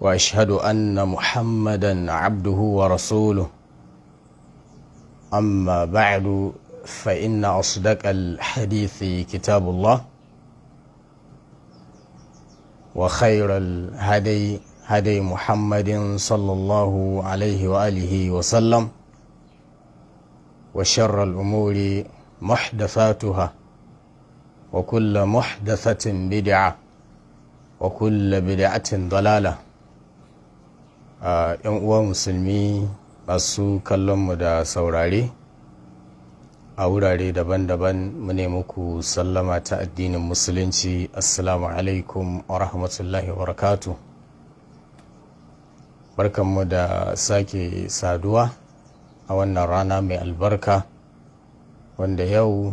واشهد ان محمدا عبده ورسوله اما بعد فان اصدق الحديث كتاب الله وخير الهدي هدي محمد صلى الله عليه واله وسلم وشر الامور محدثاتها وكل محدثه بدعه وكل بدعه ضلاله yan uwa musulmi masu mu da saurare a wurare daban-daban mu ne muku sallama ta addinin musulunci assalamu alaikum wa rahmatullahi wa barkanmu da sake saduwa a wannan rana mai albarka wanda yau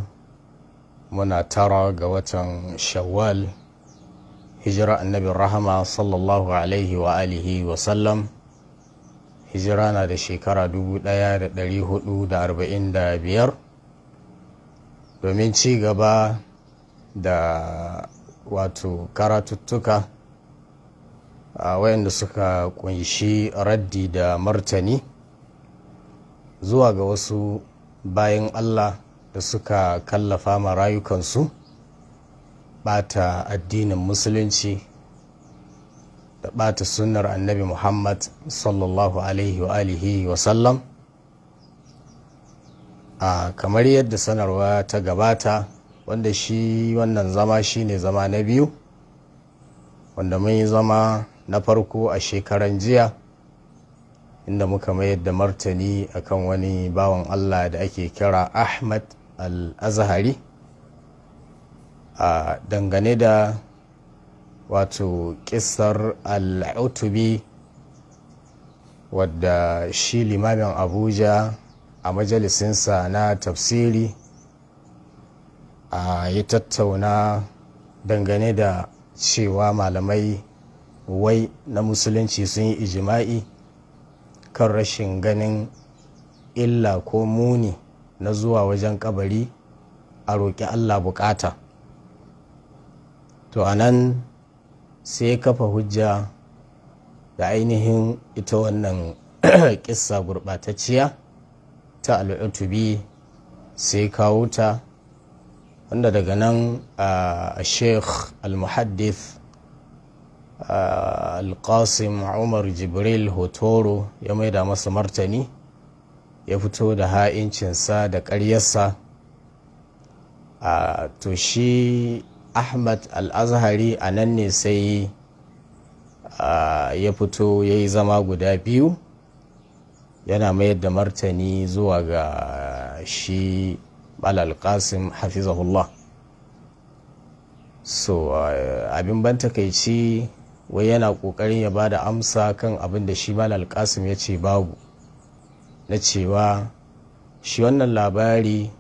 muna tara ga watan shawwal hijira annabin rahama sallallahu alaihi wa alihi wa sallam hijirana na da shekara 1445 domin ci gaba da wato karatuttuka a wayanda suka kunshi raddi da martani zuwa ga wasu bayan allah da suka kallafa ma rayukansu bata addinin musulunci da ɓata sunnar annabi muhammad sallallahu alaihi wa alihi wa sallam a kamar yadda sanarwa ta gabata wanda shi wannan zama shi ne zama na biyu wanda mun yi zama na farko a shekaran jiya inda muka mayar da martani akan wani bawan allah da ake kira ahmad al-azhari a dangane da wato kisar al'utubi wadda shi limamin abuja a majalisinsa na tafsiri a yi tattauna dangane da cewa malamai wai na musulunci sun yi ijima'i kan rashin ganin illa ko muni na zuwa wajen kabari a roƙi allah bukata to anan sai kafa hujja da ainihin ita wannan kissa gurɓatacciya ta al'utubi sai kawo ta wanda daga nan a sheikh al-muhaddith al-qasim umar jibril hotoro ya maida masa martani ya fito da ha'incinsa da ƙaryarsa to shi ahmad al-azhari a nan ne sai ya fito ya yi zama guda biyu yana mayar da martani zuwa ga shi balal qasim hafizahullah so abin ban takaici wai yana kokarin ya bada amsa kan abin da shi balal qasim ya ce babu na cewa shi wannan labari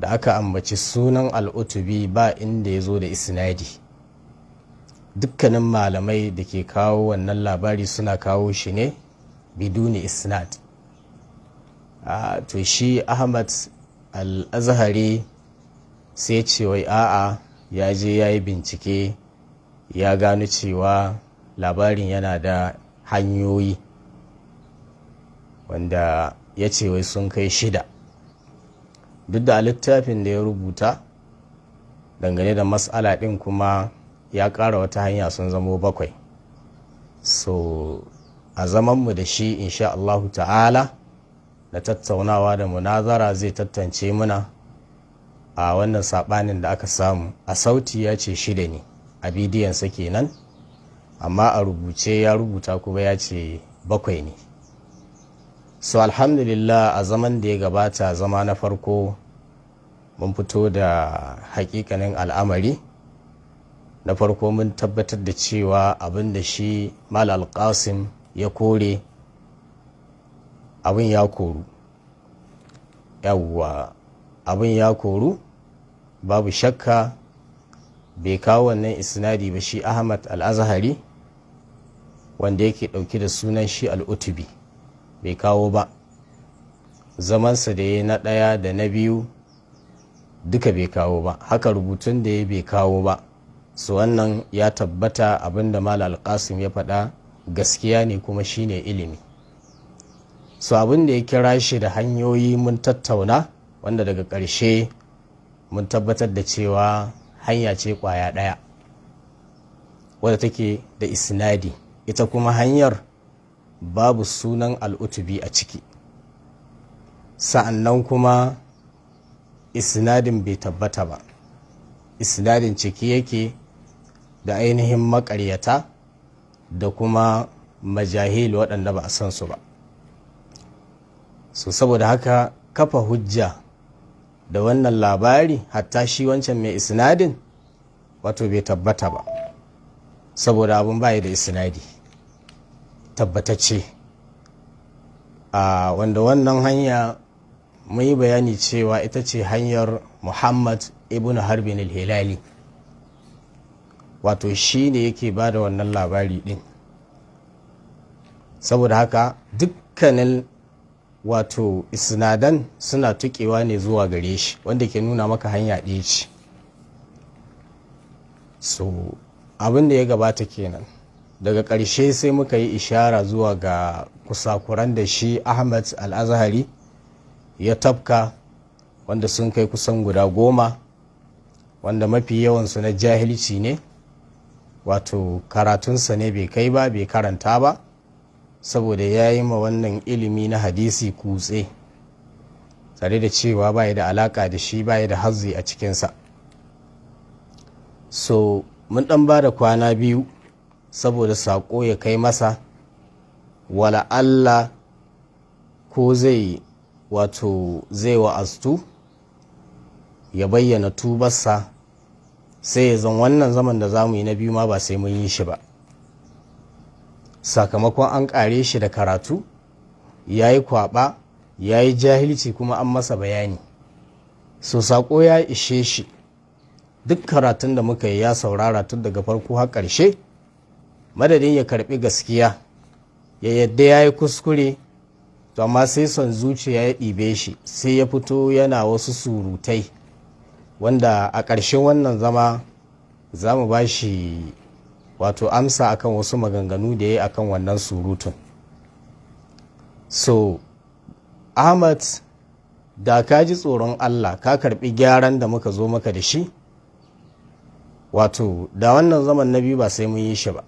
da aka ambaci sunan al'utubi ba inda ya zo da isnadi dukkanin malamai da ke kawo wannan labari suna kawo shi ne biduni isnad to shi ahmad al-azhari sai ce wai a'a ya je ya yi bincike ya gano cewa labarin yana da hanyoyi wanda ya ce wai sun kai shida duk da littafin da ya rubuta dangane da matsala ɗin kuma ya ƙara wata hanya sun zamo bakwai so a zamanmu da shi insha Allahu ta'ala da tattaunawa da munazara zai tattance muna a wannan saɓanin da aka samu a sauti ya ce shida ne a sa kenan amma a rubuce ya rubuta kuma ya ce bakwai ne so alhamdulillah a zaman da ya gabata zama na farko mun fito da hakikanin al'amari na farko mun tabbatar da cewa abin da shi mal alƙasin ya kore abin ya koru yawwa abin ya koru babu shakka bai kawo wannan isnadi ba shi ahmad al-azhari wanda yake dauke da sunan shi al-utubi bai kawo ba zamansa da ya na ɗaya da na biyu duka bai kawo ba haka rubutun da ya bai kawo ba su wannan ya tabbata abinda malal alƙasim ya faɗa gaskiya ne kuma shine ilimi su abun da ya kira shi da hanyoyi mun tattauna wanda daga ƙarshe mun tabbatar da cewa hanya ce ƙwaya ɗaya wadda take da isnadi ita kuma hanyar babu sunan al'utubi a ciki sa'annan kuma isnadin bai tabbata ba isnadin ciki yake da ainihin makaryata da kuma majahili waɗanda ba a san su ba so saboda haka kafa hujja da wannan labari hatta shi wancan mai isnadin wato bai tabbata ba saboda abun baya da isnadi tabbatacce a wanda wannan hanya mai bayani cewa ita ce hanyar muhammad ibn harbin hilali wato shi ne yake ba da wannan labari din saboda haka dukkanin wato isnadan suna tukewa ne zuwa gare shi wanda ke nuna maka hanya ɗaya ce so abin da ya gabata kenan daga ƙarshe sai muka yi ishara zuwa ga kusakuran da shi ahmad al-azhari ya tafka wanda sun kai kusan guda goma wanda mafi yawansu na jahilci ne wato karatunsa ne bai kai ba bai karanta ba saboda ya yi ma wannan ilimi na hadisi kutse tare da cewa baya da alaka da shi baya da hazzi a cikinsa so mun dan ba da kwana biyu saboda saƙo ya kai masa wala Allah ko zai wato zai wa'astu ya bayyana tubarsa sai ya zan wannan zaman da zamu yi na biyu ma ba sai mun yi shi ba sakamakon an ƙare shi da karatu ya yi kwaɓa ya yi jahilci kuma an masa bayani so saƙo ya ishe shi duk karatun da muka yi ya saurara tun daga farko har ƙarshe madadin ya karbi gaskiya ya yadda ya yi kuskure to amma sai son zuciya ya ɗibe shi sai ya fito yana wasu surutai wanda a ƙarshen wannan zama za mu ba shi wato amsa akan wasu maganganu da ya yi akan wannan surutun so ahmad da ka ji tsoron allah ka karbi gyaran da muka zo maka da shi wato da wannan zaman na biyu ba sai mun yi shi ba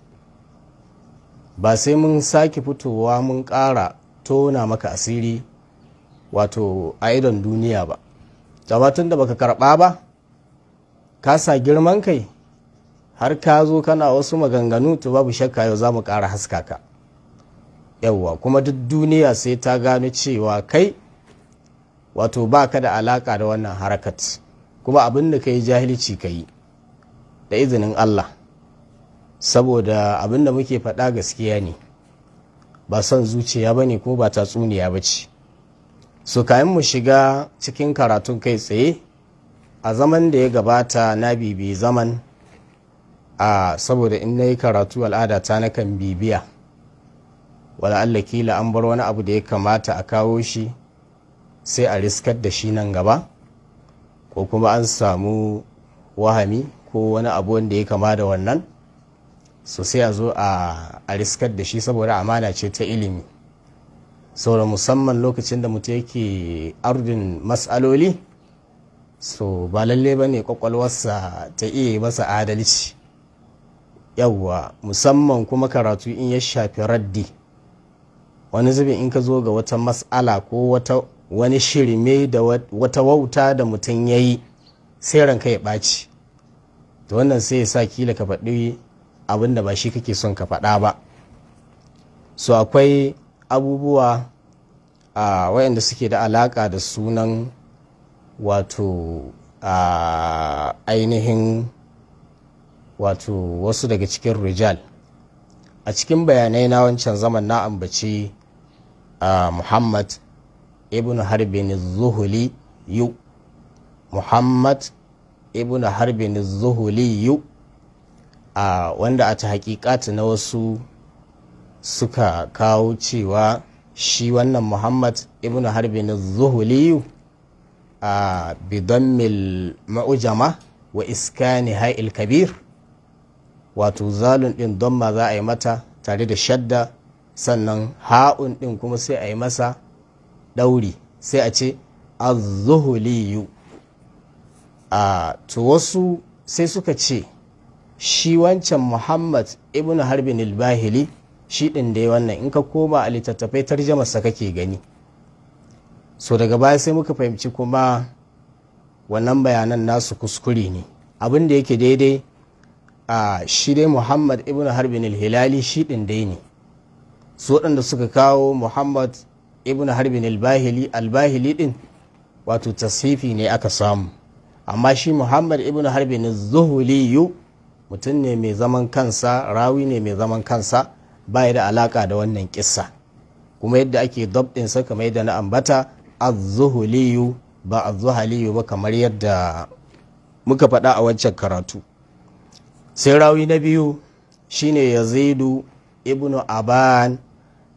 ba sai mun sake fitowa mun ƙara tona maka asiri wato a idon duniya ba tun da baka karɓa ba ka sa girman kai har ka zo kana wasu maganganu to babu shakka yau za mu ƙara haska ka yawwa kuma duk duniya sai ta gano cewa kai wato ba ka da alaƙa da wannan harakat kuma abin da ka yi jahilci ka yi da izinin allah saboda abin da muke faɗa gaskiya ne ba son zuciya ba ne ko ba tatsuniya ba ce Su kayan mu shiga cikin karatun kai tsaye a zaman da ya gabata na bibi zaman a saboda in na yi karatu al'ada ta na kan bibiya wala kila an bar wani abu da ya kamata a kawo shi sai a riskar da shi nan gaba ko kuma an samu wahami ko wani abu wanda ya kama da wannan so sai a zo a riskar da shi saboda amana ce ta ilimi saboda musamman lokacin da mutum yake ardin matsaloli so ba lalle ba ne kwakwalwarsa ta iya yi masa adalci yawwa musamman kuma karatu in ya shafi raddi wani zube in ka zo ga wata matsala ko wata wani shirme da wata wauta da mutum ya yi sai ranka ya ɓaci to wannan sai ya sa kila ka faɗi abin da ba shi kake son ka faɗa ba so akwai abubuwa a wayanda suke da alaƙa da sunan wato a ainihin wato wasu daga cikin rijal a cikin bayanai na wancan zaman na ambaci a muhammad ibn harbin zuhuli yu muhammad ibn harbin zuhuli yu a wanda a ta hakikati na wasu suka kawo cewa shi wannan muhammad ibn Harbi na zuhuliyu a bidammil ma'ujama wa iskani ha'il kabir wato zalun din don ma za a yi mata tare da shadda sannan ha'un din kuma sai a yi masa ɗauri sai a ce azuhuliyu a to wasu sai suka ce shi wancan muhammad ibn harbin al-bahili shi ɗin dai wannan in ka koma a littattafai tarjamarsa kake gani so daga baya sai muka fahimci kuma wannan bayanan nasu kuskure ne abin da yake daidai a shi dai muhammad ibn harbin al shi ɗin dai ne su waɗanda suka kawo muhammad ibn harbin al-bahili al-bahili ɗin wato tasifi ne aka samu amma shi muhammad ibn harbin al-zuhuliyu mutum ne mai zaman kansa rawi ne mai zaman kansa ba da alaka da wannan kissa kuma yadda ake sa kamar yadda na ambata az-zuhuliyu ba az-zuhaliyu ba kamar yadda muka faɗa a waccan karatu sai rawi na biyu shine yazidu ibnu aban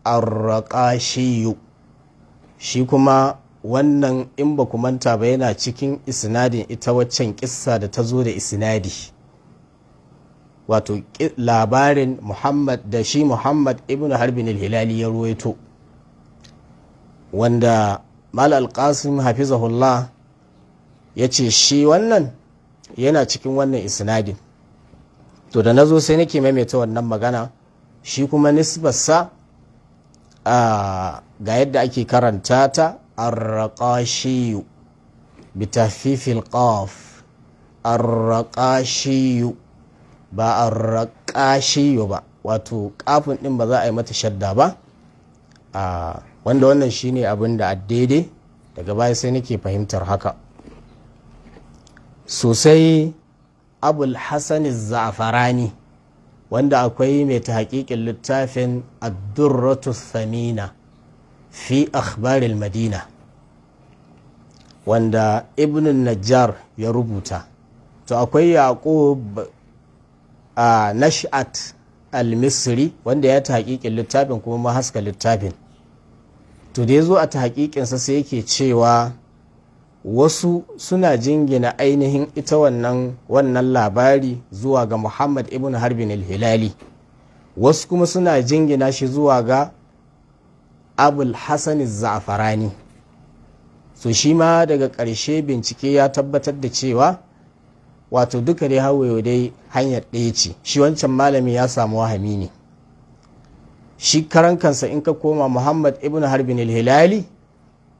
arraƙashiyu shi kuma wannan in ba manta ba yana cikin isnadin ita waccan kissa da ta zo da isnadi wato labarin muhammad da shi muhammad ibn harbin hilali ya ruwaito wanda mal hafiza hafizahullah ya ce shi wannan yana cikin wannan isnadin to da na zo sai nake maimaita wannan magana shi kuma nisbarsa a ga yadda ake karanta ta arraƙashiyu bitafifil qaf arraƙashiyu ba a raƙashiyo ba wato kafin ɗin ba za a yi mata shadda ba a wanda wannan shine abin da daidai daga baya sai nake fahimtar haka sosai abul hassan za'afarani wanda akwai mai ta hakikin littafin addurratu Samina fi akhbaril madina wanda ibn najjar ya rubuta to akwai yaƙub a nash'at al-misri wanda ya ta hakikin littafin kuma mahaska littafin to da zo a ta hakikinsa sai yake cewa wasu suna jingina ainihin ita wannan wannan labari zuwa ga muhammad ibn harbin al-hilali wasu kuma suna jingina shi zuwa ga abul hassan za'afarani so shi ma daga ƙarshe bincike ya tabbatar da cewa wato duka dai hawaye dai hanyar ɗaya ce shi wancan malami ya samu wahami ne shi karan kansa in ka koma muhammad ibn harbin hilali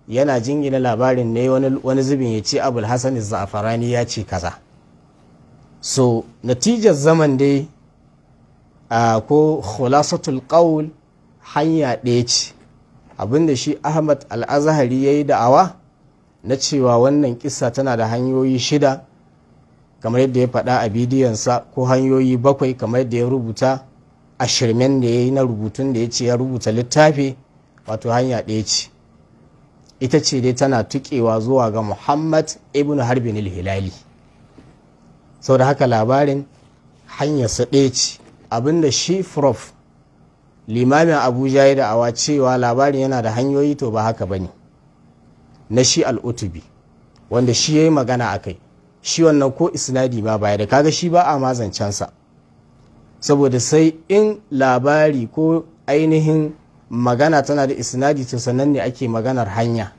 yana jingina labarin ne wani zubin ya ce abul hassan za'afarani ya ce kaza so natijar zaman dai ko khulasatul qawl hanya ɗaya ce abinda shi ahmad al-azhari ya yi da'awa na cewa wannan kisa tana da hanyoyi shida kamar yadda ya faɗa a bidiyonsa ko hanyoyi bakwai kamar yadda ya rubuta a shirmen da ya yi na rubutun da ya ce ya rubuta littafi wato hanya ɗaya ce ita ce dai tana tuƙewa zuwa ga muhammad ibn harbin hilali sau da haka labarin hanyarsa ɗaya ce abinda shi prof limamin abuja ya da'awa cewa labarin yana da hanyoyi to ba haka ba ne na shi al'utubi wanda shi ya yi magana a kai shi wannan ko isnadi ba baya da kaga shi ba a mazancensa saboda sai in labari ko ainihin magana tana da isnadi to sannan ne ake maganar hanya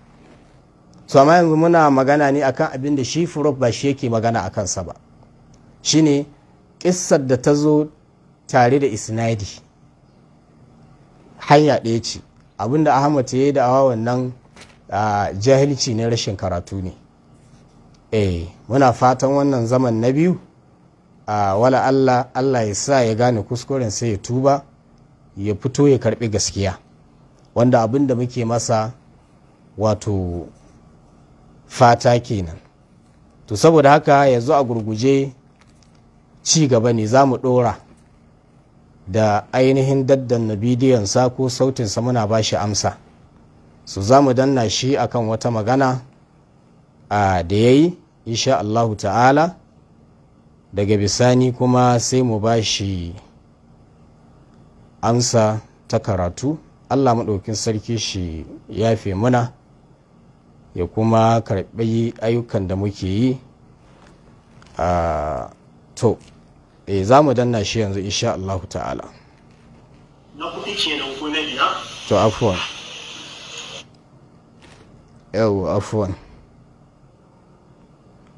su amma yanzu muna magana ne akan abin da shi furok ba shi yake magana a kansa ba shine kissar da ta zo tare da isnadi hanya ɗaya ce abinda ahmad ya yi da awa wannan ah, jahilci ne rashin karatu ne eh muna fatan wannan zaman na biyu a wala Allah Allah ya sa ya gane kuskuren sai ya tuba ya fito ya karbi gaskiya wanda abin da muke masa wato fata kenan to saboda haka yanzu a gurguje ci gaba ne za mu ɗora da ainihin daddan daddanna bidiyonsa ko sautinsa muna ba shi amsa su za mu danna shi akan wata magana a da ya yi insha Allahu ta'ala daga bisani kuma sai mu ba shi amsa ta karatu Allah maɗaukin sarki shi yafe muna ya kuma karɓi ayyukan da muke yi a to e za mu danna shi yanzu insha Allah ta'ala na kuɗi kenan ko na biya to afuwan yau afuwan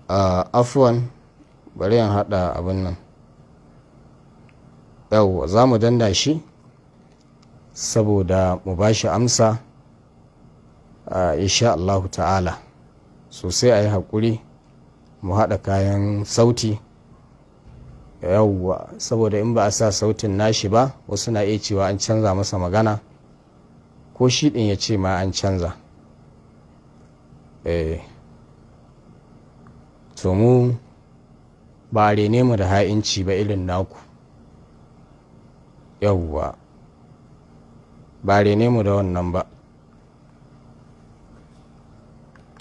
a uh, afwan bari in hada abin nan yauwa za mu danda shi saboda mu ba shi amsa uh, insha Allahu ta'ala sosai a yi haƙuri mu haɗa kayan sauti yauwa saboda in ba a sa sautin nashi ba wasu na iya cewa an canza masa magana ko shi ɗin ya ce ma an canza eh, to mu ba rene mu da ha'inci ba irin naku yawwa ba rene mu da wannan ba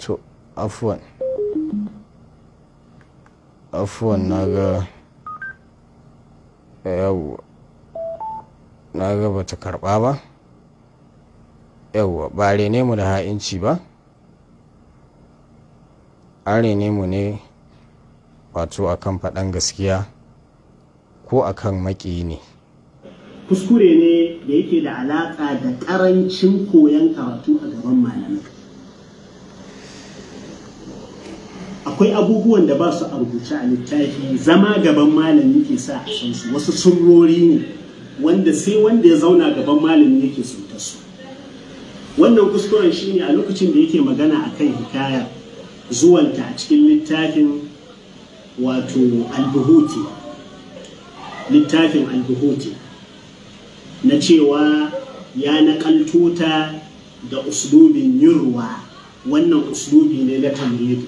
to afuwan afuwan na ga yawwa na ga bata karba ba yawwa ba rene mu da ha'inci ba an rene mu ne wato akan faɗan gaskiya ko akan maƙi ne kuskure ne da yake da alaƙa da ƙarancin koyon karatu a gaban malamai akwai abubuwan da ba su a rubuce a littafi zama gaban malami ke sa a san su wasu surori ne wanda sai wanda ya zauna gaban malami yake sunta su wannan kuskuren shine a lokacin da yake magana a kan hikayar zuwanta a cikin littafin wato albuhuti littafin albuhuti na cewa ya naƙalto ta da uslubin yurwa wannan uslubi ne na tambayi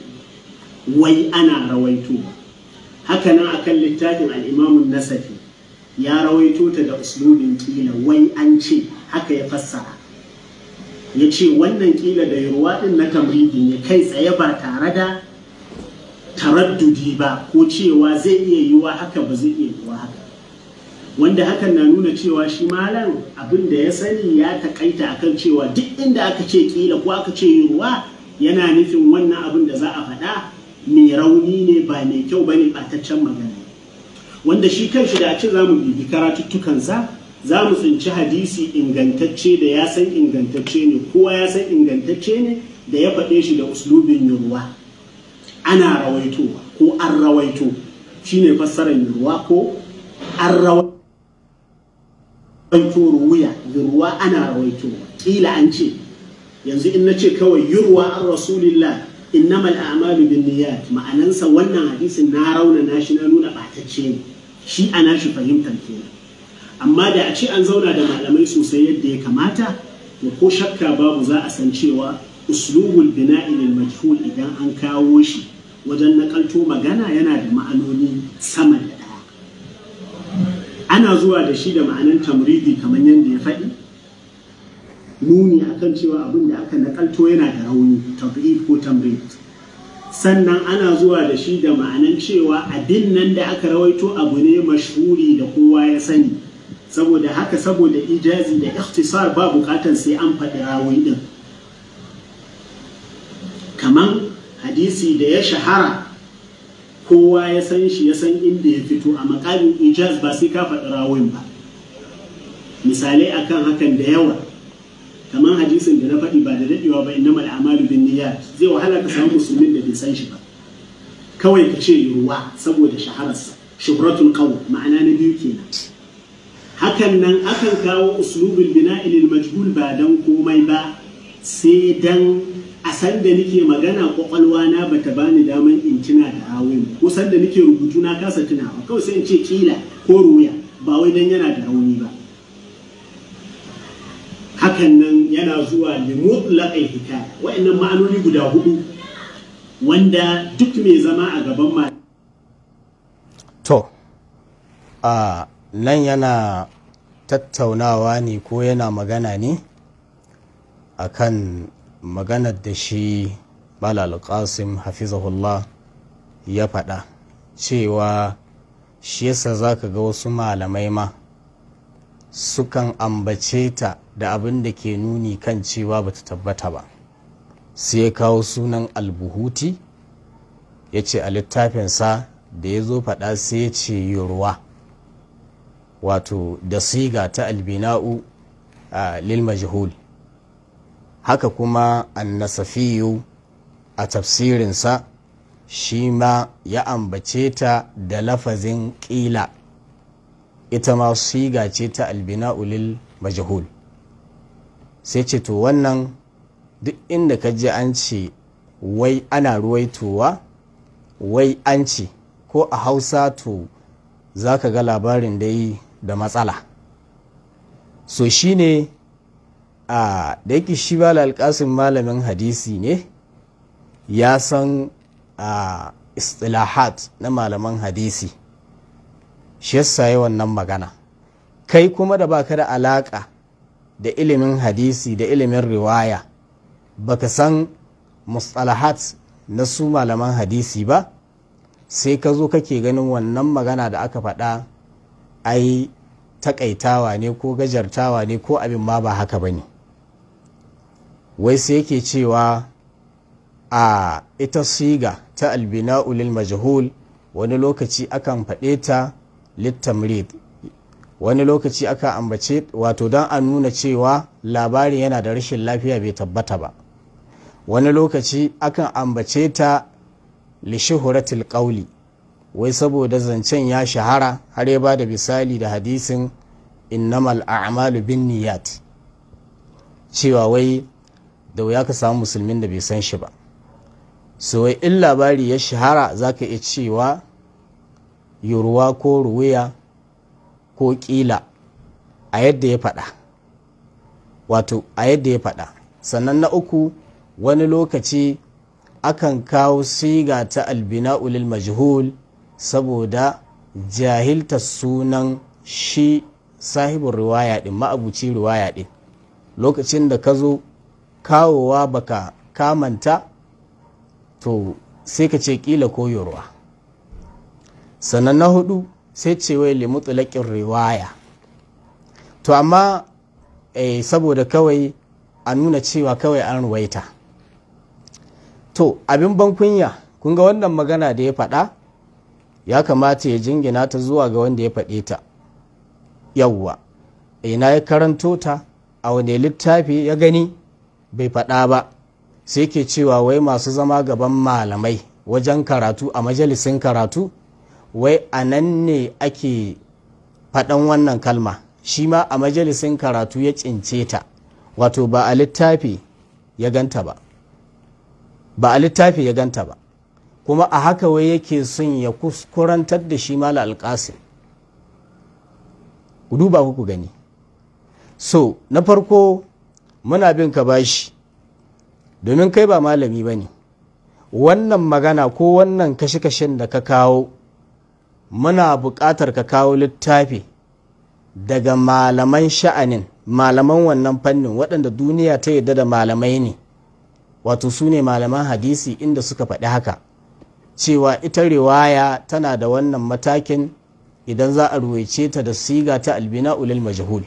wai ana rawaito hakanan akan littafin al'imamun nasafi ya rawaito ta da uslubin kila wai an ce haka ya fassara ya ce wannan kila da yurwa din na tambayi ne kai tsaye ba tare da taraddudi ba ko cewa zai iya yiwa haka ba zai iya yiwa haka wanda hakan na nuna cewa shi malam abin da ya sani ya takaita akan cewa duk inda aka ce kila ko aka ce yiwuwa yana nufin wannan abin da za a faɗa mai rauni ne ba mai kyau ba ne ɓataccen magana wanda shi kan shi da a ce za mu bibi karatuttukansa za mu tsinci hadisi ingantacce da ya san ingantacce ne kowa ya san ingantacce ne da ya faɗe shi da uslubin yiwuwa ana rawaitowa ko an rawaito shine fassarar ruwa ko an rawaito ruwiya ruwa ana rawaitowa kila an ce yanzu in na ce kawai yurwa an rasulillah innamal a'malu binniyat ma'anansa wannan hadisin na rauna na shi na nuna batacce ne shi ana shi fahimtar kenan amma da a ce an zauna da malamai sosai yadda ya kamata to ko shakka babu za a san cewa uslubul bina'i majhul idan an kawo shi wajen nakalto magana yana da ma'anoni sama da ɗaya ana zuwa da shi da ma'anin tamridi kamar yadda ya faɗi nuni akan cewa abin da aka nakalto yana da rauni tabi'id ko tamrid sannan ana zuwa da shi da ma'anin cewa abin nan da aka rawaito abu ne mashhuri da kowa ya sani saboda haka saboda ijazi da ikhtisar ba bukatan sai an faɗi rawi din kaman hadisi da ya shahara kowa ya san shi ya san inda ya fito a makamin ijaz ba sai ka faɗi rawin ba misalai akan hakan da yawa kamar hadisin da na faɗi ba da daɗewa ba innama al'amalu bin niyyat zai wahala ka samu musulmin da bai san shi ba kawai ka ce yurwa saboda shahararsa shuhratul qawl ma'ana na biyu kenan hakan nan akan kawo uslubul bina'il majhul ba dan komai ba sai dan a san da nake magana kwakwalwa na ba ta bani daman in tuna da ba, ko san da nake rubutu na kasa tuna ba, kawai sai in ce kila ko ruya ba wai dan yana da rauni ba hakan nan yana zuwa li mutlaqil hikaya wa'annan ma'anoni guda hudu wanda duk mai zama a gaban ma to a nan yana tattaunawa ne ko yana magana ne akan maganar da shi balal qasim hafizahullah ya faɗa cewa shi yasa za ka ga wasu malamai ma sukan ambace ta da abin da ke nuni kan cewa ba ta tabbata ba sai ya kawo sunan albuhuti ya ce a littafinsa da ya zo faɗa sai ya ce yorwa wato da siga ta albina'u a lil majhul haka kuma annasafiyu a tafsirinsa shi ma ya ambace ta da lafazin ƙila ita ma siga ce ta Albina Ulil majahul sai ce to wannan duk inda ka je an ce wai ana ruwaitowa wai an ce ko a hausa to za ka ga labarin dai da matsala so shine a da yake shi ba alƙasin malamin hadisi ne ya san a istilahat na malaman hadisi shi yasa yi wannan magana kai kuma da baka da alaƙa da ilimin hadisi da ilimin riwaya baka san mustalahat na su malaman hadisi ba sai ka zo kake ganin wannan magana da aka faɗa ai takaitawa ne ko gajartawa ne ko abin ma ba haka ba ne wai sai yake cewa a ita siga ta Albina ulil majahul wani lokaci akan faɗe ta littamrid wani lokaci aka ambace wato don a nuna cewa labarin yana da rashin lafiya bai tabbata ba wani lokaci akan ambace ta lishihuratul ƙauli wai saboda zancen ya shahara har ya ba da misali da hadisin innamal a'malu bin niyat cewa wai da wuya ka samu musulmin da bai san shi ba so in labari ya shahara za ka iya cewa yoruwa ko ruwiya ko ƙila a yadda ya faɗa wato a yadda ya faɗa sannan na uku wani lokaci akan kawo siga ta albina ulil majhul saboda jahilta sunan shi sahibin riwaya din ma'abuci riwaya ɗin lokacin da ka zo kawowa baka kamanta to sai ka ce kila koyarwa sannan na hudu sai ce wai limu tsulakin riwaya to amma eh, saboda kawai a nuna cewa kawai an ruwaita to abin bankunya kun ga wannan magana da ya faɗa ya kamata ya jingina ta zuwa ga wanda ya faɗe ta yawwa ina eh, ya karanto ta a wane littafi ya gani bai faɗa ba sai ke cewa wai masu zama gaban malamai wajen karatu a majalisin karatu wai a nan ne ake faɗan wannan kalma shi ma a majalisin karatu ya cince ta wato ba a littafi ya ganta ba ba a littafi ya ganta ba kuma a haka wai yake son ya kuskurantar da shi ma alƙasin ku duba ku gani so na farko muna bin ka bashi domin kai ba malami ba ne wannan magana ko wannan kashe-kashen da ka kawo muna buƙatar ka kawo littafi daga malaman sha'anin malaman wannan fannin waɗanda duniya ta yarda da malamai ne wato su ne malaman hadisi inda suka faɗi haka cewa ita riwaya tana da wannan matakin idan za a ruwaice ta da siga ta albina ulil majhul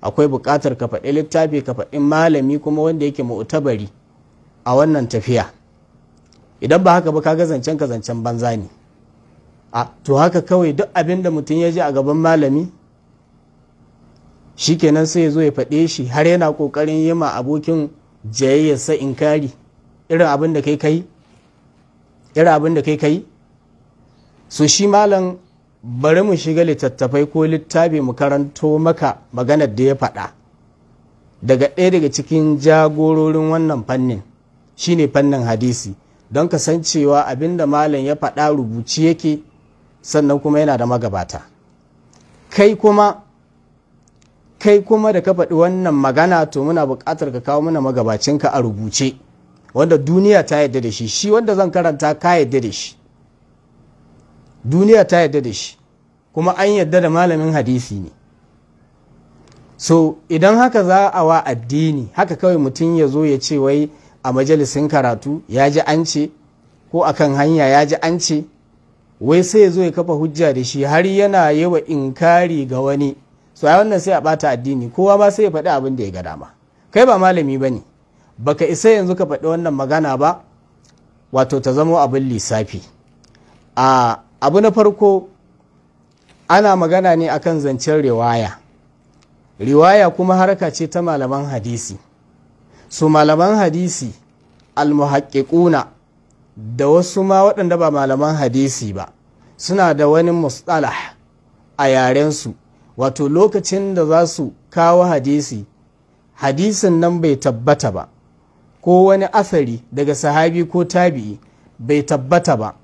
akwai buƙatar ka faɗi littafi ka faɗi malami kuma wanda yake mu'tabari a wannan tafiya idan ba haka ba ka zancen ka zancen banza ne a to haka kawai duk abin da mutum ya ji a gaban malami shikenan sai ya zo ya faɗe shi har yana kokarin yi ma abokin jayayyarsa inkari irin abin da kai kai irin abin da kai kai so shi malam bari mu shiga littattafai ko littafi mu karanto maka maganar da ya faɗa daga ɗaya daga cikin jagororin wannan fannin shine fannin hadisi don ka san kasancewa abinda malam ya faɗa rubuci yake sannan kuma yana da magabata kai kuma kai kuma da ka faɗi wannan magana to muna buƙatar ka kawo mana magabacinka a rubuce wanda duniya ta yadda da shi shi wanda zan karanta ka yadda da shi duniya ta yadda da shi kuma an yadda da malamin hadisi ne so idan haka za a wa addini haka kawai mutum ya zo ya ce wai a majalisin karatu ya ji an ce ko a kan hanya ya ji an ce wai sai ya zo ya kafa hujja da shi har yana yawa inkari ga wani so a wannan sai a bata addini kowa ba sai ya faɗi abin da ya ga dama kai ba malami ba ne baka isa yanzu ka faɗi wannan magana ba wato ta zamo abin lissafi a abu na farko ana magana ne akan zancen riwaya riwaya kuma harka ce ta malaman hadisi su malaman hadisi almuhaƙiƙuna da wasu ma waɗanda ba malaman hadisi ba suna da wani mustalah a yarensu wato lokacin da za su kawo hadisi hadisin nan bai tabbata ba ko wani asari daga sahabi ko tabi'i bai tabbata ba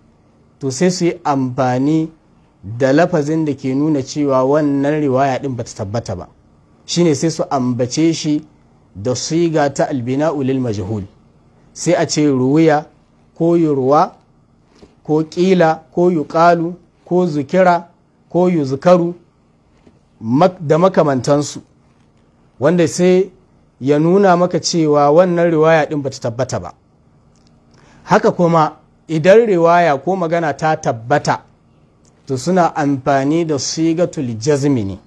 to sai su yi amfani da lafazin da ke nuna cewa wannan riwaya din bata tabbata ba shine sai su ambace shi da siga ta Albina Ulil majhul sai a ce ruwiya ko yurwa ko ƙila ko yuƙalu ko zukira ko yuzkaru da makamantansu wanda sai ya nuna maka cewa wannan riwaya din bata tabbata ba haka kuma idan riwaya ko magana ta tabbata to suna amfani da sigatul jazmi ne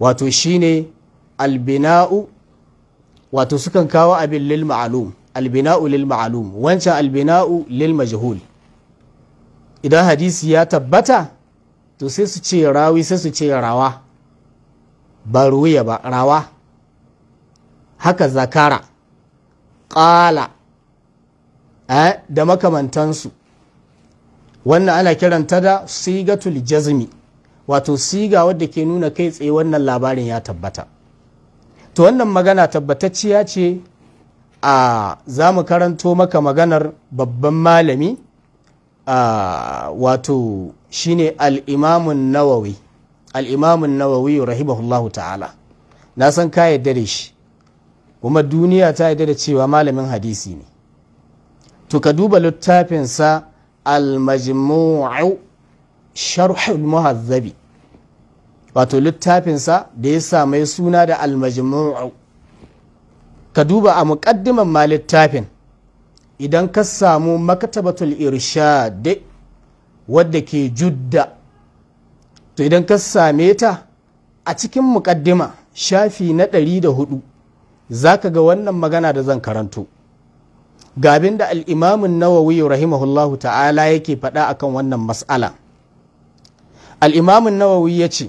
wato shine albina'u wato sukan kawo abin lil ma'alum albina'u lil ma'alum wancan albina'u lil majhul idan hadisi ya tabbata to sai su ce rawi sai su ce rawa ba ruya ba rawa haka zakara ƙala da makamantansu wannan ana kiranta da sigatul jazmi wato siga wadda ke nuna kai tsaye wannan labarin ya tabbata to wannan magana tabbatacciya ce a za mu karanto maka maganar babban malami wato shine al'imamun nawawi al'imamun nawawi rahimahullahu ta'ala na san ka yadda da shi kuma duniya ta yadda da cewa malamin hadisi ne to ka duba littafinsa al-majmu'u sharhul muhazzabi wato littafinsa da ya samu suna da al ka duba a muƙaddiman ma littafin idan ka samu maktabatul irshad wadda ke judda to idan ka same ta a cikin muƙaddima shafi na 104 za ka ga wannan magana da zan karanto Gabin da al'imamin nawawi rahimahullahu ta'ala yake faɗa akan wannan mas'ala al'imamin nawawi ya ce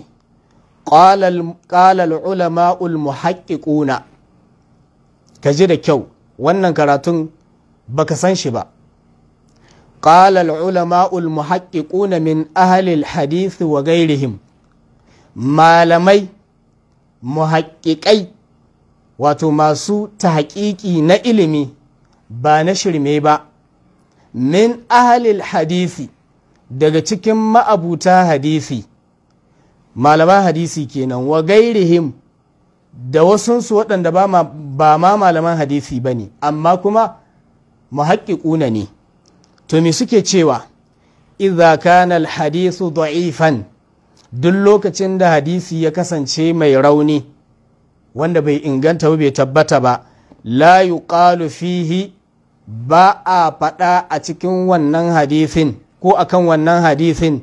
ƙalal ulama'ul muhaƙiƙuna ka ji da kyau wannan karatun baka san shi ba ƙalal ulama'ul muhaƙiƙuna min ahalil hadithu wa gairihim malamai muhaƙiƙai wato masu ta na ilimi ba na shirme ba min ahalil hadisi daga cikin ma'abuta hadisi malaman hadisi kenan wa gairihim da wasunsu waɗanda ba ma malaman hadisi ba ne amma kuma muhaƙiƙuna ne to me suke cewa idza kana hadisu da'ifan duk lokacin da hadisi ya kasance mai rauni wanda bai inganta ba bai tabbata ba la yuqalu fihi ba a faɗa a cikin wannan hadisin ko a kan wannan hadisin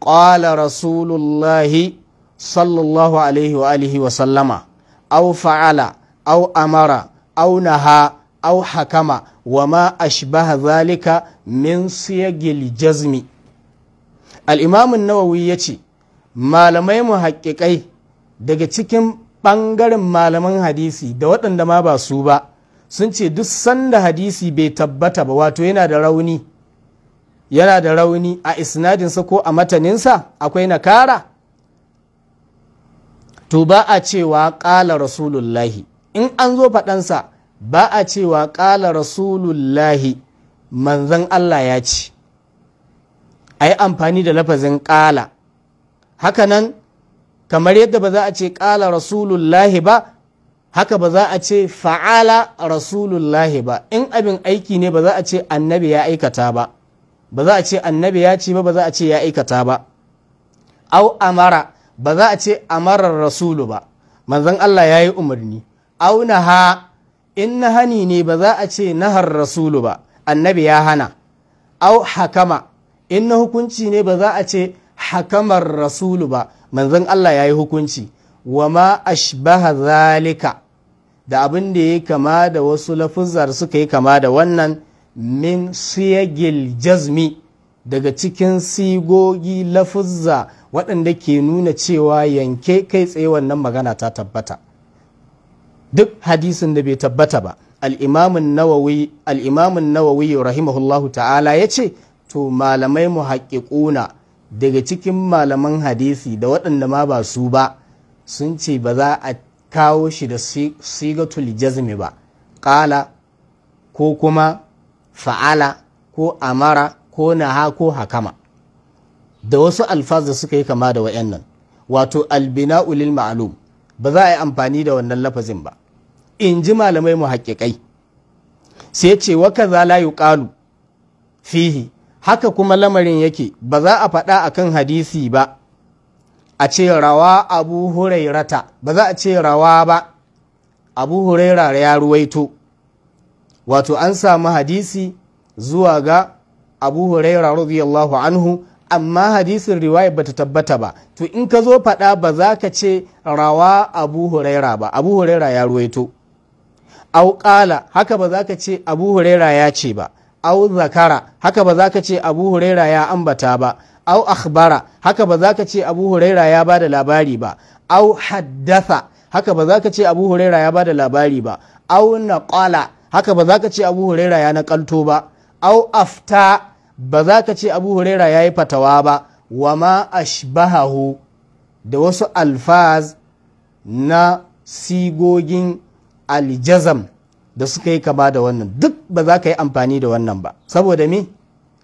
ƙwala rasulullahi sallallahu alaihi wa alihi wa sallama au fa'ala au amara au naha au hakama wa ma ashbaha zalika min siyagil jazmi al'imamin nawawi ya ce malamai mu haƙiƙai daga cikin ɓangaren malaman hadisi da waɗanda ma ba su ba sun ce duk sanda hadisi bai tabbata ba wato yana da rauni yana da rauni a isnadinsa ko a mataninsa akwai nakara to ba a cewa ƙala rasulullahi in an zo faɗansa ba a cewa ƙala rasulullahi manzan Allah ya ce a yi amfani da lafazin ƙala hakanan kamar yadda ba za a ce ƙala rasulullahi ba haka ba za a ce fa'ala rasulullahi ba in abin aiki ne ba za a ce annabi ya aikata ba ba za a ce annabi ya ce ba ba za a ce ya aikata ba au amara ba za a ce amarar rasulu ba manzon Allah ya yi umarni au naha in nahani ne ba za a ce nahar rasulu ba annabi ya hana au hakama in na hukunci ne ba za a ce hakamar rasulu ba manzon Allah ya yi hukunci wa ma ashbaha zalika da abin da ya kama da wasu lafuzar suka yi kama da wannan min siyagil jazmi daga cikin sigogi lafuzza waɗanda ke nuna cewa yanke kai tsaye wannan magana ta tabbata duk hadisin da bai tabbata ba al'imamun nawawi al'imamun rahimahullahu ta'ala ya ce to malamai mu haƙiƙuna daga cikin malaman hadisi da waɗanda ma ba su ba sun ce ba za a kawo shi da sigatul jazmi ba ƙala ko kuma fa'ala ko amara ko naha ko hakama da wasu alfaz da suka yi kama da nan, wato albina ma'alum, ba za a yi amfani da wannan lafazin ba in ji malamai mu haƙiƙai sai ce waka kaza la ƙalu. fihi haka kuma lamarin yake ba za a faɗa a kan hadisi ba a ce rawa abu hurairata ba za a ce rawa ba abu huraira ya ruwaito wato an samu hadisi zuwa ga abu huraira radiyallahu anhu amma hadisin riwaya bata tabbata ba to in ka zo faɗa ba za ka ce rawa abu huraira ba abu huraira ya ruwaito au ƙala haka ba za ka ce abu huraira ya ce ba au zakara haka ba za ka ce abu huraira ya ambata ba au akhbara haka ba za ka ce abu huraira ya ba da labari ba au haddasa haka ba za ka ce abu huraira ya ba da labari ba au naqala haka ba za ka ce abu huraira ya naƙalto ba au afta ba za ka ce abu huraira ya yi fatawa ba wa ma ashbahahu da wasu alfaz na sigogin aljazam da suka yi kama da wannan duk ba za ka yi amfani da wannan ba saboda me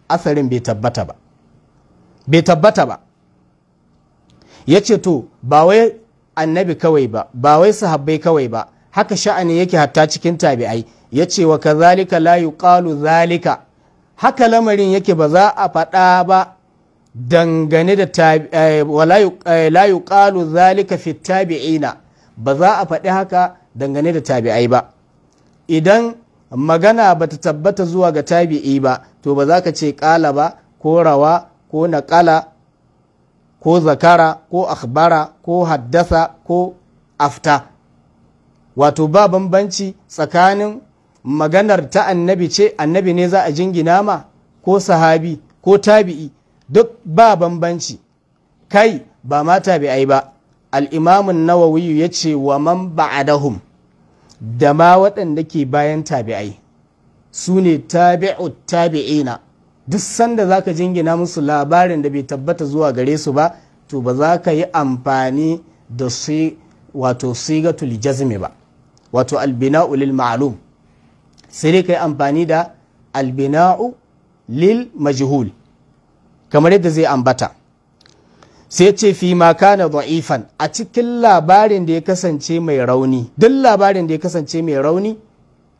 asarin bai tabbata ba bai tabbata ba ya ce to ba wai annabi kawai ba ba wai sahabbai kawai ba haka sha'ani yake hatta cikin tabi'ai ya ce wa kazalika la yuqalu zalika haka lamarin yake ba za a faɗa ba dangane da eh, eh, la yuqalu zalika fi tabi'ina ba za a faɗi haka dangane da tabi'ai ba idan magana ba ta tabbata zuwa ga tabi'i ba to ba za ka ce ƙala ba ko rawa ko naƙala ko zakara ko akhbara ko haddasa ko afta wato ba bambanci tsakanin maganar ta annabi ce annabi ne za a jingina ma ko sahabi ko tabi'i duk ba bambanci kai ba ma tabi'ai ba al'imamun nawawiyu ya ce wa man ba'adahum da ma waɗanda ke bayan tabi'ai su ne tabi'u tabi'ina duk sanda za ka jingina musu labarin da bai tabbata zuwa gare su ba to ba za ka yi amfani da si wato sigatul jazmi ba wato albina'u lil ma'lum sai dai ka yi amfani da albina'u lil majhul kamar yadda zai ambata sai ce fi ma kana da'ifan a cikin labarin da ya kasance mai rauni duk labarin da ya kasance mai rauni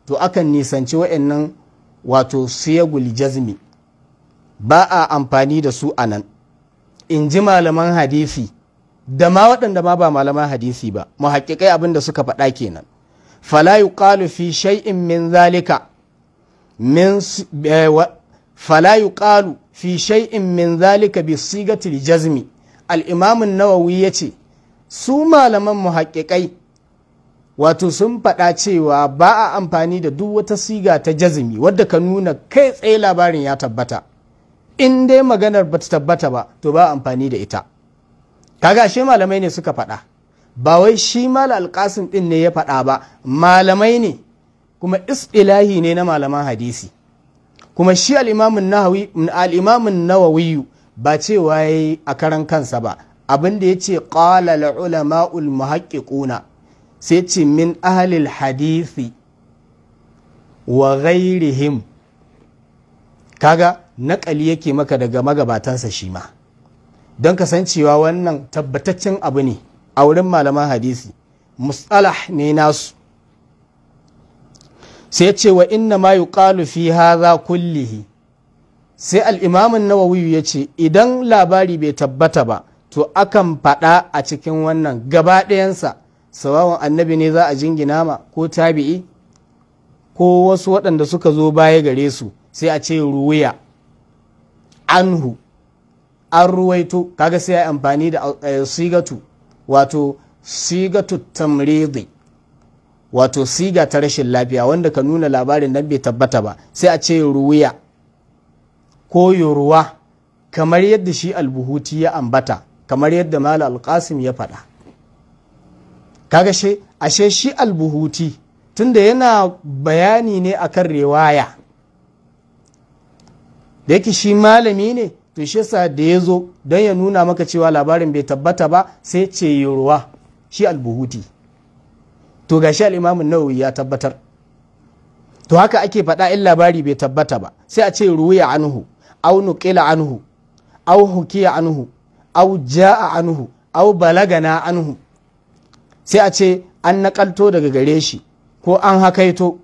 to akan nisanci wa'annan wato siyagul jazmi ba a amfani da su a nan in ji malaman hadisi da ma waɗanda ma ba malaman hadisi ba mu haƙiƙai abin da suka faɗa kenan fala yuqalu fi shay'in min zalika min eh, fala yuqalu fi shay'in min zalika bi sigatil jazmi al-imam an-nawawi yace su malaman mu haƙiƙai wato sun faɗa cewa ba a amfani da duk wata siga ta jazmi wadda ka nuna kai tsaye labarin ya tabbata in dai maganar ba ta tabbata ba to ba amfani da ita kaga shi malamai ne suka faɗa ba wai shi mala alƙasim ɗin ne ya faɗa ba malamai ne kuma isilahi ne na malaman hadisi kuma shi al'imamin nawawi ba cewa ya yi a karan kansa ba abin da ya ce ulama ulama'ul muhaqqiquna sai ce min al hadisi wa ghairihim kaga naƙali yake maka daga magabatansa shi ma don kasancewa wannan tabbataccen abu ne a wurin malaman hadisi musalah ne nasu sai ce wa inna ma ƙalufi fi haza kullihi sai al'imamin nawawi ya ce idan labari bai tabbata ba to akan faɗa a cikin wannan gaba ɗayansa sawawan annabi ne za a jingina ma ko tabi'i ko wasu waɗanda suka zo baya gare su sai a ce ruwiya anhu an ruwaito kaga sai ya yi amfani da eh, sigatu wato sigatu tamridi wato siga ta rashin lafiya wanda ka nuna labarin nan bai tabbata ba sai a ce ruwiya ko yoruwa kamar yadda shi albuhuti ya ambata kamar yadda mal alkasim ya faɗa kaga shi ashe shi albuhuti tunda yana bayani ne akan riwaya da yake shi malami ne to shi yasa da ya zo don ya nuna maka cewa labarin bai tabbata ba sai ce yoruwa shi albuhuti to gashi al'imamin nawawi ya tabbatar to haka ake faɗa in labari bai tabbata ba sai a ce ruwiya anhu au nuqila anhu au hukiya anhu au ja'a anhu au balagana anhu sai a ce an naƙalto daga gare shi ko an hakaito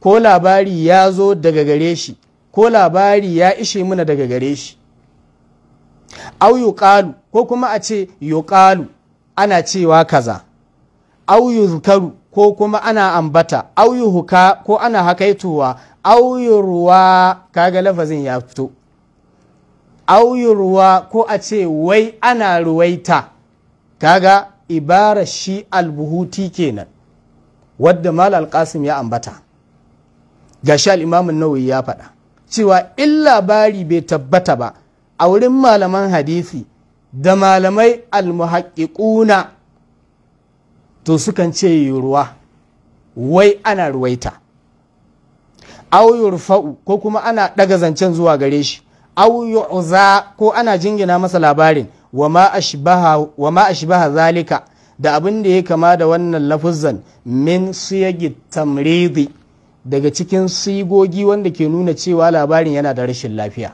ko labari ya zo daga gare shi ko labari ya ishe muna daga gare shi au ƙalu ko kuma a ce ana cewa kaza au zukaru ko kuma ana ambata au huka ko ana hakaituwa au kaga lafazin ya fito au ruwa ko a ce wai ana ruwaita kaga ibara shi albuhuti kenan wadda mal alƙasim ya ambata ga al-imamun nawawi ya faɗa cewa in labari bai tabbata ba a wurin malaman hadisi da malamai almuhaƙiƙuna to sukan ce ruwa wai ana ruwaita au yurfa'u ko kuma ana ɗaga zancen zuwa gare shi au yu'za ko ana jingina masa labarin wa ma ashbaha zalika da abin da ya kama da wannan lafuzzan min siyagi tamridi daga cikin sigogi wanda ke nuna cewa labarin yana da rashin lafiya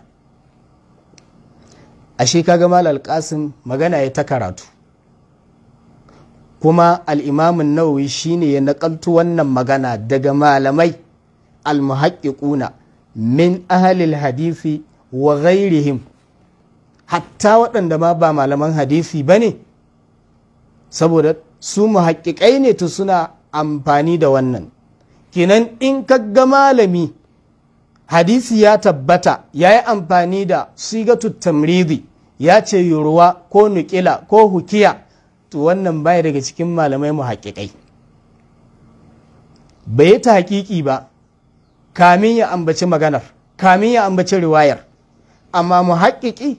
ashe kaga malal qasim magana ya ta karatu kuma al'imamin nawawi shine ya naƙaltu wannan magana daga malamai almuhaƙiƙuna min ahalil hadisi wa ghairihim hatta waɗanda ma ba malaman hadisi ba ne saboda su muhaƙiƙai ne to suna amfani da wannan kenan in kagga malami hadisi ya tabbata ya yi amfani da sigatu tamridi ya ce ruwa ko nukila ko hukiya to wannan baya daga cikin malamai mu haƙiƙai bai yi ta haƙiƙi ba kamin ya ambaci maganar kamin ya ambaci riwayar amma mu haƙiƙi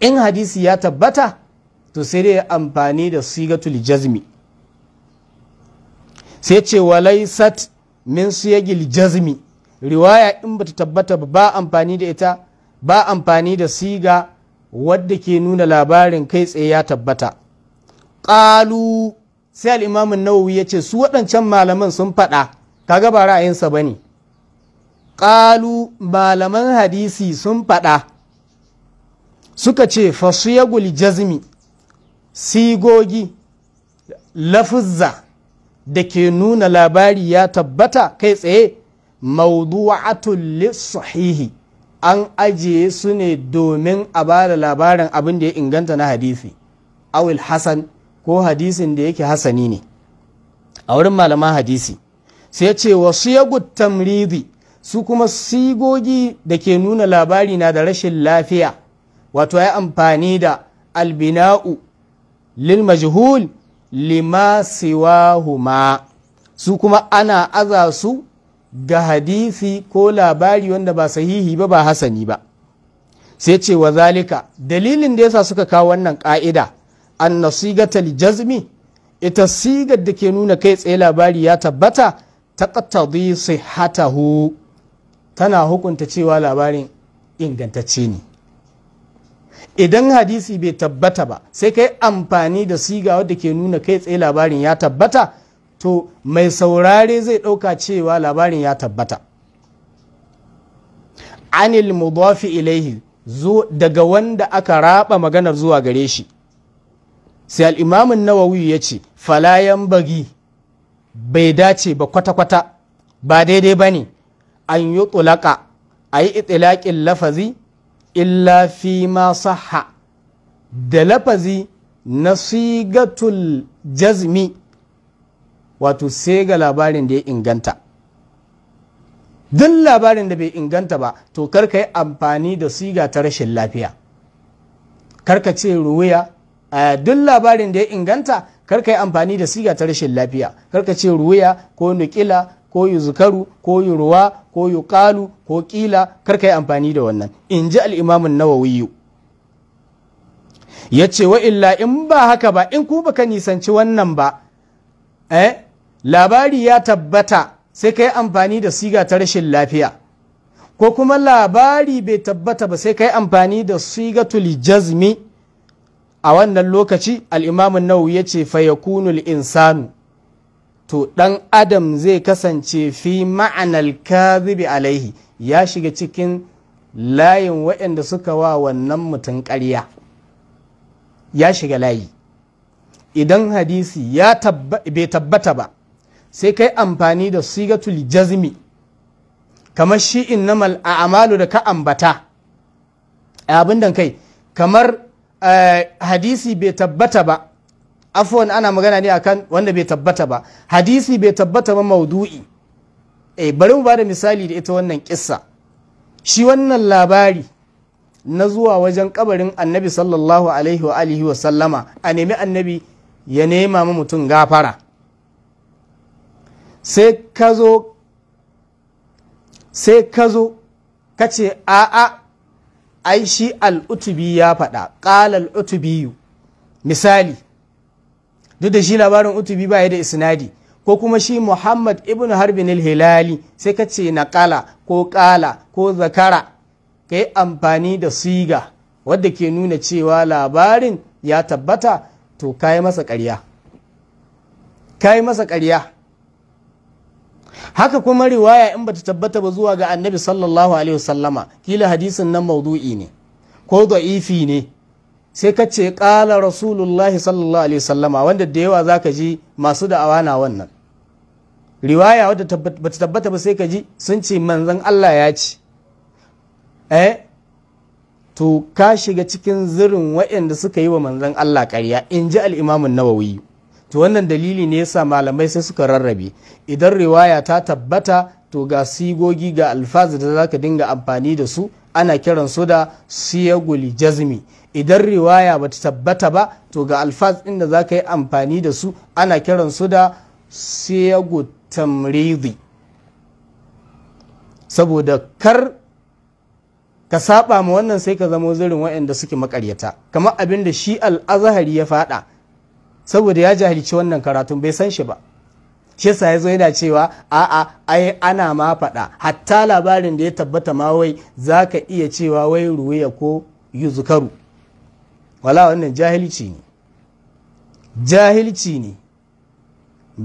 in hadisi ya tabbata to sai dai amfani da sigatul jazmi sai ce walai sat min su jazmi riwaya in bata tabbata ba amfani da ita ba amfani da siga wadda ke nuna labarin kai tsaye ya tabbata ƙalu sai al'imamin nawawi ya ce su waɗancan malaman sun faɗa kaga ba ra'ayinsa ba ne ƙalu malaman hadisi sun faɗa suka ce fasiyagul jazmi sigogi lafuzza da ke nuna labari ya tabbata kai tsaye mawdu'atul lissahihi an ajiye su ne domin a ba da labarin abin da ya inganta na hadisi awil hasan ko hadisin da yake hasani ne a wurin malaman hadisi sai ce wasu yagut tamridi su kuma sigogi da ke nuna labari na da rashin lafiya wato ya amfani da albina'u lil majhul lima huma, su kuma ana aza su ga hadisi ko labari wanda ba sahihi ba ba hasani ba sai ce wa zalika dalilin da yasa suka kawo wannan ka'ida an nasigatal jazmi ita sigar da ke nuna kai tsaye labari ya tabbata ta taqtadi sihatahu tana hukunta cewa labarin ingantacce ne idan hadisi bai tabbata ba sai kai amfani da siga wadda ke nuna kai tsaye labarin ya tabbata to mai saurare zai ɗauka cewa labarin ya tabbata anil mudafi ilaihi zo daga wanda aka raba maganar zuwa gare shi sai al'imamin nawawi ya ce falayan bagi bai dace ba kwata-kwata ba daidai ba ne an yi tsulaka a yi itsilaƙin lafazi illa fi ma sahha da lafazi na sigatul jazmi wato sai ga labarin da ya inganta duk labarin da bai inganta ba to karka yi amfani da siga ta rashin lafiya karka ce ruwaya duk labarin da ya inganta karka yi amfani da siga ta rashin lafiya karka ce ruwaya ko nukila ko zukaru ko yurwa ko kalu ko kila kar yi amfani da wannan in ji al'imamun nawawiyu ya ce yace wa illa in ba haka ba in ku baka nisanci wannan ba eh, labari ya tabbata sai ka yi amfani da siga ta rashin lafiya ko kuma labari bai tabbata ba sai ka yi amfani da sigatul jazmi a wannan lokaci al'imamun nawa ya ce fayakunul insanu to ɗan adam zai kasance fi ma'anar kazibi alaihi ya shiga cikin layin waɗanda suka wa wannan mutum ƙarya ya shiga layi idan hadisi ya bai tabbata ba sai kai amfani da sigatul jazmi kamar shi innamal a'malu da ka ambata abin kai kamar eh, hadisi bai tabbata ba afuwan ana magana ne akan wanda bai tabbata ba hadisi bai tabbata ba maudu'i E, bari mu ba da misali da ita wannan kissa shi wannan labari na zuwa wajen kabarin annabi sallallahu alaihi wa alihi wa sallama a nemi annabi ya nema ma mutum gafara sai ka zo sai ka zo ka ce a'a ai shi al'utubi ya faɗa ƙalal al'utubiyu misali duk da shi labarin utubi ba ya da isnadi ko kuma shi muhammad ibn harbin hilali sai ka ce naƙala ko ƙala ko zakara ka yi amfani da siga wadda ke nuna cewa labarin ya tabbata to ka yi masa ƙarya masa ƙarya haka kuma riwaya in bata tabbata ba zuwa ga annabi sallallahu alaihi wasallama kila hadisin nan maudu'i ne ko da'ifi ne sai ka ce ƙala rasulullahi sallallahu alaihi sallama wanda da yawa za ka ji masu da'awa na wannan riwaya wadda ba ta tabbata ba sai ka ji sun ce manzan Allah ya ce eh to ka shiga cikin zirin waɗanda suka yi wa manzan Allah ƙarya in ji al'imamun nawawi to wannan dalili ne yasa malamai sai suka rarrabe idan riwaya ta tabbata to ga sigogi ga alfazi da za ka dinga amfani da su ana kiran su da siyagul jazmi idan riwaya bata tabbata ba to ga alfaz inda za ka yi amfani da su ana kiransu da siyagu tamridi saboda kar ka saba ma wannan sai ka zama zirin waɗanda suke makaryata kamar abin da shi al'azahari ya faɗa saboda ya jahilci wannan karatun bai san shi ba shi sa ya zo yana cewa a'a ai ana ma faɗa hatta labarin da ya tabbata ma wai zaka iya cewa wai ruwaya ko yuzukaru wala wannan jahilci ne jahilci ne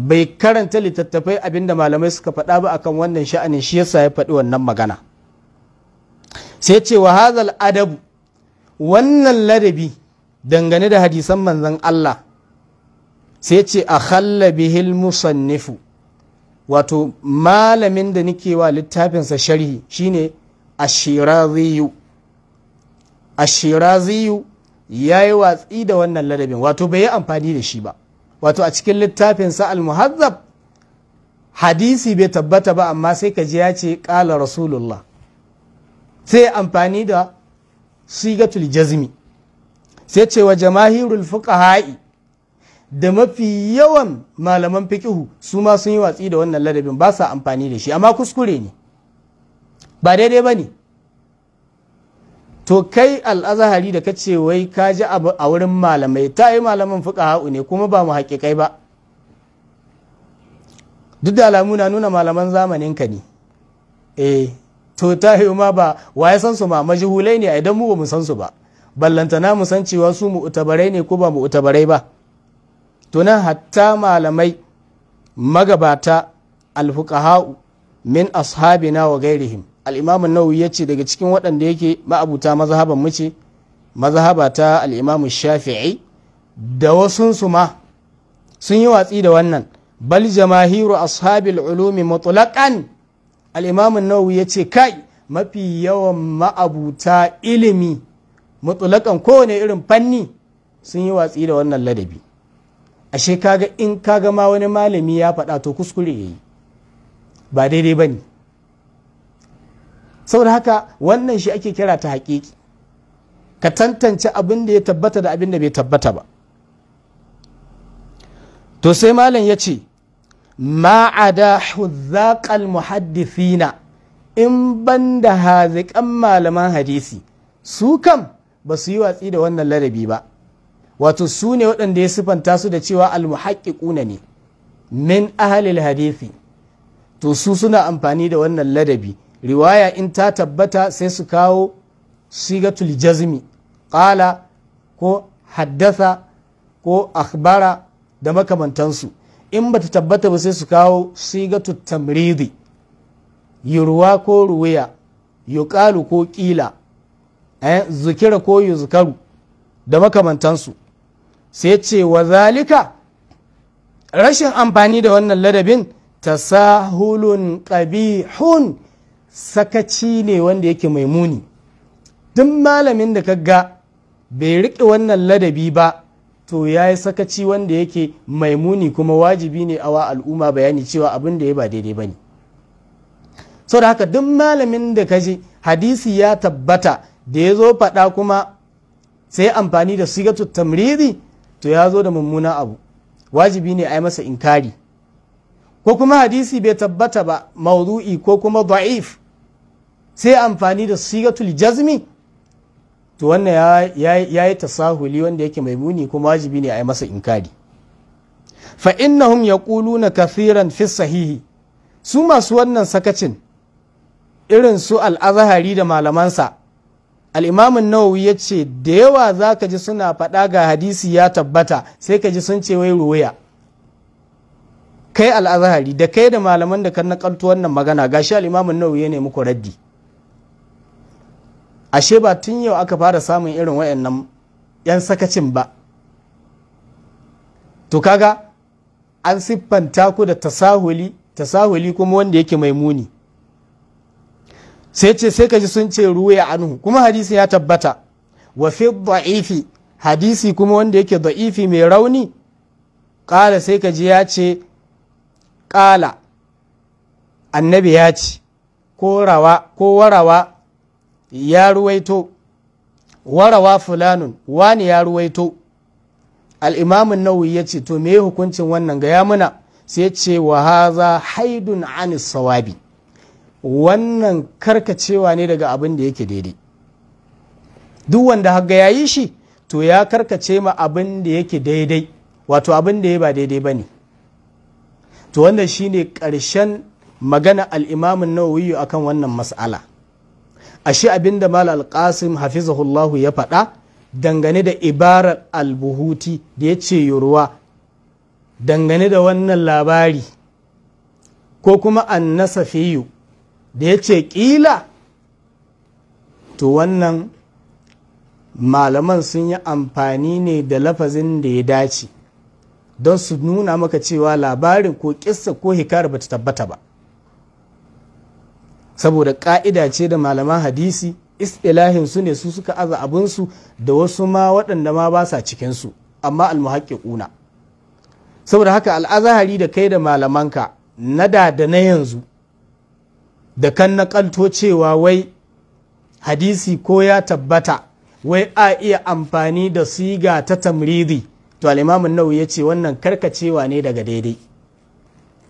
bai karanta littattafai abinda malamai suka faɗa ba akan wannan sha'anin shi yasa ya faɗi wannan magana sai ce wa hazal adabu wannan ladabi dangane da hadisan manzon Allah sai ce a khalla bihil musannifu wato malamin da nake wa littafinsa sharhi shine ashiraziyu ashiraziyu ya yi watsi da wannan ladabin wato bai yi amfani da shi ba wato a cikin littafin sa al-muhazzab hadisi bai tabbata ba amma sai ka ji ya ce ƙala rasulullah sai amfani da sigatul jazmi sai cewa wa jamahirul fuqaha'i da mafi yawan malaman fikihu su ma sun yi watsi da wannan ladabin ba sa amfani da shi amma kuskure ne ba daidai ba ne to kai al'azahari da ka ce wai ka ji a wurin malamai ta yi malaman fuka ha'u ne kuma ba mu haƙiƙai ba duk da alamu na nuna malaman zamanin ka ne eh to ta yi ma ba wa ya san su ma majihulai ne a idan mu ba mu san su ba ballantana mu san cewa su mu utabarai ne ko ba mu utabarai ba to nan hatta malamai magabata alfuqaha'u min ashabina wa gairihim al'imamun nawawi ya ce daga cikin waɗanda yake ma'abuta mazhaban mu ce mazhaba ta al'imamun shafi'i da wasunsu ma sun yi watsi da wannan bal jamahiru ashabil ulumi mutlaqan al'imamun nawawi ya ce kai mafi yawan ma'abuta ilimi mutlaqan kowane irin fanni sun yi watsi da wannan ladabi ashe kaga in kaga ma wani malami ya faɗa to kuskure yayi ba daidai bane saboda haka wannan shi ake kira ta haƙiƙi ka tantance abin da ya tabbata da abin da bai tabbata ba to sai malam ya ce ma'ada huzzaƙal muhaddithina in ban da haziƙan malaman hadisi su kam ba su yi watsi da wannan ladabi ba wato su ne waɗanda ya sifanta su da cewa almuhaƙiƙuna ne min ahalil hadisi to su suna amfani da wannan ladabi riwaya in ta tabbata sai su kawo sigatul jazmi ƙala ko haddasa ko akhbara da makamantansu in bata tabbata ba sai su kawo sigatul tamridi yurwa ko ruwaya yuqalu ko ƙila eh, zukira ko yuzkaru da makamantansu sai ce wa zalika rashin amfani da wannan ladabin tasahulun ƙabihun sakaci ne wanda yake mai muni duk malamin da kaga bai riƙe wannan ladabi ba to ya yi sakaci wanda yake mai muni kuma wajibi ne awa al'umma bayani cewa abin da ya ba daidai ba ne so da haka duk malamin da kaji hadisi ya tabbata da ya zo faɗa kuma sai amfani da sigatu tamriri to ya zo da mummuna abu wajibi ne a yi masa inkari ko kuma hadisi bai tabbata ba maudu'i ko kuma da'if sai amfani da sigatul jazmi to wannan ya yi tasahuli wanda yake mai muni kuma wajibi ne a yi masa inkari fa innahum yaquluna kathiran fi sahihi su masu wannan sakacin irin su al-azhari da malamansa al'imamin nawawi ya da yawa zaka ji suna faɗa ga hadisi ya tabbata sai ka ji sun ce wai ruwaya kai al-azhari da kai da malaman da kan nakalto wannan magana gashi al'imamin nawawi ya nemi ku raddi ashe ba tun yau aka fara samun irin waɗannan 'yan sakacin ba to kaga an siffanta ku da tasahuli tasahuli kuma wanda yake mai muni sai ce sai ka sun ce ruwaya anhu kuma hadisi ya tabbata wa fi da'ifi hadisi kuma wanda yake da'ifi mai rauni ƙala sai kaji ji ya ce ƙala annabi ya ce ko rawa ko warawa ya ruwaito warawa fulanun wani ya ruwaito al'imamun nau'i ya ce to me hukuncin wannan gaya muna sai ce wa haza haidun anis sawabi wannan karkacewa ne daga abin da yake daidai duk wanda haga ya yi shi to ya karkace ma abin da yake daidai wato abin da ya ba daidai ba ne to wanda shi ne karshen magana al'imamin nawawi akan wannan mas'ala. ashe abinda da mal alƙasim hafizahullahu ya faɗa dangane da ibarar albuhuti da ya ce yoruwa dangane da wannan labari ko kuma annasafiyu da ya ce ƙila to wannan malaman sun yi amfani ne da lafazin da ya dace don su nuna maka cewa labarin ko ƙissa ko hikar ba ta tabbata ba saboda ka'ida ce da malaman hadisi istilahin su ne su suka aza abinsu da wasu ma waɗanda ma ba sa cikinsu amma almuhaƙi ƙuna. saboda haka al'azahari da kai da malamanka na da da na yanzu da kan naƙalto cewa wai hadisi ko ya tabbata wai a iya amfani da siga ta tamridi to alimamin nau ya ce wannan karkacewa ne daga daidai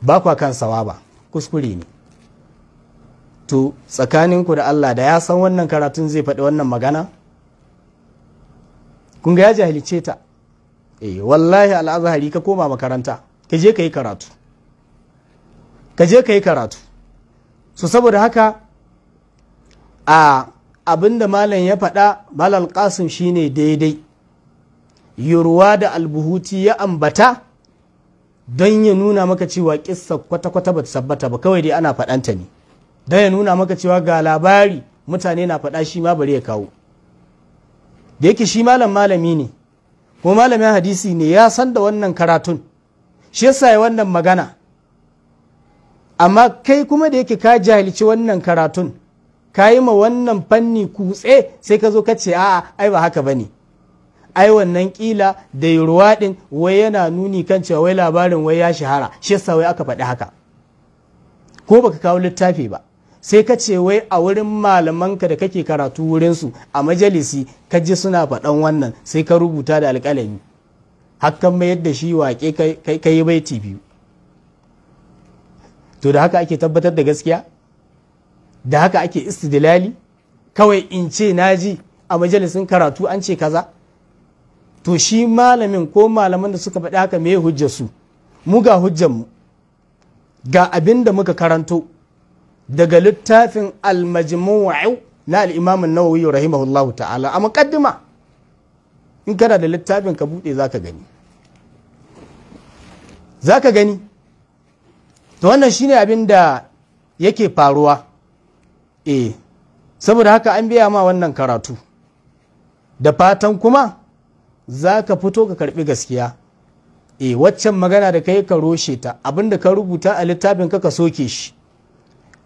ba kwa kan sawa ba kuskure ne to tsakaninku da Allah da ya san wannan karatun zai faɗi wannan magana kun ya jahilce ta eh wallahi al'azhari ka koma makaranta ka je ka yi karatu ka je ka yi karatu so saboda haka a abinda malam ya faɗa malal qasim shine daidai yurwa da albuhuti ya ambata don ya nuna maka cewa kissa kwata-kwata ba ta tabbata ba kawai dai ana faɗanta ne da ya nuna maka cewa ga labari mutane na faɗa shi ma bari ya kawo da yake shi malam malami ne ko malamin hadisi ne ya san da wannan karatun shi yasa ya wannan magana amma kai kuma da yake ka jahilci wannan karatun ka yi ma wannan fanni kutse sai ka zo ka ce a'a ai ba haka bane ai wannan kila da ruwaɗin din wai yana nuni kan cewa wai labarin wai ya shahara shi yasa wai aka faɗi haka ko baka kawo littafi ba sai ka ce wai a wurin malamanka da kake karatu wurinsu a majalisi ka ji suna faɗan wannan sai ka rubuta da alƙalami hakan mayar da shi waƙe ka yi baiti biyu to da haka ake tabbatar da gaskiya da haka ake istidilali kawai in ce na ji a majalisin karatu an ce kaza to shi malamin ko malaman da suka faɗi haka mai hujjarsu mu ga hujjarmu mu ga abin da muka karanto daga littafin almajmu'u na al'imamin nawawi rahimahullahu ta'ala a muƙaddima in kana da littafin ka buɗe za gani za gani to wannan shine abin da yake faruwa eh saboda haka an biya ma wannan karatu da fatan kuma zaka fito ka karɓi gaskiya e waccan magana da kai ka roshe ta abinda ka rubuta a littafin ka ka soke shi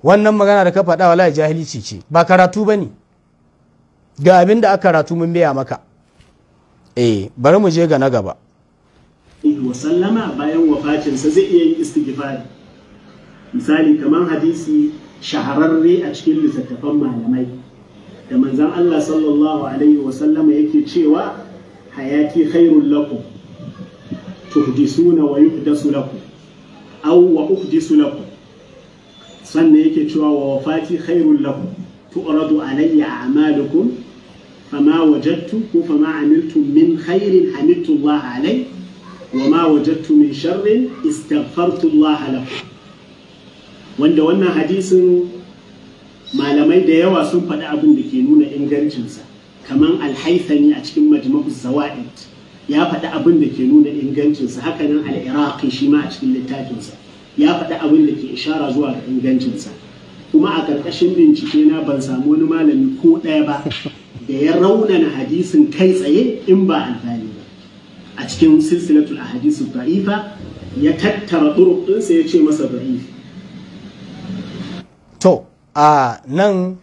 wannan magana da ka faɗa wallahi jahilci ce ba karatu ba ne ga abin da aka karatu mun biya maka eh bari mu je ga na gaba wa sallama bayan wafacinsa zai iya yin istighfari misali kamar hadisi shahararre a cikin littattafan malamai da manzon Allah sallallahu alaihi wa sallama yake cewa hayati khairul lakum tuhdisuna wa yuhdasu lakum aw wa uhdisu lakum sannan yake cewa wa wafati khairun lakum tu'radu alayya a'malukum fama wajadtu ko fama amiltu min khairin hamidtu Allah alai wa ma wajadtu min sharrin istaghfartu Allah lakum wanda wannan hadisin malamai da yawa sun faɗi abin da ke nuna ingancinsa kamar alhaithani a cikin majmu'uz zawaid ya faɗi abin da ke nuna ingancinsa hakanan al-iraqi shi ma a cikin littafinsa ya faɗi abin da ke ishara zuwa ga ingancinsa kuma a ƙarƙashin bincike na ban samu wani malami ko ɗaya ba da ya raunana hadisin kai tsaye in ba alfani ba a cikin silsilatul ahadisu da'ifa ya tattara turuq ɗinsa ya ce masa da'if to a nan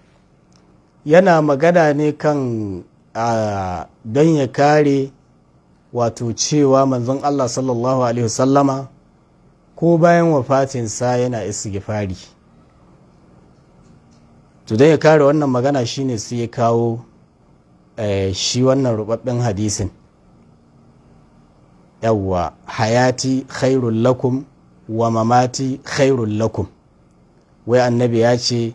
yana magana ne kan don ya kare wato cewa manzon Allah sallallahu Alaihi wasallama ko bayan wafatinsa yana istighfari to dai ya kare wannan magana shine su ya kawo eh, shi wannan ruɓaɓɓen hadisin yawwa hayati khairul lakum wa mamati khairul lakum wai annabi ya ce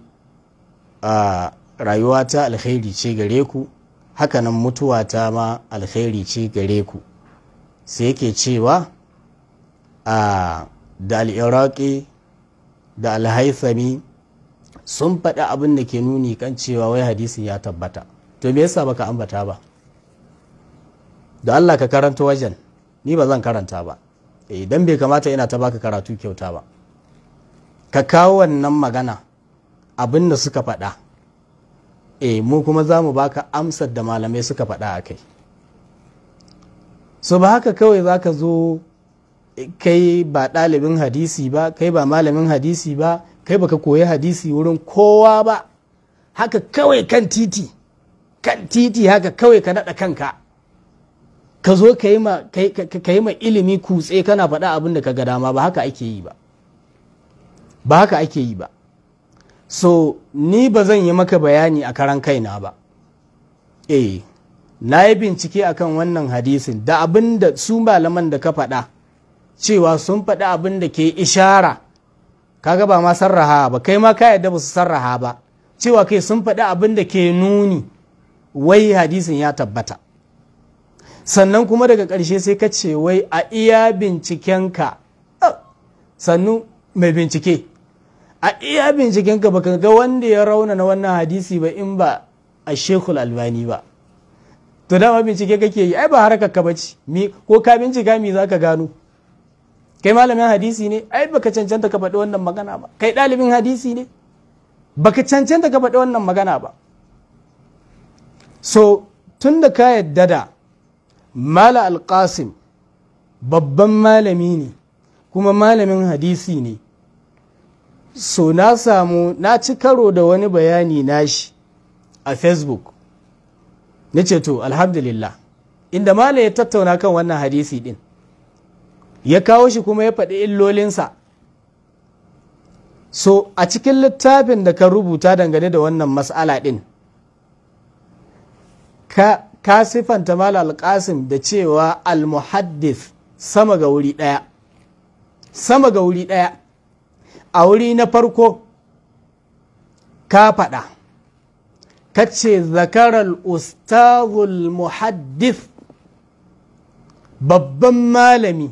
a rayuwata alkhairi ce gare ku hakanan mutuwata ma alkhairi ce gare ku sai yake cewa a da al'iraƙi da alhaisami sun faɗi abin da ke nuni kan cewa wai hadisin ya tabbata to me yasa baka ambata ba da Allah ka karanta wajen ni ba zan karanta ba idan eh, bai kamata ina ta baka karatu kyauta ba ka kawo wannan magana abin da suka faɗa e mu kuma za mu baka amsar da malamai suka faɗa a kai Su ba haka kawai za ka zo kai ba ɗalibin hadisi ba kai ba malamin hadisi ba kai baka koyi hadisi wurin kowa ba haka kawai kan titi kan titi haka kawai ka naɗa kanka ka zo ka yi ma ilimi kutse kana faɗa abin da ka ga dama ba haka ake yi ba ba haka ake yi ba so ni ba zan yi maka bayani a karan kaina ba eh na yi bincike akan wannan hadisin da abin da su malaman da ka faɗa cewa sun faɗi abin da ke ishara kaga ba ma sarraha ba kai ma ka yadda ba su sarraha ba cewa kai sun faɗi abin da ke nuni wai hadisin ya tabbata sannan kuma daga ƙarshe sai ka ce wai a iya bincikenka sannu mai bincike a iya bincikenka ba ga wanda ya rauna na wannan hadisi ba in ba a shekul albani ba to dama bincike kake yi ai ba harkar ka bace ko ka bincika mi za ka gano kai malamin hadisi ne ai baka cancanta ka faɗi wannan magana ba kai ɗalibin hadisi ne baka cancanta ka faɗi wannan magana ba so tun da ka yadda da mala alƙasim babban malami ne kuma malamin hadisi ne so na samu na ci karo da wani bayani nashi a facebook na ce to alhamdulillah inda mala ya tattauna kan wannan hadisi din ya kawo shi kuma ya faɗi illolinsa so a cikin littafin da ka rubuta dangane da wannan mas'ala ɗin ka, siffanta malal qasim da cewa al sama ga wuri ɗaya sama ga wuri ɗaya a wuri na farko ka faɗa ka ce zakarar ustazul muhaddis babban malami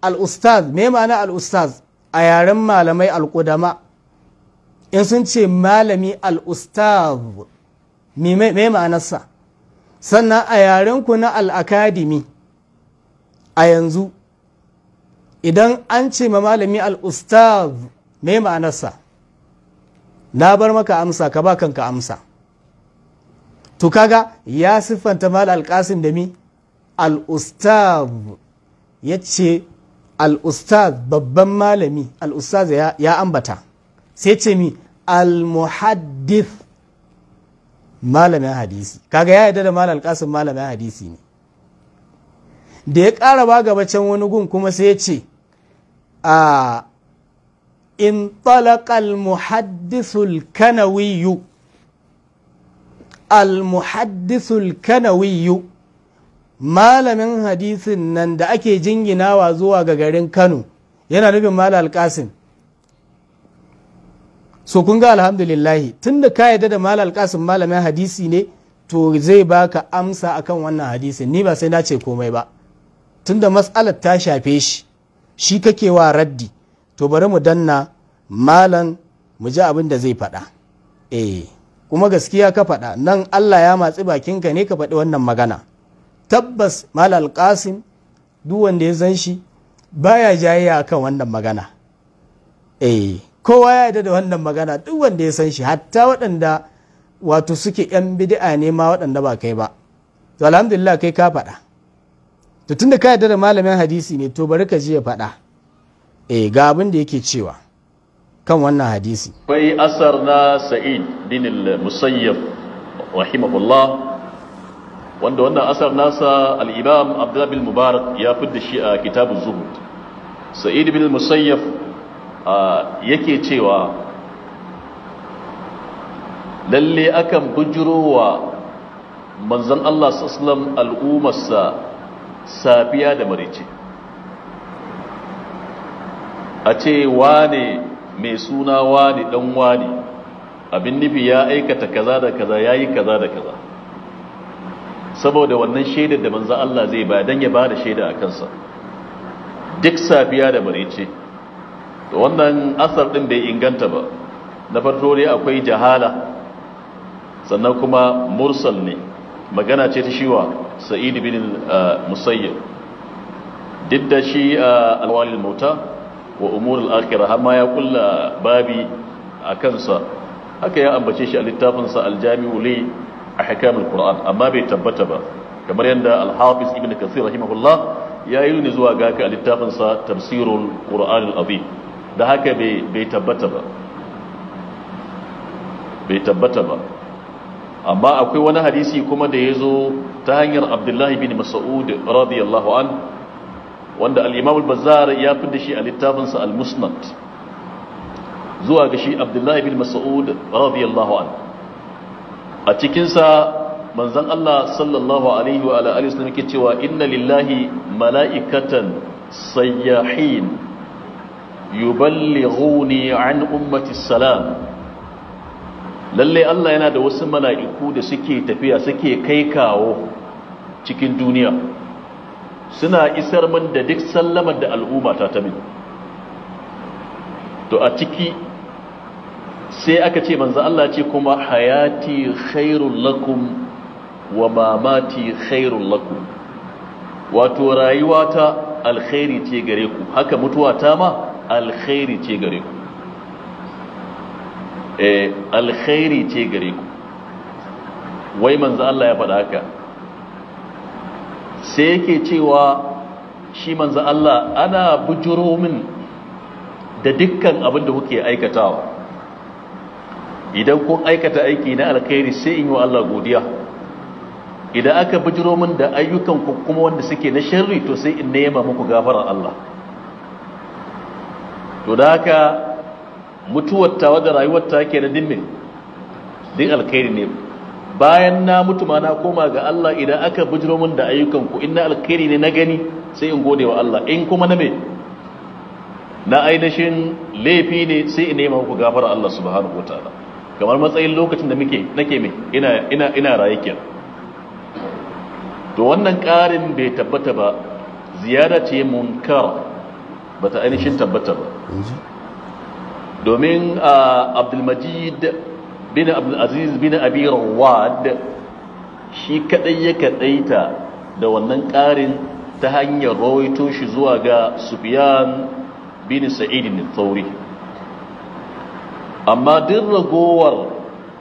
al'ustaz me ma'ana al'ustaz a yaren malamai al'udama, in sun ce malami al'ustaz me ma'anarsa sannan a yarenku na al'akadimi a yanzu idan an ce ma malami al'ustaz me ma'anarsa na bar maka amsa ka ba kanka amsa to kaga ya siffanta mal alƙasin da mi al'ustaz ya ce al'ustaz babban malami al'ustaz ya, ambata sai ce mi al muhaddif malamin hadisi kaga ya yarda da malal kasin malamin hadisi ne da ya ƙara ba gaba can wani gun kuma sai ya ce a in talakal muhaddisul kanawiyu al muhaddisul kanawiyu malamin hadisin nan da ake jinginawa zuwa ga garin kano yana nufin mala alkasin so kun ga alhamdulillahi tun da ka yadda da mala alkasin malamin hadisi ne to zai baka amsa akan wannan hadisin ni ba sai na ce komai ba tun da matsalar ta shafe shi shi kake wa raddi to bari mu danna malan mu ji abin da zai faɗa eh kuma gaskiya ka faɗa nan allah ya matsi bakinka ne ka faɗi wannan magana tabbas malal kasim duk wanda ya zan shi baya jayayya kan wannan magana eh kowa ya yarda da wannan magana duk wanda ya san shi hatta waɗanda wato suke yan bid'a ne ma waɗanda ba kai ba to alhamdulillah kai ka faɗa to tunda ka yarda da malamin hadisi ne to bari ka ji ya faɗa eh ga abin da yake cewa kan wannan hadisi Akwai asar na sa'id bin al-musayyab rahimahullah wanda wannan asar nasa alimam imam mubarak ya fidda shi a kitabuz zuhud sa'id bin musayyaf yake cewa lalle akan bujurowa manzon Allah sallallahu al'umarsa safiya da marice a ce wane mai suna wane dan wane abin nufi ya aikata kaza da kaza yayi kaza da kaza saboda wannan shaidar da manzo Allah zai ba dan ya ba da shaida a kansa duk safiya da marece to wannan asar din bai inganta ba na farko dai akwai jahala sannan kuma mursal ne magana ce ta shiwa sa'id bin uh, musayyib duk da shi uh, alwalil mauta wa umurul akhirah har ma ya kulla babi a kansa haka ya ambace shi a littafinsa aljami'u li a hakamul qur'an amma bai tabbata ba kamar yadda al-hafiz ibn kasir rahimahullah ya yi ne zuwa ga ka littafin sa tafsirul qur'an al-azim da haka bai bai tabbata ba bai tabbata ba amma akwai wani hadisi kuma da yazo ta hanyar abdullahi bin mas'ud radiyallahu an wanda al-imam al-bazzar ya fi da shi a littafin sa al-musnad zuwa ga shi abdullahi bin mas'ud radiyallahu anhu a cikinsa manzan Allah sallallahu alaihi wa alihi wasallam yake cewa inna lillahi mala'ikatan sayyahin yuballighuni an ummati salam lallai Allah yana da wasu mala'iku da suke tafiya suke kai kawo cikin duniya suna isar min da duk sallamar da al'umma ta ta min to a ciki sai aka ce manzo Allah ce kuma hayati khairul lakum wa mamati khairul lakum wato rayuwata alkhairi ce gare ku haka mutuwa ta ma alkhairi ce gare ku eh alkhairi ce gare ku wai manzo Allah ya faɗa haka sai yake cewa shi manzo Allah ana bujuro min da dukkan abin da kuke aikatawa idan kun aikata aiki na alkhairi sai in yi wa Allah godiya idan aka bijiro min da ayyukan ku kuma wanda suke na sharri to sai in nema muku gafarar Allah to da haka mutuwar tawa da rayuwar ta ke na dimmin din alkhairi ne bayan na mutu ma na koma ga Allah idan aka bijiro min da ayyukan ku in na alkhairi ne na gani sai in gode wa Allah in kuma na me na ainihin laifi ne sai in nema muku gafarar Allah subhanahu wataala kamar matsayin lokacin da muke nake mai ina ina ina raye ke to wannan ƙarin bai tabbata ba ziyara ce munkar bata ainihin tabbata ba domin abdulmajid bin abdulaziz bin abi rawad shi kadai ya kadaita da wannan ƙarin ta hanyar rawaito shi zuwa ga sufyan bin sa'id bin thawri amma duk ragowar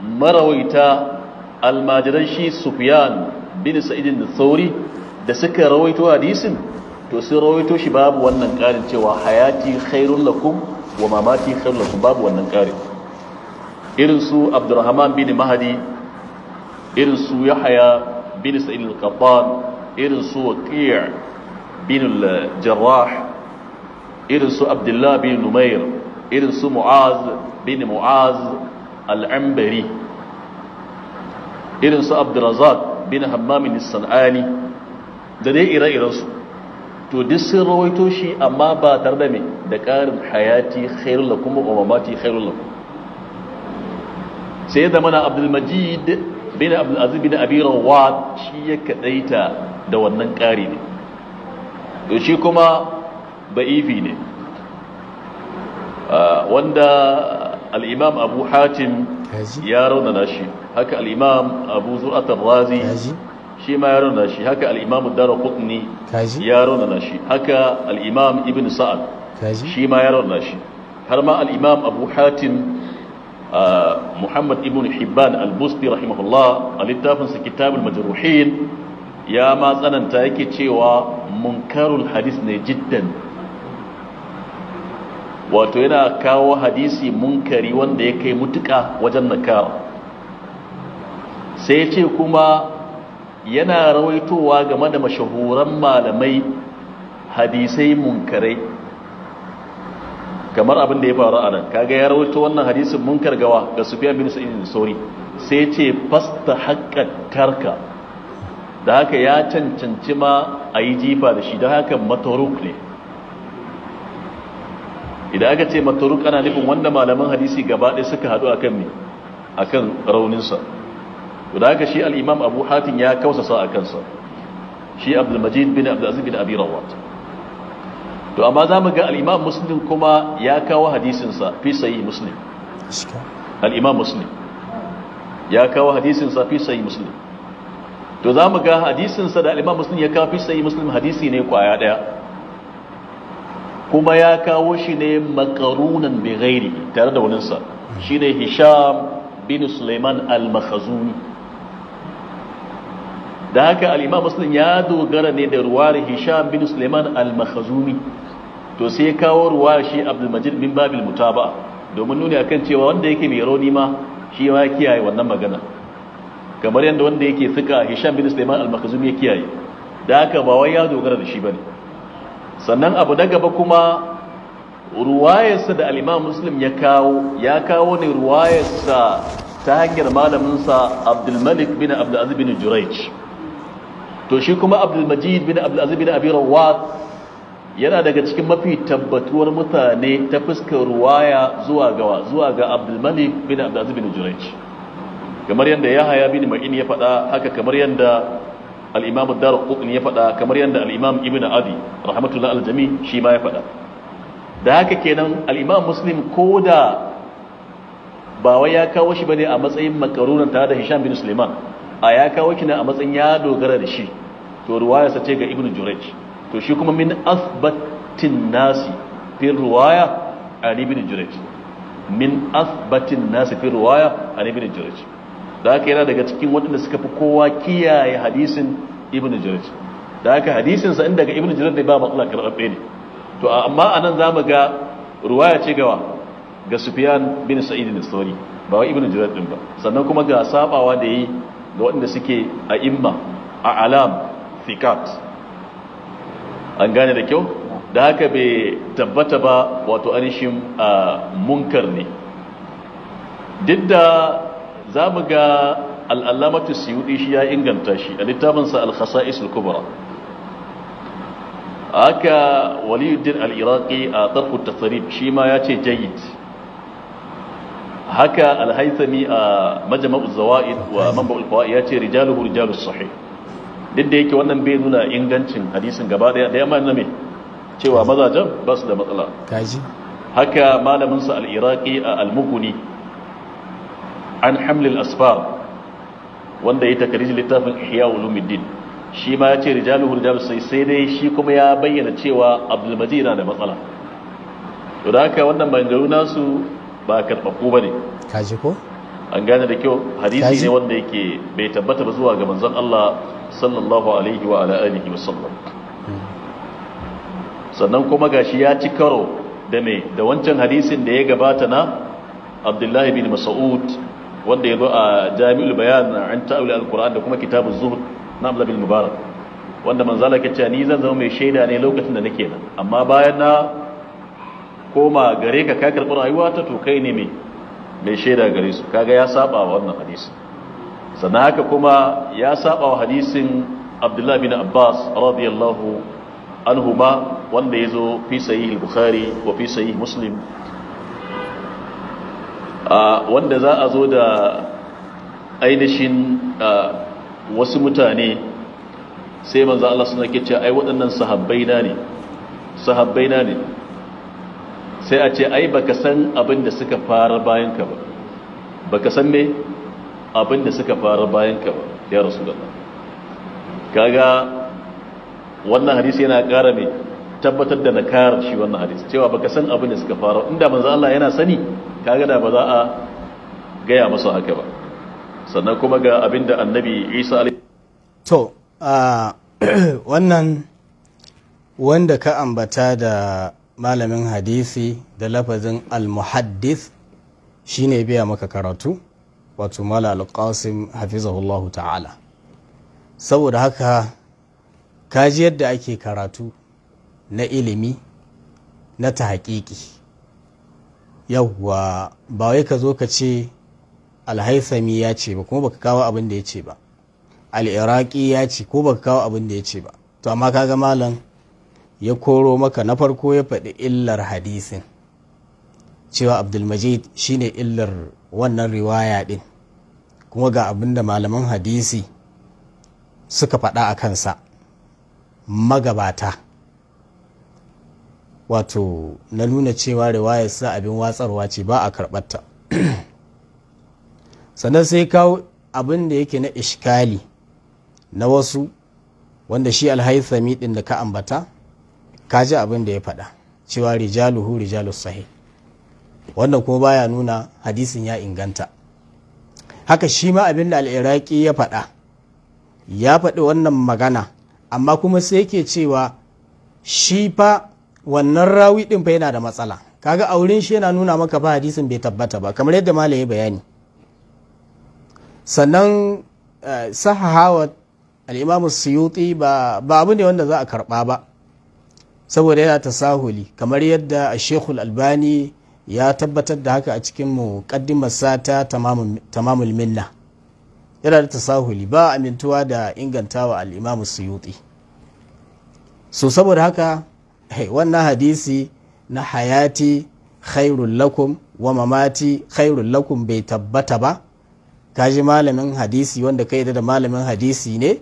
marawaita almajiran shi sufyan bin sa'idin da sauri da suka rawaito hadisin to sun rawaito shi babu wannan ƙarin cewa hayati khairun lakum wa mamati khairun lakum babu wannan ƙarin irin su abdurrahman bin mahadi irin su yahaya bin sa'id al-qattan irin su waqi' bin al-jarrah irin su abdullah bin numair irin su mu'az bin mu'az al'ambari irin su abdurazak bin hammamin san'ani da dai ire-irensu to duk sun rawaito shi amma ba tare da mai da ƙarin hayati khairun lakum wa mamati khairun lakum sai da mana abdulmajid bin abdulaziz bin abi rawat shi ya kadaita da wannan ƙari ne to shi kuma ba'ifi ne ah, wanda Al'imam abu hatim ya raunana shi haka al'imam abu zu'at ar-razi shi ma ya raunana shi haka al'imam imam ad-darqutni ya raunana shi haka al'imam ibn sa'ad shi ma ya raunana shi har ma al'imam abu hatim ah, muhammad ibn hibban al-busti rahimahullah a littafinsa kitabul majruhin ya ma tsananta yake cewa munkarul hadis ne jiddan wato yana kawo hadisi munkari wanda ya kai mutuka wajen nakawa sai ce kuma yana rawaitowa game da mashahuran malamai hadisai munkarai kamar abin da ya faru a nan kaga ya rawaito wannan hadisin munkar gawa ga sufiya bin sa'id sauri sai ce fasta haƙƙa karka da haka ya cancanci ma a yi jifa da shi don haka mataruk ne idan aka ce maturuk ana nufin wanda malaman hadisi gaba ɗaya suka haɗu akan a kan rauninsa da aka shi al’imam abu hatim ya sa a kansa shi abdulmajid bin abdulaziz bin abi rawat to amma za mu ga al’imam musulun kuma ya kawo hadisinsa fi sayi musulun al’imam musulun ya kawo hadisinsa fi sayi musulun. to za mu ga hadisinsa da al’imam musulun ya kawo fi sayi musulun hadisi ne kwaya ɗaya. kuma ya kawo shi ne makarunan bai gairi tare da waninsa ne Hisham bin Suleiman al-Makhazuni da haka al-Imam Muslim ya dogara ne da ruwar Hisham bin Suleiman al-Makhazuni to sai ya kawo ruwar shi abdulmajid bin Babil Mutaba domin nuni akan cewa wanda yake mai rauni ma shi ya kiyaye wannan magana kamar yadda wanda yake suka Hisham bin Suleiman al-Makhazuni ya kiyaye da haka ba wai ya dogara da shi ne. sannan abu na gaba kuma ruwayarsa da alima muslim ya kawo ya kawo ne ruwayarsa ta hanyar malaminsa abdulmalik bin abdulaziz bin juraic to shi kuma abdulmajid bin abdulaziz bin abirawa yana daga cikin mafi tabbatuwar mutane ta fuskar ruwaya zuwa gawa zuwa ga abdulmalik bin abdulaziz bin juraic kamar yadda yahaya bin ma'in ya faɗa haka kamar yadda al-imam ad ya faɗa kamar yadda al-imam ibn adi rahmatullahi al-jami shi ma ya faɗa da haka kenan al-imam ko da ba wai ya kawo shi bane a matsayin makarunan tare da hisham bin sulaiman a ya kawo kina a matsayin ya dogara da shi to ruwaya sace ga ibn jurayj to shi kuma min asbatin nasi fi ruwaya ali ibn jurayj min asbatin nasi fi ruwaya ali ibn jurayj da haka yana daga cikin waɗanda suka fi kowa kiyaye hadisin ibn jiraj da aka hadisin sa daga ibn jiraj da ba matsala karɓe ne to amma a nan za mu ga ruwaya ce gawa ga sufiyan bin sa'idin al ba wa ibn jiraj din ba sannan kuma ga sabawa da yi ga waɗanda suke a imma a alam fikat? an gane da kyau da haka bai tabbata ba wato anishin munkar ne duk da za mu ga al'alamatu siyudi shi ya inganta shi a littafinsa al-khasa'isul kubra haka waliyuddin al a tarkut tasarif shi ma ya ce jayyid haka al a majma'uz zawaid wa manba'ul ya ce rijaluhu rijalus sahih duk da yake wannan bai nuna ingancin hadisin gaba daya da yamma na me cewa mazajen ba su da matsala haka malamin sa al-iraqi a al an hamlil asfar wanda ya takariji littafin ihya ulumuddin shi ma ya ce rijaluhu rijalu sai sai dai shi kuma ya bayyana cewa abdulmajid na da matsala to da haka wannan bangaru nasu ba karfafu bane kaji ko an gane da kyau hadisi ne wanda yake bai tabbata ba zuwa ga manzon Allah sallallahu alaihi wa ala alihi wasallam sannan kuma gashi ya ci karo da me da wancan hadisin da ya gabata na Abdullahi bin Mas'ud wanda ya zo a jami'ul bayan an ta'awil alquran da kuma kitabuz zuhud na abdul mubarak wanda manzala ke cewa ni zan zama mai shaida ne lokacin da nake nan amma bayan na koma gare ka ka karɓi rayuwa ta to kai ne mai mai shaida gare su kaga ya saba wa wannan hadisi sannan haka kuma ya saba wa hadisin abdullahi bin abbas radiyallahu anhuma wanda ya zo fi sahih al-bukhari wa fi sahih muslim wanda za a zo da ainihin wasu mutane sai manzo Allah suna ke ce ai waɗannan sahabbai na ne sahabbai na ne sai a ce ai baka san abin da suka fara bayan ka ba baka san me abin da suka fara bayan ka ba ya rasulullah kaga wannan hadisi yana ƙara mai tabbatar da nakarar shi wannan hadisi cewa baka san abin da suka fara inda manzo Allah yana sani kaga da ba za a gaya masa haka ba sannan kuma ga abin da annabi Isa alaihi to wannan wanda ka ambata da malamin hadisi da lafazin al-muhaddith shine biya maka karatu wato mala al-qasim hafizahullahu ta'ala saboda haka kaji yadda ake karatu na ilimi na ta haƙiƙi yawwa ba wai ka zo ka ce alhaisami ya ce ba kuma baka kawo abin da ya ce ba al'iraki ya ce ko baka kawo abin da ya ce ba to amma kaga malam ya koro maka na farko ya faɗi illar hadisin cewa abdulmajid shine illar wannan riwaya ɗin kuma ga abin da malaman hadisi suka faɗa a kansa magabata wato na nuna cewa riwayar sa abin watsarwa ce ba a karɓarta sannan sai kawo abin da yake na ishkali na wasu wanda shi alhaisami din da ka ambata ka ji abin da ya faɗa cewa rijaluhu rijalu sahih wannan kuma baya nuna hadisin ya inganta haka shi ma abin da al'iraki ya faɗa ya faɗi wannan magana amma kuma sai yake cewa shi fa wannan rawi din fa yana da matsala kaga a wurin shi yana nuna maka ba hadisin bai tabbata ba kamar yadda malaye bayani sannan eh, sahahawa al'imamu suyuti ba abu ne wanda za a karba ba saboda yana tasahuli kamar yadda shekul albani ya tabbatar da haka a cikin muƙaddimarsa ta tamamul minna yana da tasahuli ba amintuwa da ingantawa al'imamu suyuti so saboda haka wannan hadisi na hayati khairul lakum wa mamati khairul lakum bai tabbata ba kaji malamin hadisi wanda ka da malamin hadisi ne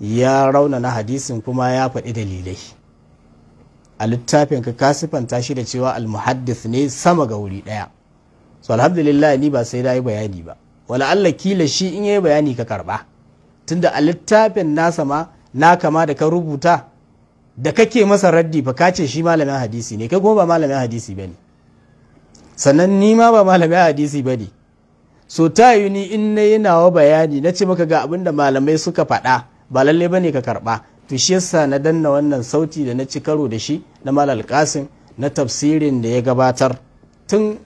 ya rauna na hadisin kuma ya faɗi dalilai a littafin ka kasifanta shi da cewa almuhaddis ne sama ga wuri ɗaya so alhamdulillah ni ba sai da yi bayani ba wala Allah kila shi in yayi bayani ka karba tunda a littafin nasa ma na kama da ka rubuta da kake masa raddi fa kace shi malamin hadisi ne kai kuma ba malamin hadisi ba ne. sannan ni ma ba malamin hadisi ne so ta yi ni in na yi nawa bayani na ce maka ga abin da malamai suka faɗa ba lalle ne ka karɓa to shi yasa na danna wannan sauti da na ci karo da shi na malal kasim na tafsirin da ya gabatar tun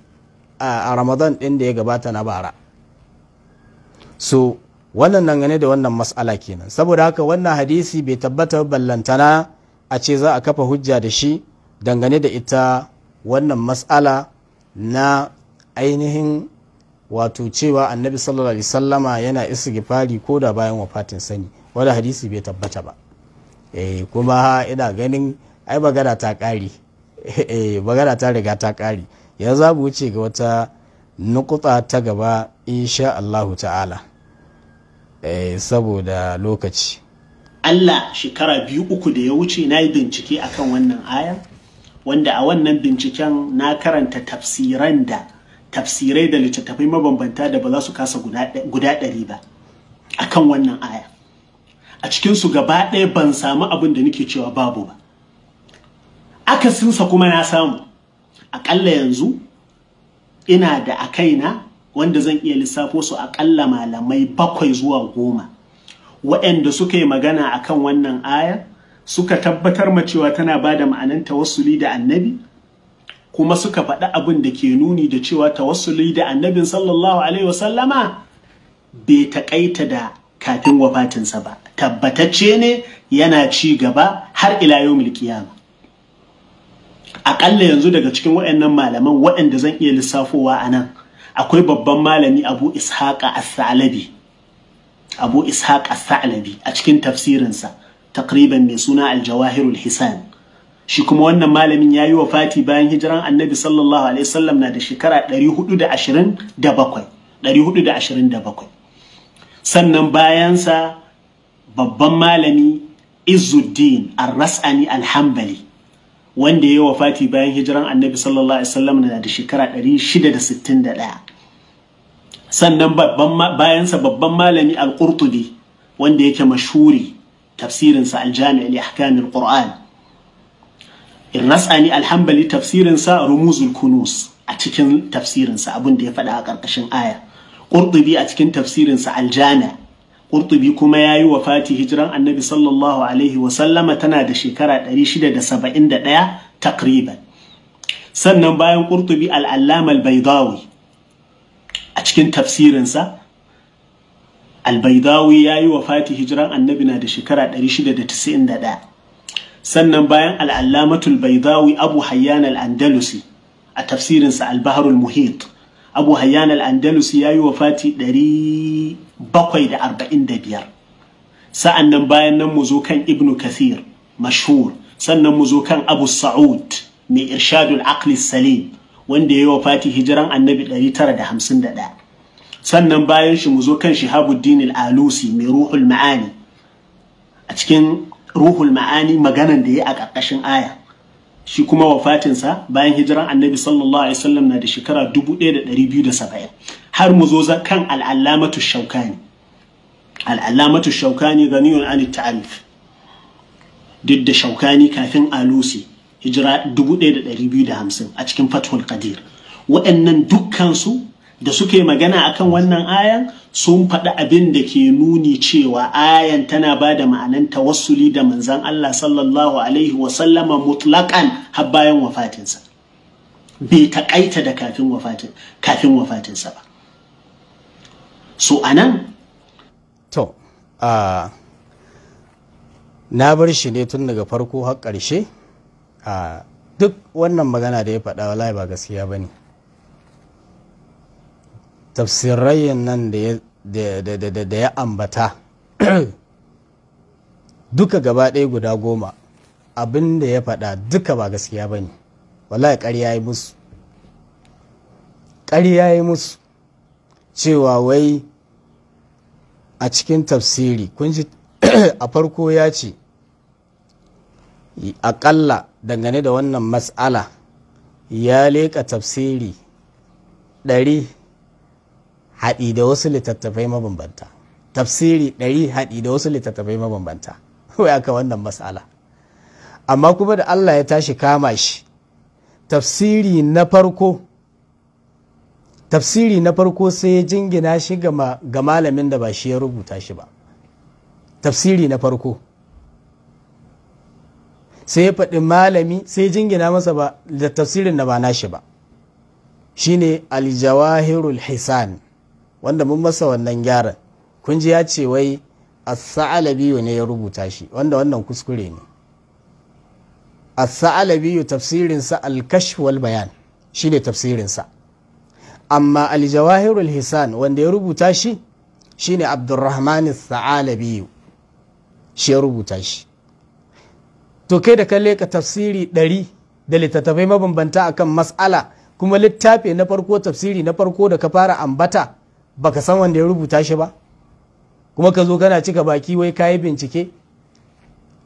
a ramadan ɗin da ya gabata na bara so wannan dangane da wannan mas'ala kenan saboda haka wannan hadisi bai tabbata ballantana a ce za a kafa hujja da shi dangane da ita wannan matsala na ainihin wato cewa annabi sallallahu alaihi sallama yana istighfari ko da bayan fatin sani wadda hadisi bai tabbata ba eh, kuma ina ganin ai bagara ta kari eh, ta riga ta ƙari ya za wuce ga wata nukuta ta gaba insha Allahu ta'ala eh, saboda lokaci Allah shekara biyu uku da ya wuce na yi bincike a kan wannan aya wanda a wannan binciken na karanta tafsiran da tafsirai da littattafai mabambanta da ba za su kasa guda ɗari ba a kan wannan aya a cikinsu gaba ɗaya ban samu abin da nake cewa babu ba akasinsa kuma na samu aƙalla yanzu ina da a kaina wanda zan iya lissafo su aƙalla malamai bakwai zuwa goma waɗanda suka yi magana a kan wannan aya suka tabbatar ma cewa tana ba da ma'anan tawassuli da annabi kuma suka faɗi abin da ke nuni da cewa tawassuli da annabin sallallahu alaihi wasallama bai taƙaita da kafin wafatinsa ba tabbatacce ne yana ci gaba har ila yau qiyama aƙalla yanzu daga cikin waɗannan malaman waɗanda zan iya lissafowa a nan akwai babban malami abu ishaqa as-salabi abu ishaq as-sa'labi a cikin tafsirinsa takriban mai suna al-jawahirul shi kuma wannan malamin wa fati bayan hijiran annabi sallallahu alaihi wasallam na da shekara 427 427 sannan bayansa babban malami Izzuddin Ar-Ras'ani Al-Hanbali wanda ya wafati bayan hijiran annabi sallallahu alaihi wasallam na da shekara 661 sannan bayansa babban malami al-qurtubi wanda yake mashuri tafsirinsa al-jami' li ahkamil qur'an irnasani al-hanbali tafsirinsa rumuzul kunus a cikin tafsirinsa abin da ya faɗa a ƙarƙashin aya qurtubi a cikin tafsirinsa al-jami' qurtubi kuma yayi wafati hijiran annabi sallallahu alaihi wa sallama tana da shekara 671 takriban sannan bayan qurtubi al-allama al-baydawi a cikin tafsirinsa albaidawi ya yi wa fati hijiran annabi na da shekara 691 sannan bayan al'allamatul baidawi abu hayyan al'andalusi a tafsirinsa albaharul muhit abu hayyan al'andalusi ya yi wa fati 745 sa'an nan bayan nan mu zo kan ibnu kathir mashhur sannan mu zo kan abu sa'ud mai irshadul aqli salim wanda ya yi wa fati hijiran annabi 951 sannan bayan shi mu zo kan shihabuddin al-alusi mai ruhul ma'ani a cikin ruhul ma'ani maganan da ya a ƙarƙashin aya shi kuma wafatinsa bayan hijiran annabi sallallahu alaihi wasallam na da shekara 1270 har mu zo kan al'allamatu shaukani al'allamatu shaukani ganiyun an ta'alif duk da shaukani kafin alusi hijira hamsin a cikin fathul qadir waɗannan dukkansu da suke magana akan wannan ayan sun faɗi abin da ke nuni cewa ayan tana ba da ma'anan tawassuli da manzan Allah sallallahu alaihi wasallama mutlaƙan har bayan wafatinsa bai taƙaita da kafin wafatinsa ba so anan to ah, na bar shi ne tun daga farko har ƙarshe a duk wannan magana da ya faɗa wallahi ba gaskiya ba ne tafsirai nan da ya ambata duka gaba ɗaya guda goma abin da ya faɗa duka ba gaskiya ba ne wallahi ƙarya yi musu ƙarya yi musu cewa wai a cikin tafsiri kun ji a farko ya ce aƙalla dangane da wannan matsala ya leƙa tafsiri ɗari haɗi da wasu littattafai mabambanta tafsiri ɗari haɗi da wasu littattafai mabambanta wai aka wannan matsala amma kuma da allah ya tashi kama shi tafsiri na farko tafsiri na farko sai ya jingina shi ga malamin da ba shi ya rubuta shi ba tafsiri na farko sai ya faɗi malami sai jingina masa ba da tafsirin na ba nashi ba shine aljawahirul hisan wanda mun masa wannan gyaran kun ji ya ce wai as-sa'alabi ne ya rubuta shi wanda wannan kuskure ne as-sa'alabi tafsirin sa al bayan shine tafsirin sa amma aljawahirul hisan wanda ya rubuta shi shine abdurrahman as shi ya rubuta shi to kai da kalle ka tafsiri ɗari da littattafai mabambanta a kan mas'ala kuma littafi na farko tafsiri na farko da ka fara ambata ba ka san wanda ya rubuta shi ba kuma ka zo kana cika baki wai kayi bincike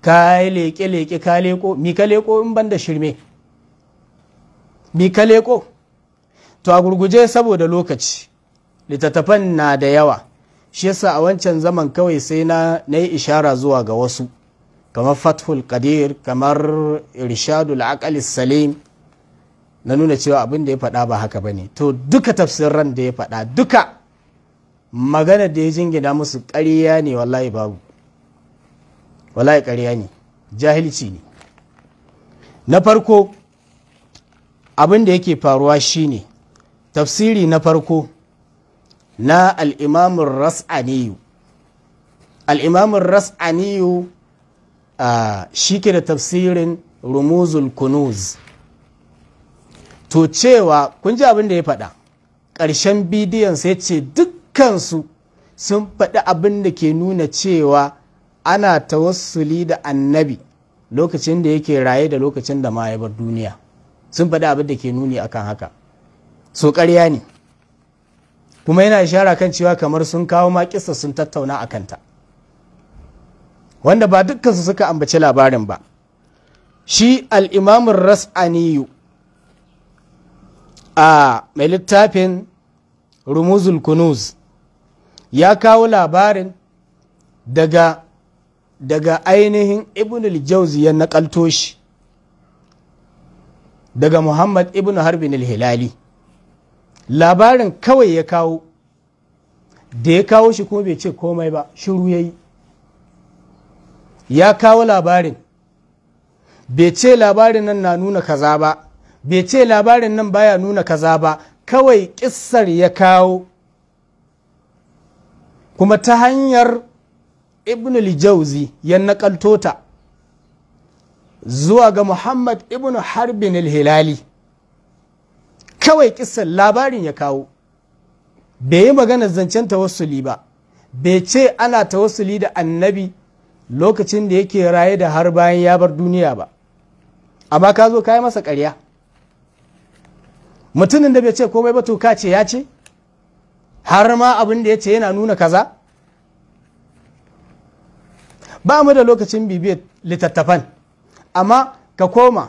ka leke leke ka leko mi ka leko in ban da shirme mi ka leko to a gurguje saboda lokaci littattafan na da yawa shi yasa a wancan zaman kawai sai na yi ishara zuwa ga wasu kamar fathul qadir kamar irshadul aqal salim na nuna cewa abin da ya faɗa ba haka ba ne. to duka tafsirin da ya faɗa duka magana da ya jingina musu ƙarya ne wallahi babu wallahi ƙarya ne jahilci ne na farko abin da yake faruwa shine tafsiri na farko na al'imamun ras'aniyu al'imamun ras'aniyu shi ke da tafsirin rumuzul kunuz to cewa kun ji abin da ya faɗa ƙarshen bidiyon sai ce dukkansu sun faɗi abin da ke nuna cewa ana tawassuli da annabi lokacin da yake raye da lokacin da ma ya bar duniya sun faɗi abin da ke nuni akan haka so ƙarya ne kuma yana ishara kan cewa kamar sun kawo ma sun tattauna a kanta wanda ba dukkansu suka ambaci labarin ba shi al'imamun ras'aniyu a mai littafin rumuzul kunuz ya kawo labarin daga daga ainihin ibn al-jauzi ya nakalto shi daga muhammad ibn harbin al-hilali labarin kawai ya kawo da ya kawo shi kuma bai ce komai ba shiru ya yi ya kawo labarin bai ce labarin nan na nuna kaza ba bai ce labarin nan baya nuna kaza ba kawai kissar ya kawo kuma ta hanyar ibn jauzi ya nakalto zuwa ga muhammad ibn harbin hilali kawai kissar labarin ya kawo bai yi maganar zancen tawassuli ba bai ce ana tawassuli da annabi lokacin da yake raye da har bayan ya bar duniya ba amma ka zo ka masa karya mutumin da bai ce komai ba to ka ce ya ce har ma abin da ya ce yana nuna kaza ba mu da lokacin bibiyar littattafan amma ka koma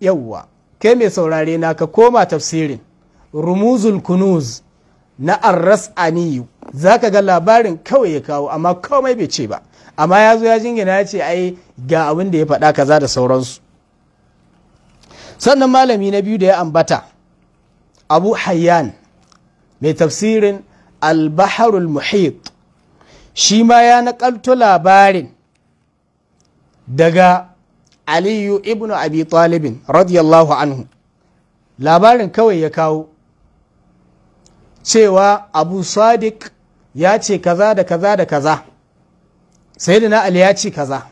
yauwa kai mai saurare na ka koma tafsirin rumuzul kunuz na aniyu za ka ga labarin kawai ya kawo amma komai bai ce ba amma ya zo ya jingina ya ce ai ga abin da ya faɗa kaza da sauransu sannan malami na biyu da ya ambata abu hayyan mai tafsirin albaharul muhit shi ma ya naƙalto labarin daga aliyu ibnu abi talibin radiyallahu anhu labarin kawai ya kawo cewa abu sadiq ya ce kaza da kaza da kaza sai ali ya ci kaza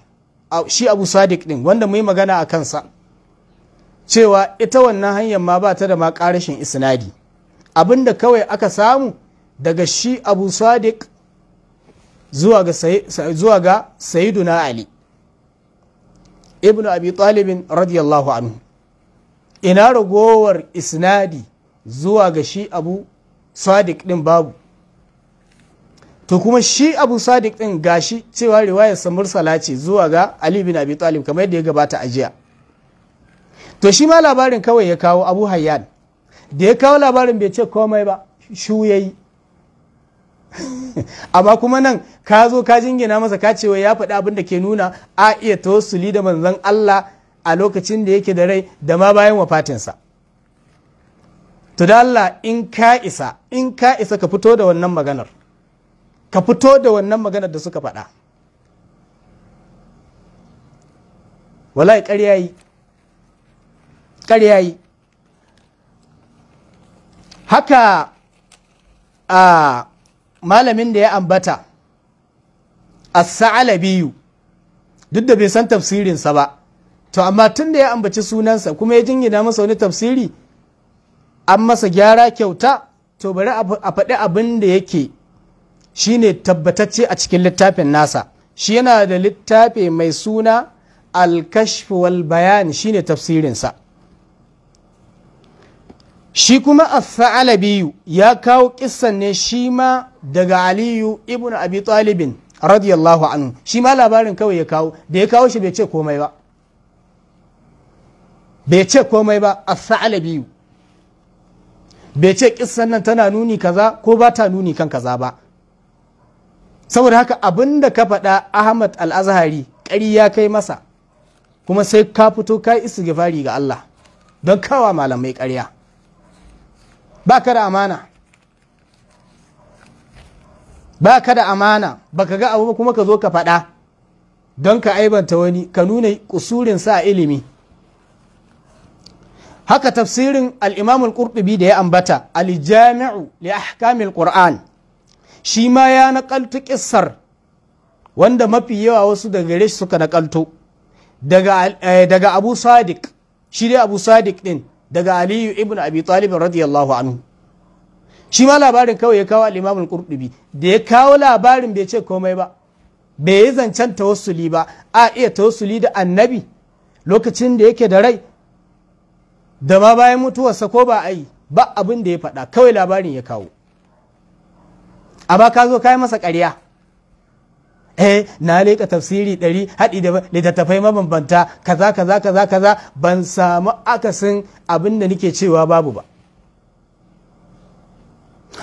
shi abu sadiq din wanda mu yi magana a kansa cewa ita wannan hanyar ma ba ta da ma karashin isnadi abinda kawai aka samu daga shi abu sadiq zuwa ga sayyiduna ali ibnu abi talibin radiyallahu anhu ina ragowar isnadi zuwa ga shi abu sadiq din babu to kuma shi abu sadiq din gashi cewa sa mursala ce zuwa ga ali bin abi talib kamar yadda ya gabata a jiya to shi ma labarin kawai ya kawo abu hayyan da ya kawo labarin bai ce komai ba shu yayi amma kuma nan ka zo ka jingina masa ka ya faɗi abin da ke nuna a iya tawassuli da manzon Allah a lokacin da yake da rai da ma bayan wafatinsa to da Allah in ka isa in ka isa ka fito da wannan maganar ka fito da wannan maganar da suka faɗa wallahi ƙaryayi ƙaryayi haka a malamin da ya ambata a sa'ala biyu duk da bai san tafsirinsa ba to amma tun da ya ambaci sunansa kuma ya jingina masa wani tafsiri an masa gyara kyauta to bari a faɗi abin da yake Shi ne tabbatacce a cikin littafin nasa shi yana da littafi mai suna alkashfuwal wal shi ne tafsirinsa shi kuma al biyu ya kawo kissan ne shi ma daga aliyu ibn abi talibin radiyallahu anhu shi ma labarin kawai ya kawo da ya kawo shi bai ce komai ba bai ce komai ba fa'ala biyu bai ce kissan nan tana nuni kaza ko ba ta nuni kan kaza ba saboda haka abin da ka faɗa ahmad al-azhari ya kai masa kuma sai ka fito ka istighfari ga allah don kawa malamai ƙarya ba ka da amana ba ka da amana ba ka ga abu kuma ka zo ka faɗa don ka aibanta wani ka nuna kusurin sa ilimi haka tafsirin al'imamul ƙurɗubi da ya ambata aljami'u li ahkamil qur'an shi ma ya naƙaltu ƙissar wanda mafi yawa wasu daga gare shi suka naƙaltu daga eh, abu sadiq shi dai abu sadiq din daga aliyu ibn abi talib radiyallahu anhu shi ma labarin kawai ya kawo al'imamul qurtubi da ya kawo labarin bai ce komai ba bai yi zancen tawassuli ba a iya tawassuli da annabi lokacin da yake da rai da ma bayan mutuwarsa ko ba a yi ba abin da ya faɗa kawai labarin ya kawo amma ka zo kai masa ƙarya eh na leƙa tafsiri ɗari haɗi da littattafai mabambanta kaza kaza kaza kaza ban samu akasin abin da nake cewa babu ba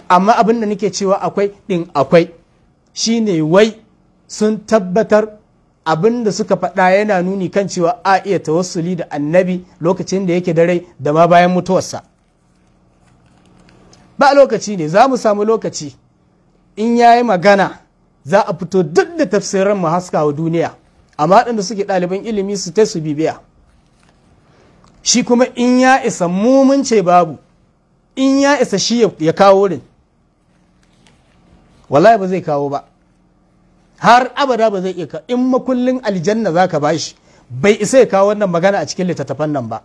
amma abin da nake cewa akwai ɗin akwai shi ne wai sun tabbatar abin da suka faɗa yana nuni kan cewa a iya tawassuli da annabi lokacin da yake da da ma bayan mutuwarsa ba lokaci ne za mu samu lokaci in ya yi magana za a fito duk da tafsirin mu haska wa duniya amma waɗanda suke ɗaliban ilimi su ta su bibiya shi kuma in ya isa mumun ce babu in ya isa shi ya kawo rin wallahi ba zai kawo ba har abada ba zai iya ka in makullin aljanna za ka bashi bai isa ya kawo wannan magana a cikin littattafan nan ba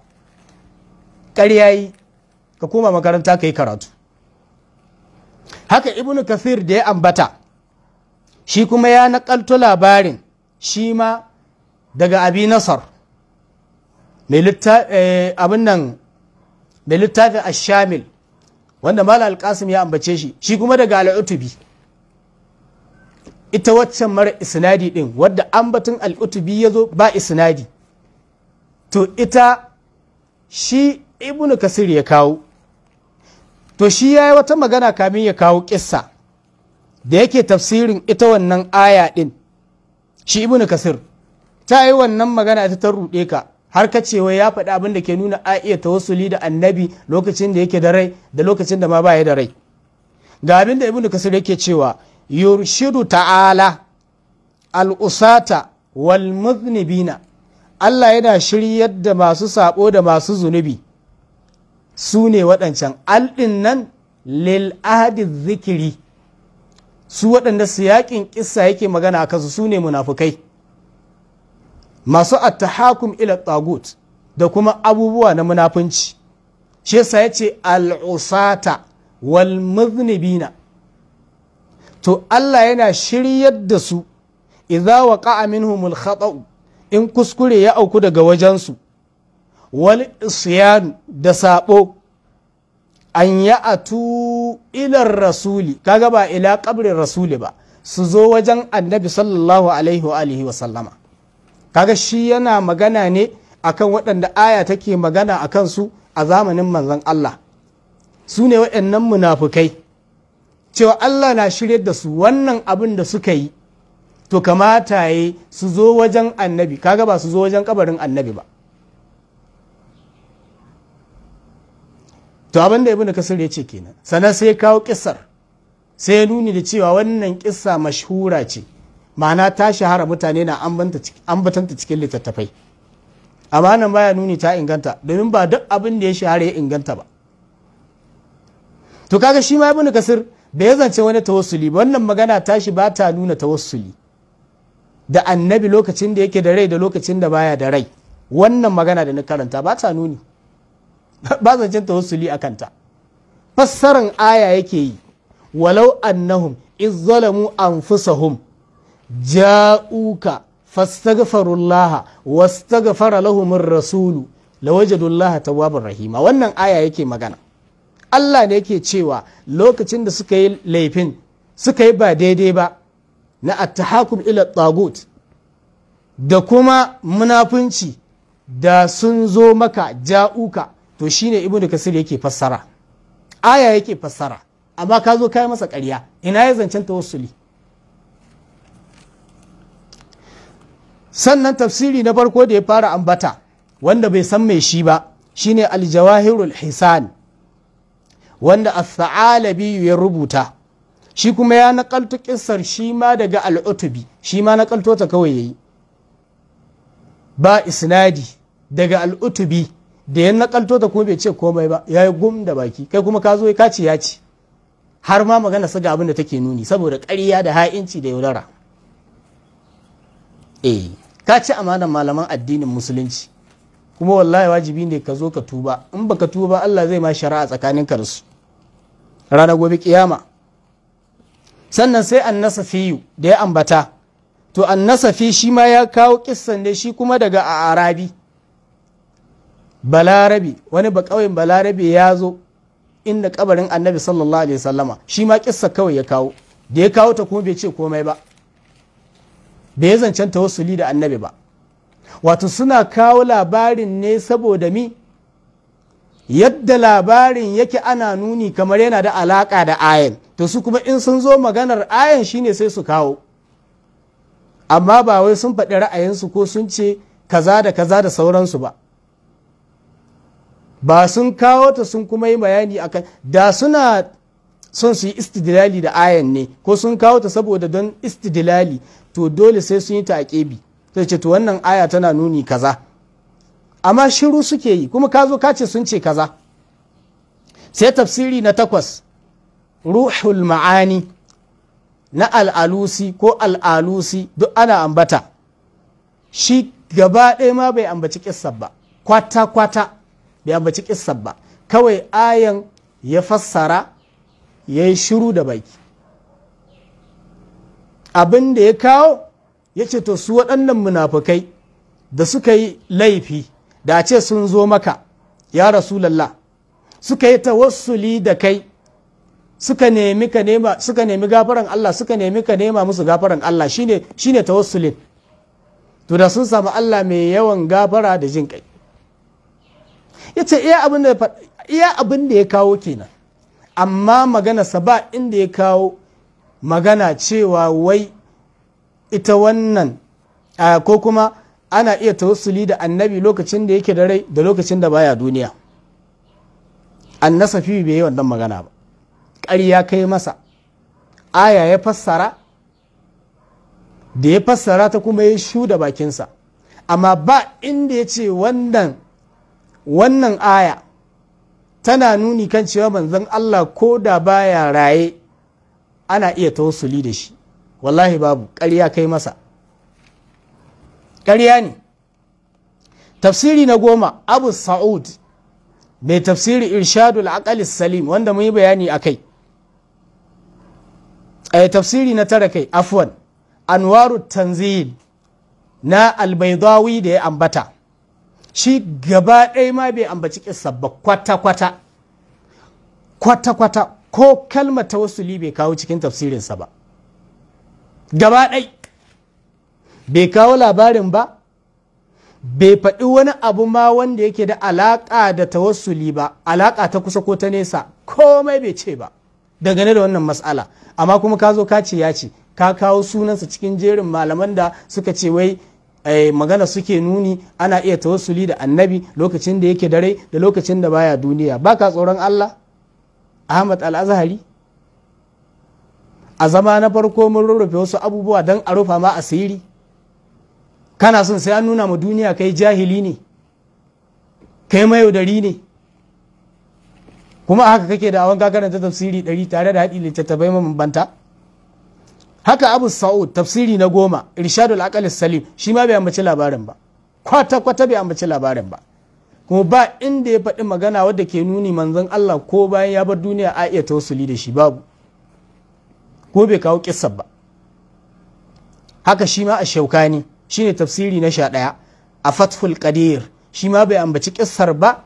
ƙarya yi ka koma makaranta ka yi karatu haka ibn kafir da ya ambata shi kuma ya nakalto labarin shi ma daga abi nasar mai littafi eh, mai littafin ashamil wanda mala alkasim ya ambace shi shi kuma daga al'utubi ita waccan mara isnadi ɗin wadda ambatin al'utubi ya zo ba isnadi to ita shi Ibn kasir ya kawo to shi ya yi wata magana kamin ya kawo kissa da yake tafsirin ita wannan aya ɗin shi ibnu kasir ta yi wannan magana ta ruɗe ka har ka cewa ya faɗi abin da ke nuna a iya tawassuli da annabi lokacin da yake da rai da lokacin da ma ba ya da rai ga abin da ibnu kasir yake cewa yurshidu ta'ala al'usata wal muznibina Allah yana shiryar da masu sabo da masu zunubi su ne waɗancan alɗin nan lil zikiri su waɗanda su yaƙin ƙissa yake magana a kansu su ne munafukai masu attahakum ila tagut da kuma abubuwa na munafunci shi yasa ya ce al'usata wal muznibina to Allah yana shiryar da su idza waqa'a minhumul khata'u in kuskure ya auku daga wajensu wani isyan da sabo an ya'atu ilar rasuli kaga ba ila kabrin rasuli ba su zo wajen annabi sallallahu alaihi wa alihi wa sallama kaga shi yana magana ne akan waɗanda aya take magana a su a zamanin manzon Allah su ne waɗannan munafukai cewa Allah na shirye da su wannan abin da suka yi to kamata ya su zo wajen annabi kaga ba su zo wajen kabarin annabi ba to abin da ibnu kasir ya ce kenan sana sai kawo kissar sai ya nuni da cewa wannan kissa mashhura ce ma'ana ta shahara mutane na ambatanta cikin littattafai amma nan baya nuni ta inganta domin ba duk abin da ya shahara ya inganta ba to kaga shi ma ibnu kasir da ya zance wani tawassuli wannan magana tashi ba ta nuna tawassuli da annabi lokacin da yake da rai da lokacin da baya da rai wannan magana da na karanta ba ta nuni ba zancen tawassuli a kanta fassaran aya yake yi walau annahum iz zalamu anfusahum ja'uka fastaghfirullaha wastaghfara lahumur rasulu lawajadullaha tawwabur rahima wannan aya yake magana Allah ne yake cewa lokacin da suka yi laifin suka yi ba daidai ba na attahakum ila tagut da kuma munafunci da sun zo maka ja'uka to shi shine ibnu kasir yake fassara aya yake fassara amma ka zo kai masa karya. ina ya zancen tawassuli sannan tafsiri na farko da ya fara ambata wanda bai san mai shi ba shine aljawahirul hisan wanda as-sa'alabi ya rubuta shi kuma ya nakalto kissar shi ma daga al'utubi shi ma nakalto ta kawai yayi ba isnadi daga al'utubi da 'yan nakalto da kuma bai ce komai ba ya yi gum da baki kai kuma ka zo ka ci ya ci har ma magana su ga abin da take nuni saboda ƙarya da ha'inci da yaudara eh ka ci amanan malaman addinin musulunci kuma wallahi wajibi ne ka zo ka tuba in baka tuba Allah zai ma shari'a tsakanin ka da su ranar gobe kiyama sannan sai annasafiyu da ya ambata to annasafi shi ma ya kawo kissan ne shi kuma daga arabi balarabe wani ba kawai balarabe ya zo inda kabarin annabi sallallahu alaihi sallama shi ma kissa kawai ya kawo da ya kawo ta kuma bai ce komai ba bai zancen tawassuli da annabi ba wato suna kawo labarin ne saboda mi yadda labarin yake ana nuni kamar yana da alaka da ayan to su kuma in sun zo maganar ayan shine sai su kawo amma ba wai sun faɗi ra'ayinsu ko sun ce kaza da kaza da sauransu ba ba sun kawo ta sun kuma yi bayani akan da suna son su yi istidilali da ayan ne ko sun kawo ta saboda don istidilali to dole sai sun yi ta a kebi ta ce to wannan aya tana nuni kaza amma shiru suke yi kuma ka zo ka ce sun ce kaza sai tafsiri na takwas ruhul ma'ani na al'alusi ko al'alusi duk ana ambata shi gaba ɗaya ma bai ambaci kissar ba kwata-kwata bai ambaci kissar ba kawai ayan ya fassara ya yi shiru da baki abin da ya kawo ya ce to su waɗannan munafukai da suka yi laifi da a ce sun zo maka ya rasulallah suka yi tawassuli da kai suka nemi ka nema suka nemi gafaran Allah suka nemi ka nema musu gafaran Allah shine shine tawassulin to da sun samu Allah mai yawan gafara da jin kai ya ce iya abin da ya kawo kenan amma maganarsa ba inda ya kawo magana cewa wai ita wannan ko kuma ana iya tawassuli da annabi lokacin da yake da rai da lokacin da baya duniya fi bai yi wannan magana ba ƙarya kai masa aya ya fassara da ya fassara ta kuma ya shu da bakinsa amma ba inda ya ce wannan wannan aya tana nuni kan cewa manzon Allah ko da baya raye ana iya tawassuli da shi wallahi babu ƙarya kai masa ƙarya ne tafsiri na goma abu sa'ud mai tafsiri irshadul aqali salim wanda mun yi bayani a kai eh, tafsiri na tara kai afwan anwaru tanzil na albaidawi da ya ambata shi gaba ɗaya ma bai ambaci kissa ba kwata-kwata kwata-kwata ko kalmar tawassuli bai kawo cikin tafsirinsa ba gaba ɗai bai kawo labarin ba bai faɗi wani abu ma wanda yake da alaƙa da tawassuli ba alaƙa ta kusa ko ta nesa komai bai ce ba dangane da wannan matsala amma kuma ka zo ka ce ya ce ka kawo sunansa cikin jerin malaman da suka ce wai Eh, magana suke nuni ana iya tawassuli da annabi lokacin da yake dare da lokacin da baya duniya baka tsoron Allah Ahmad al-Azhari a zama na farko mun rurrufe wasu abubuwa don a rufa ma asiri kana son sai an nuna ma duniya kai jahili ne kai mayaudari ne kuma haka kake da awon gagaranta tafsiri 100 tare da haɗi littattafai mabambanta haka abu sa'ud tafsiri na goma irshadul al'akalis salim shi ma bai ambaci labarin ba kwata kwata bai ambaci labarin ba kuma ba inda ya faɗi magana wadda ke nuni manzon Allah ko bayan ya bar duniya a iya tausuli da shi babu ko bai kawo kissar ba haka shi ma a shaukani ne tafsiri na sha ɗaya a fatful qadir shi ma bai ambaci kissar ba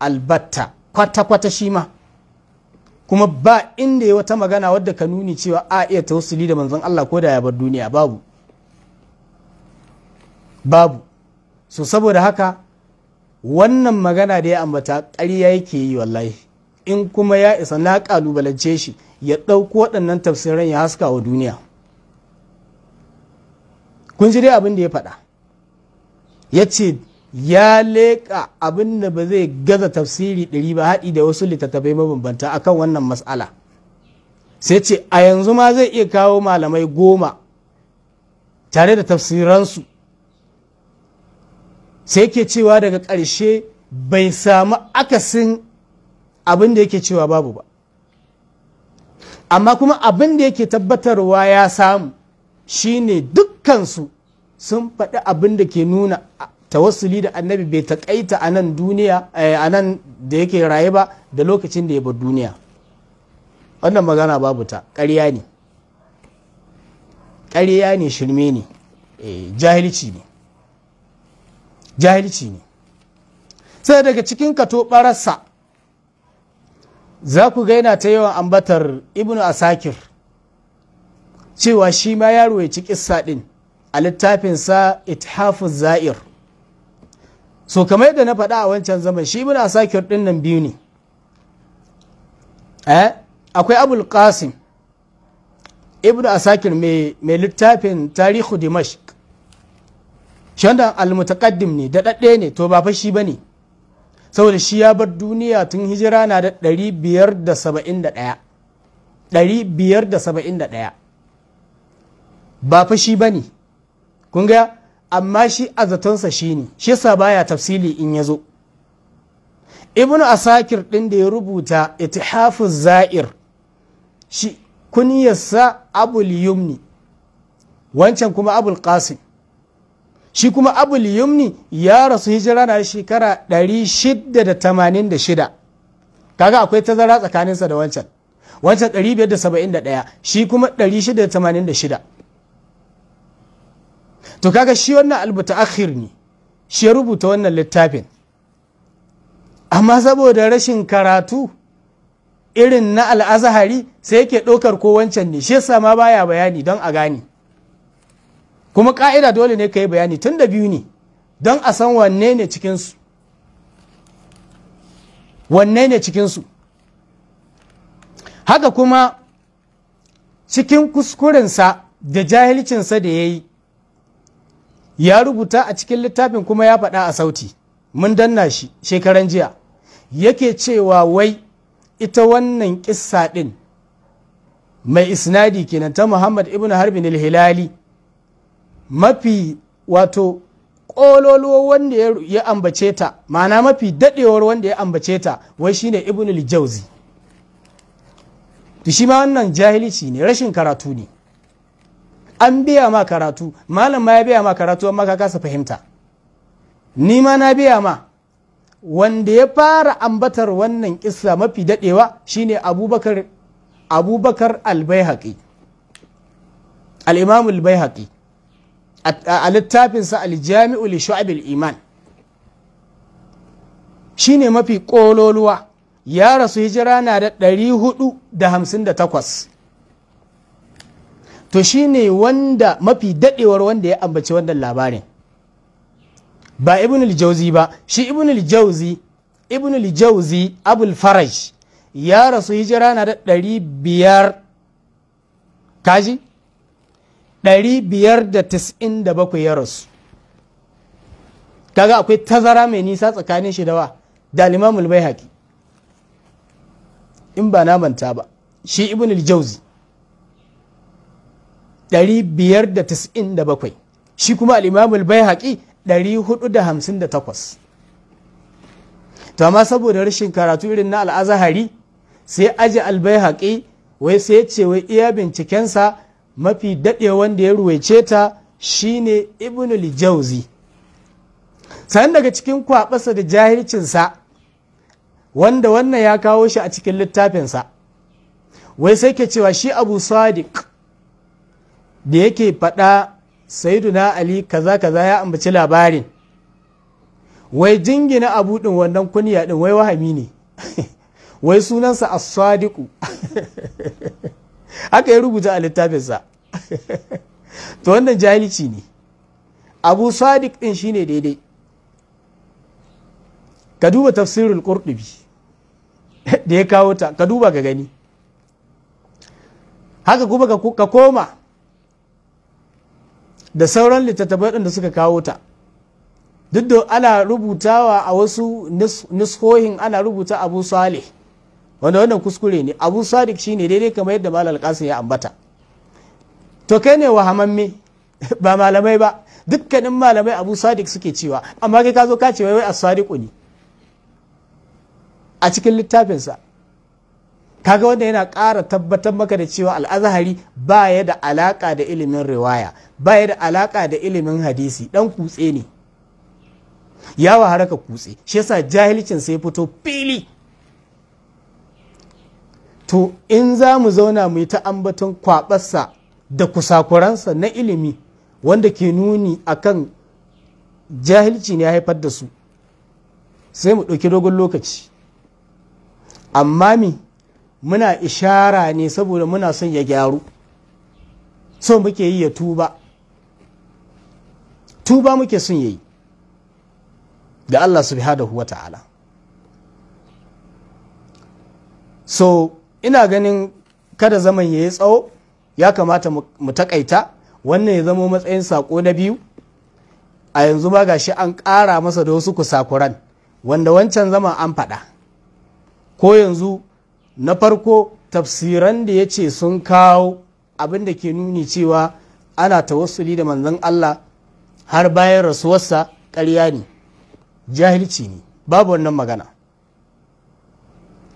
albatta kwata kwata shi ma kuma ba inda ya wata magana wadda ka nuni cewa a iya tawassuli da manzon Allah ko da ya bar duniya babu babu so saboda haka wannan magana da ya ambata ƙarya yake yi wallahi in kuma ya isa na ƙalubalance shi ya ɗauko waɗannan tafsiran ya haska wa duniya kun ji dai abin da ya faɗa ya ce ya leƙa abin da ba zai gaza tafsiri ɗari ba haɗi da wasu littattafai mabambanta a kan wannan matsala sai ce a yanzu ma zai iya kawo malamai goma tare da tafsiransu sai ke cewa daga ƙarshe bai samu akasin abin da yake cewa babu ba amma kuma abin da yake tabbatarwa ya samu shine dukkansu sun faɗi abin da ke nuna tawassuli da annabi bai taƙaita a nan duniya eh, a nan da yake raye ba da lokacin da ya bar duniya wannan magana babu ta ƙarya ne ƙarya ne shirme ne eh, jahilci ne jahilci ne sai daga cikin kato bararsa za ku ga yana ta yawan ambatar ibnu asakir cewa shi ma yaro ya ci kissa ɗin a littafinsa ithafuz za'ir so kamar yadda na faɗa a wancan zaman shi muna asakir ɗin nan biyu ne eh akwai abul qasim ibn asakir mai littafin tarihu dimashq shandan al-mutaqaddim ne da ɗaɗɗe ne to ba fa shi bane saboda shi ya bar duniya tun hijira na da 571 571 ba fa shi bane kun gaya. amma shi a zatonsa shi ne shi sa baya tafsili in ya zo ibn asakir ɗin da ya rubuta itihafu za'ir shi kunyarsa abul yumni wancan kuma abul qasim shi kuma abul yumni ya rasu hijira na shekara 686 kaga akwai tazara tsakaninsa da wancan wancan 571 shi kuma 686 to kaga shi wannan akhir ne shi ya rubuta wannan littafin amma saboda rashin karatu irin na al'azahari sai yake ɗaukar ko wancan ne shi yasa ma baya bayani don a gane kuma ƙa'ida dole ne ka yi bayani tun da biyu ne don a san wanne ne cikinsu wanne ne cikinsu haka kuma cikin kuskurensa da jahilcinsa da ya yi ya rubuta a cikin littafin kuma ya faɗa a sauti mun danna shi shekaran jiya yake cewa wai ita wannan kissa ɗin mai isnadi kenan ta muhammad ibn harbin hilali mafi wato ƙololuwa wanda ya ambace ta ma'ana mafi daɗewar wanda ya ambace ta wai shine ibn jauzi Da shi ma wannan jahilci ne rashin karatu ne an biya ma karatu malam ma ya biya ma karatu amma ka kasa fahimta ni ma na biya ma wanda ya fara ambatar wannan kissa mafi dadewa shine abubakar abubakar albayhaqi al-imam albayhaqi a littafinsa jamiu li shu'abil iman shine mafi kololuwa ya rasu hijira na da 458 to shi ne wanda mafi daɗewar wanda ya ambaci wannan labarin ba ibn al jawzi ba shi ibn al jawzi ibn al jawzi abul faraj ya rasu hijira na da ɗari biyar kaji ɗari biyar da tis'in da bakwai ya rasu kaga akwai tazara mai nisa tsakanin shi da wa da limamul bai haƙi in ba na manta ba shi ibn al jawzi 597 shi kuma al'imamu da haƙi 458 to amma saboda rashin karatu irin na al'azahari sai aji albai haƙi wai sai ce wai iya bincikensa mafi daɗewa wanda ya ruwaice ta shine ibn jauzi sayan daga cikin kwaɓasa da jahilcinsa wanda wannan ya kawo shi a cikin littafinsa wai sai ke cewa shi abu sadiq da yake faɗa saiduna ali kaza kaza ya ambaci labarin wai jingina abu din wannan kunya din wai wahami ne wai sunansa aswadiku aka haka ya rubuta a littafinsa to wannan jahilci ne abu sadiq din shine daidai ka duba tafsirul qurtubi da ya kawo ta ka duba ka gani haka kuma ka koma da sauran littattafai da suka kawo ta duk da ana rubutawa a wasu nishohin ana rubuta abu salih wanda wannan kuskure ne abu sadiq ne daidai kamar yadda malal qasim ya ambata to kai ne wahamamme ba malamai ba dukkanin malamai abu sadiq suke cewa amma kai ka zo ka ce wai as ne a cikin littafinsa kaga wanda yana ƙara tabbatar maka da cewa al'azhari ba ya da alaƙa da ilimin riwaya ba ya da alaƙa da ilimin hadisi ɗan kutse ne yawa haraka kutse shi yasa jahilcin sai fito fili to in za mu zauna mu yi ta ambaton kwabarsa da kusakuransa na ilimi wanda ke nuni akan jahilci ne ya haifar da su sai mu ɗauki dogon lokaci amma mi muna ishara ne saboda muna son ya gyaru so muke yi ya tuba tuba muke son yayi Da Allah subhanahu wa ta'ala so ina ganin kada zaman ya yi tsawo ya kamata mu takaita wannan ya zama matsayin sako na biyu a yanzu ba gashi an ƙara masa da wasu kusakuran wanda wancan zaman an faɗa ko yanzu na farko tafsiran da ya ce sun kawo abin da ke nuni cewa ana tawassuli da manzon Allah har bayan rasuwarsa ƙarya ne jahilci ne babu wannan magana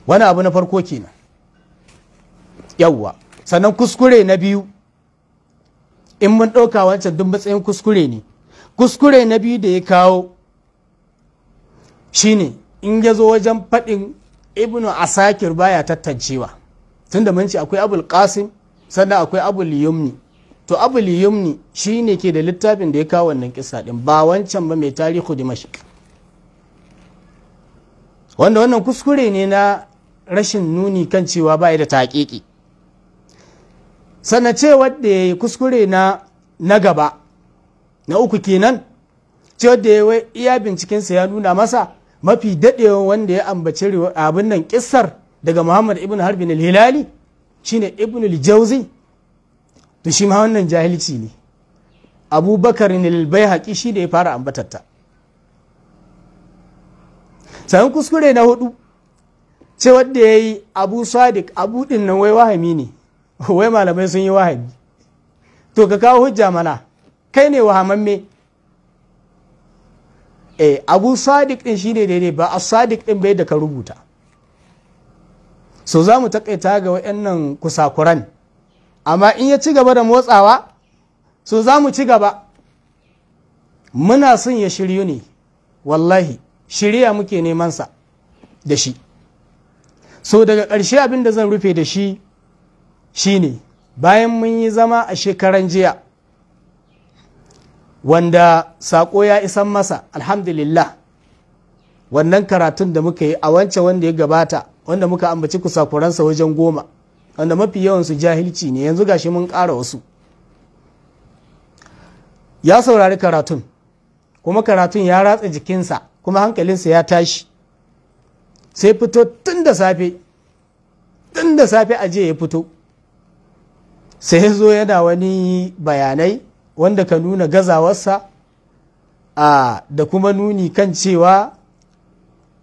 wani abu na farko kenan yawwa sannan kuskure na biyu in mun ɗauka wancan duk matsayin kuskure ne kuskure na biyu da ya kawo shine in ya zo wajen faɗin ibnu asakir baya tattancewa tunda mun ce akwai abul qasim sannan akwai abul yumni to abul yumni shine ke da littafin da ya kawo wannan kisa din ba wancan ba mai tarihu dimashq wanda wannan kuskure ne na rashin nuni kan cewa baya da taƙiƙi sannan cewar da ya yi kuskure na na gaba na uku kenan ce wadda ya iya bincikensa ya nuna masa mafi daɗewa wanda ya ambaci abin nan kissar daga muhammad ibn harbin al-hilali shine ibn al-jauzi to shi ma wannan jahilci ne abubakar al haƙi shi da ya fara ambatarta sayan kuskure na hudu ce wadda ya yi abu sadiq abu din nan wai wahami ne wai malamai sun yi wahami to ka kawo hujja mana kai ne wahamamme eh abu sadiq din shine daidai ba a sadiq din bai da ka rubuta so za mu takaita ga wayannan kusakuran amma in ya ci gaba da motsawa so za mu ci gaba muna son ya shiryu ne wallahi shirya muke neman sa da shi so daga ƙarshe abin da zan rufe da shi shine bayan mun yi zama a shekaran jiya wanda saƙo ya isan masa alhamdulillah wannan karatun da muka yi a wancan wanda ya gabata wanda muka ambaci kusakuransa wajen goma wanda mafi yawansu jahilci ne yanzu gashi mun ƙara wasu ya saurari karatun kuma karatun ya ratsa jikinsa kuma hankalinsa ya tashi sai fito tun da safe tun da safe aje ya fito sai zo yana wani bayanai wanda ka nuna gazawarsa a da kuma nuni kan cewa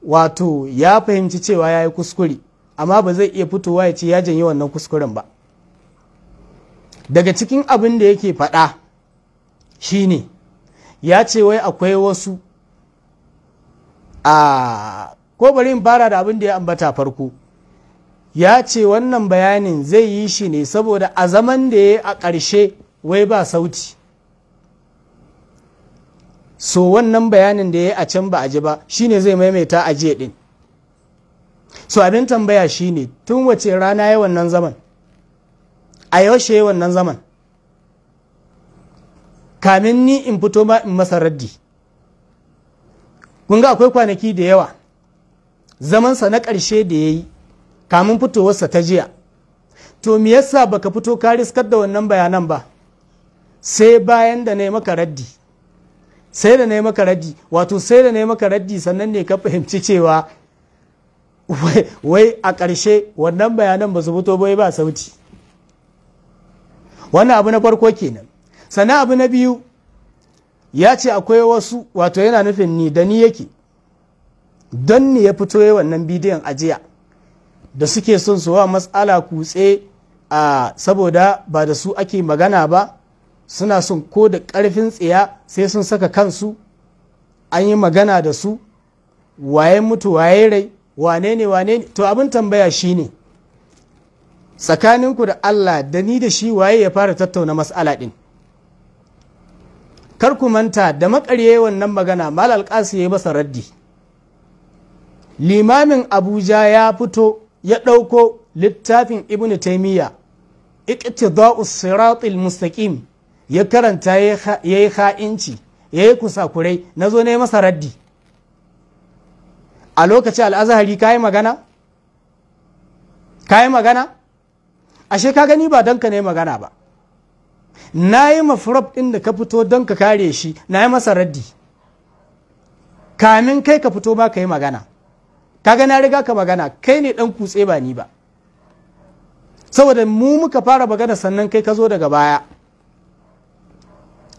wato ya fahimci cewa ya yi kuskure amma ba zai iya fitowa ya ce ya janye wannan kuskuren ba daga cikin abin da yake faɗa shine ya ce wai akwai wasu a ko bari in fara da abin da ya ambata farko ya ce wannan bayanin zai yi shi ne saboda a zaman da ya yi a ƙarshe wai ba sauti so wannan bayanin da ya yi a can ba a ji ba shine zai maimaita a jiya din so abin tambaya shine tun wace rana ya wannan zaman a yaushe ya wannan zaman kamin ni in fito ma in masa raddi kun ga akwai kwanaki da yawa zamansa na ƙarshe da ya yi kamin fitowarsa ta jiya to me yasa baka fito ka riskar da wannan bayanan ba sai bayan da na yi maka raddi sai da na maka raddi wato sai da na maka raddi sannan ne ka fahimci cewa wai a ƙarshe wannan bayanan ba su fito bai ba sauti wannan abu na farko kenan sannan abu na biyu ya ce akwai wasu wato yana nufin ni da ni yake don ni ya fito yi wannan bidiyon ajiya da suke son su wa matsala kutse a saboda ba da su ake magana ba suna son ko da ƙarfin tsiya sai sun saka kansu an yi magana da su waye mutu waye rai wane ne wane ne to abin tambaya shi ne. tsakaninku da Allah da ni da shi waye ya fara tattauna mas'ala ɗin? kar ku manta da makarye wannan magana mal alƙasi ya yi masa raddi limamin abuja ya fito ya ɗauko littafin ibnu taimiyya iqtida'us siratil mustaqim ya karanta ya yi ha'inci ya yi kusakurai na zo na yi masa raddi a lokacin al'azahari ka yi magana ka yi magana ashe ka gani ba don ka ne magana ba na yi mafurab ɗin da ka fito don ka kare shi na yi masa raddi kamin kai ka fito ba ka yi magana ka gana riga ka magana kai ne ɗan kutse ba ni ba saboda mu muka fara magana sannan kai ka zo daga baya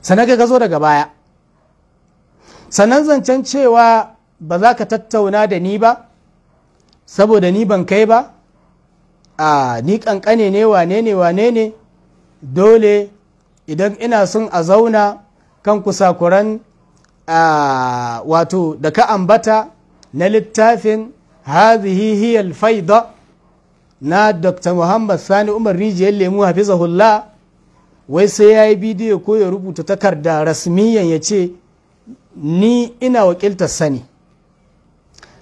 sannan ka zo daga baya sannan zancen cewa ba za ka tattauna da ni ba saboda ni ban kai ba a ni kankane ne wane ne wane ne dole idan ina son a zauna kan kusakuran wato da ka ambata na littafin hazihi hiyal faida na dr muhammad sani umar rijiyar lemu hafizahullah wai sai ya yi bidiyo ko ya rubuta takarda rasmiyan ya ce ni ina wakiltar sani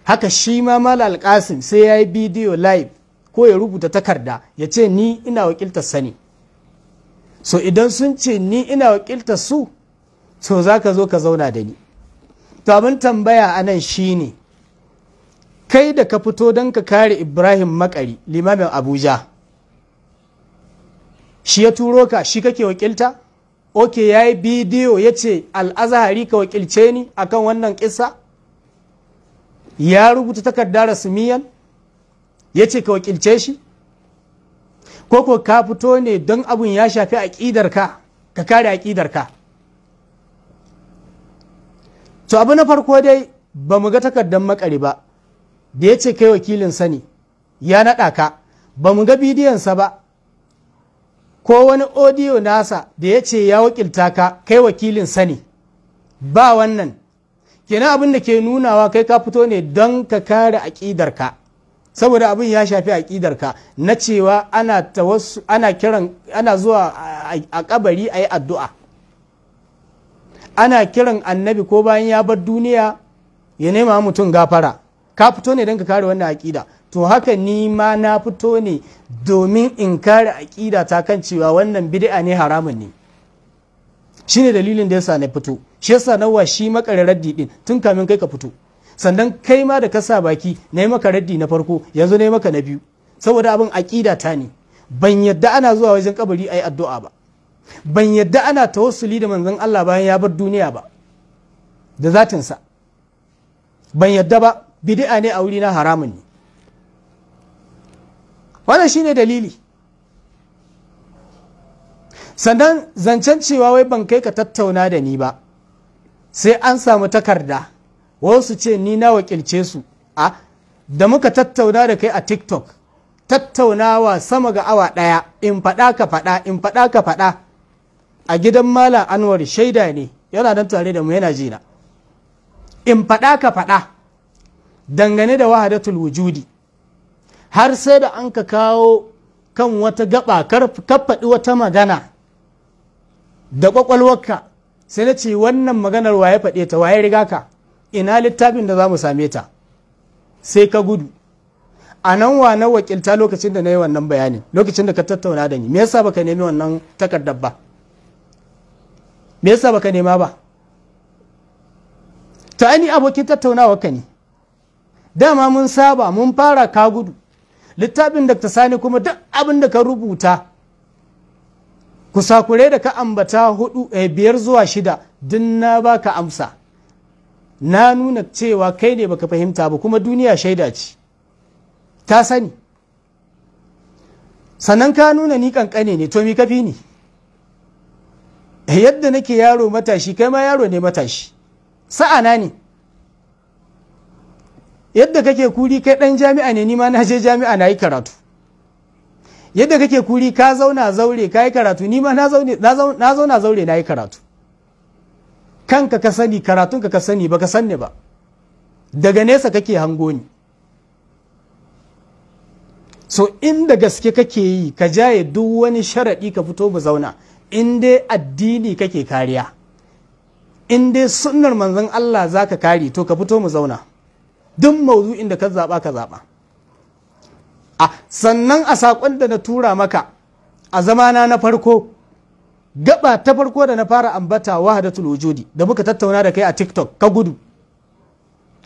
haka shi ma mala alkasim sai ya yi bidiyo live ko ya rubuta takarda ya ce ni ina wakiltar sani so idan sun ce ni ina wakiltar su to za ka zo ka zauna da ni to abin tambaya a nan shi ne kai da ka fito don ka kare ibrahim makari limamin abuja shi ya turo ka shi kake wakilta oke ya yi bidiyo ya ce al'azahari ka wakilce ni akan wannan kisa ya rubuta takarda rasmiyan ya ce ka wakilce shi ko ko ka fito ne don abun ya shafi aƙidar ka ka kare aƙidar ka to abu na farko dai ba mu ga takardar makari ba da ya ce kai wakilin sani ya naɗa ka ba mu ga bidiyonsa ba ko wani odiyo nasa da ya ce ya wakilta ka kai wakilin sani ba wannan Kina abin da ke nunawa kai ka fito ne don ka kare aƙidarka saboda abin ya shafi aƙidarka na cewa ana zuwa a kabari a yi addu'a ana kiran annabi ko bayan ya bar duniya ya nema mutum gafara ka fito ne don ka kare wannan aƙida to haka ni ma na fito ne domin in kare aƙida ta kan cewa wannan bid'a ne haramun ne Shi ne dalilin da ya sa na fito shi yasa na wa shi makarar raddi din tun kamin kai ka fito sannan kai ma da ka sa baki na yi maka raddi na farko yanzu na yi maka na biyu saboda abin aƙida ta ne ban yadda ana zuwa wajen kabari a yi addu'a ba ban yadda ana tawassuli da manzon Allah bayan ya bar duniya ba da zatinsa ban yadda ba bid'a ne a wuri na haramun ne wannan ne dalili sannan zancen cewa wai ban kai ka tattauna da ni ba sai an samu takarda wasu ce ni na wakilce su a da muka tattauna da kai a tiktok tattaunawa sama ga awa ɗaya in faɗa ka faɗa in faɗa ka faɗa a gidan malam anwar shaida ne yana nan tare da mu yana jina in faɗa ka faɗa dangane da wahadatul wujudi har sai da an ka kawo kan wata gaba faɗi wata magana da ƙwaƙwalwarka sai na ce wannan maganar waye faɗe ta waye riga ka ina littafin da za mu same ta sai ka gudu a nan wa na wakilta lokacin da na yi wannan bayanin lokacin da ka tattauna da ni me yasa baka nemi wannan takardar ba me yasa baka nema ba ta ani abokin tattaunawa ka ne dama mun saba mun fara ka gudu littafin ta sani kuma duk abin da ka rubuta kusakure da ka ambata hudu eh, biyar zuwa shida duk na baka amsa na nuna cewa kai ne baka fahimta ba kuma duniya shaida ce ta sani sannan ka nuna ni kankane ne to mi kafi ni eh, yadda nake yaro matashi kai ma yaro ne matashi sa'ana ne yadda kake kuri kai ɗan jami'a ne nima na je jami'a na yi karatu yadda kake kuri ka zauna zaure ka yi karatu nima na zauna zaure na yi karatu kanka ka sani karatunka ka sani ba ka sanni ba daga nesa kake hango ni so inda gaske kake yi ka jaye duk wani sharaɗi ka fito ba zauna in dai addini kake kariya in dai sunnar manzon Allah za ka kare to ka fito mu zauna duk maudu'in da ka zaɓa ka zaɓa a sannan a saƙon da na tura maka a zamana na farko gaba ta farko da na fara ambata wahada wujudi da muka tattauna da kai a tiktok ka gudu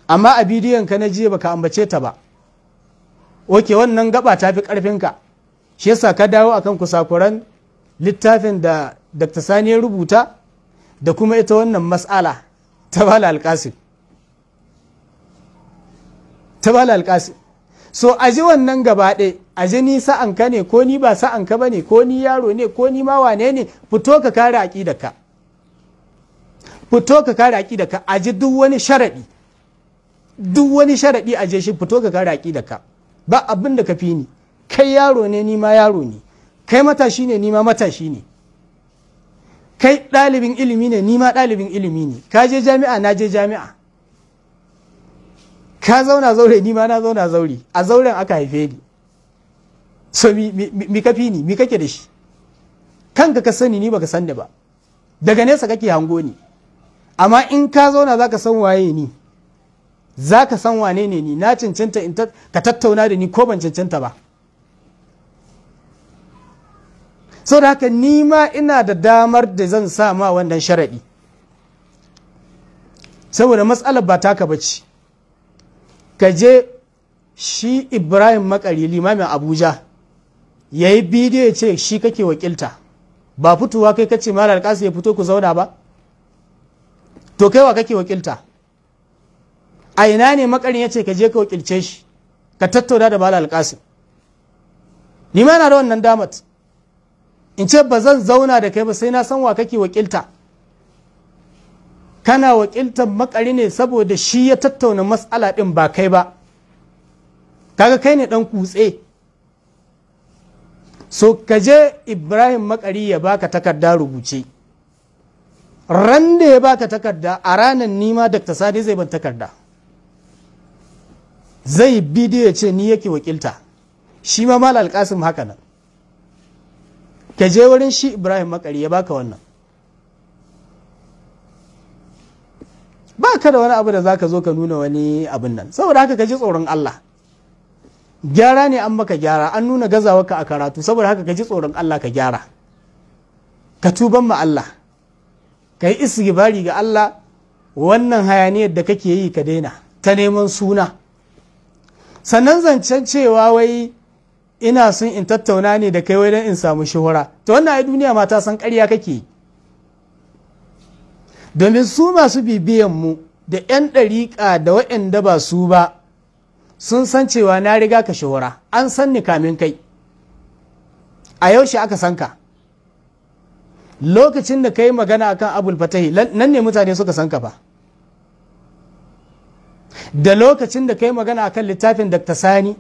amma a bidiyon ka na jiya baka ambace ta ba oke wannan gaba ta fi karfinka shi yasa ka dawo akan kusakuran littafin da dr sani ya rubuta da kuma ita wannan mas'ala ta bala alkasir ta bala alƙasim so ji wannan gaba ɗaya ji ni sa'anka ne ko ni ba sa'anka ba ne ko ni yaro ne ko ni ma wane ne fito ka kare aƙidarka fito ka kare a ji duk wani sharaɗi duk wani sharaɗi ji shi fito ka kare ka. ba abin da ka fi ni kai yaro ne ni ma yaro ne kai matashi ne ni ma matashi ne kai ɗalibin ilimi ne ni ma ɗalibin ilimi ne ka je jami'a na je jami'a ka zauna zaure ni ma na zauna zaure a zauren aka haife ni so mi, mi, kafi ni mi kake da shi kanka ka sani ni baka san da ba daga nesa kake hango ni amma in ka zauna zaka san waye ni zaka san wane ne ni na cancanta in ka tattauna da ni ko ban cancanta ba sau da haka ni ma ina da damar da zan sa ma wannan sharaɗi saboda matsalar ba taka bace ka je shi ibrahim makari limamin abuja ya yi bidiyo ce shi kake wakilta ba fitowa kai kace malar kasu ya fito ku zauna ba to kaiwa kake wakilta a ina ne makarin ya ce ka je ka wakilce shi ka tattauna da malar kasu ni na da wannan damat in ce ba zan zauna da kai ba sai na san wa kake wakilta kana wakiltar makari ne saboda shi ya tattauna matsala ɗin ba kai ba kaga kai ne ɗan kutse so ka je ibrahim makari ya baka takarda rubuce ran da ya baka takarda a ranar nima dr sadi zai ban takarda zai bidiyo ya ce ni yake wakilta shi ma mal alkasim haka nan ka je wurin shi ibrahim makari ya baka wannan ba ka da wani abu da za ka zo ka nuna wani abin nan saboda haka ka ji tsoron Allah gyara ne an maka gyara an nuna gazawarka a karatu saboda haka ka ji tsoron Allah ka gyara ka tuban ma Allah ka yi isgibari ga Allah wannan hayaniyar da kake yi ka daina ta neman suna sannan zancen cewa wai ina son in tattauna ne da kai wai don in samu shuhura to wannan ai duniya ma ta san ƙarya kake yi domin su masu bibiyan mu da 'yan ɗariƙa da waɗanda ba su ba sun san cewa na riga ka shahura an san ni kamin kai a yaushe aka san ka lokacin da ka yi magana akan abul fatahi nan ne mutane suka san ka ba da lokacin da ka yi magana akan littafin dr sani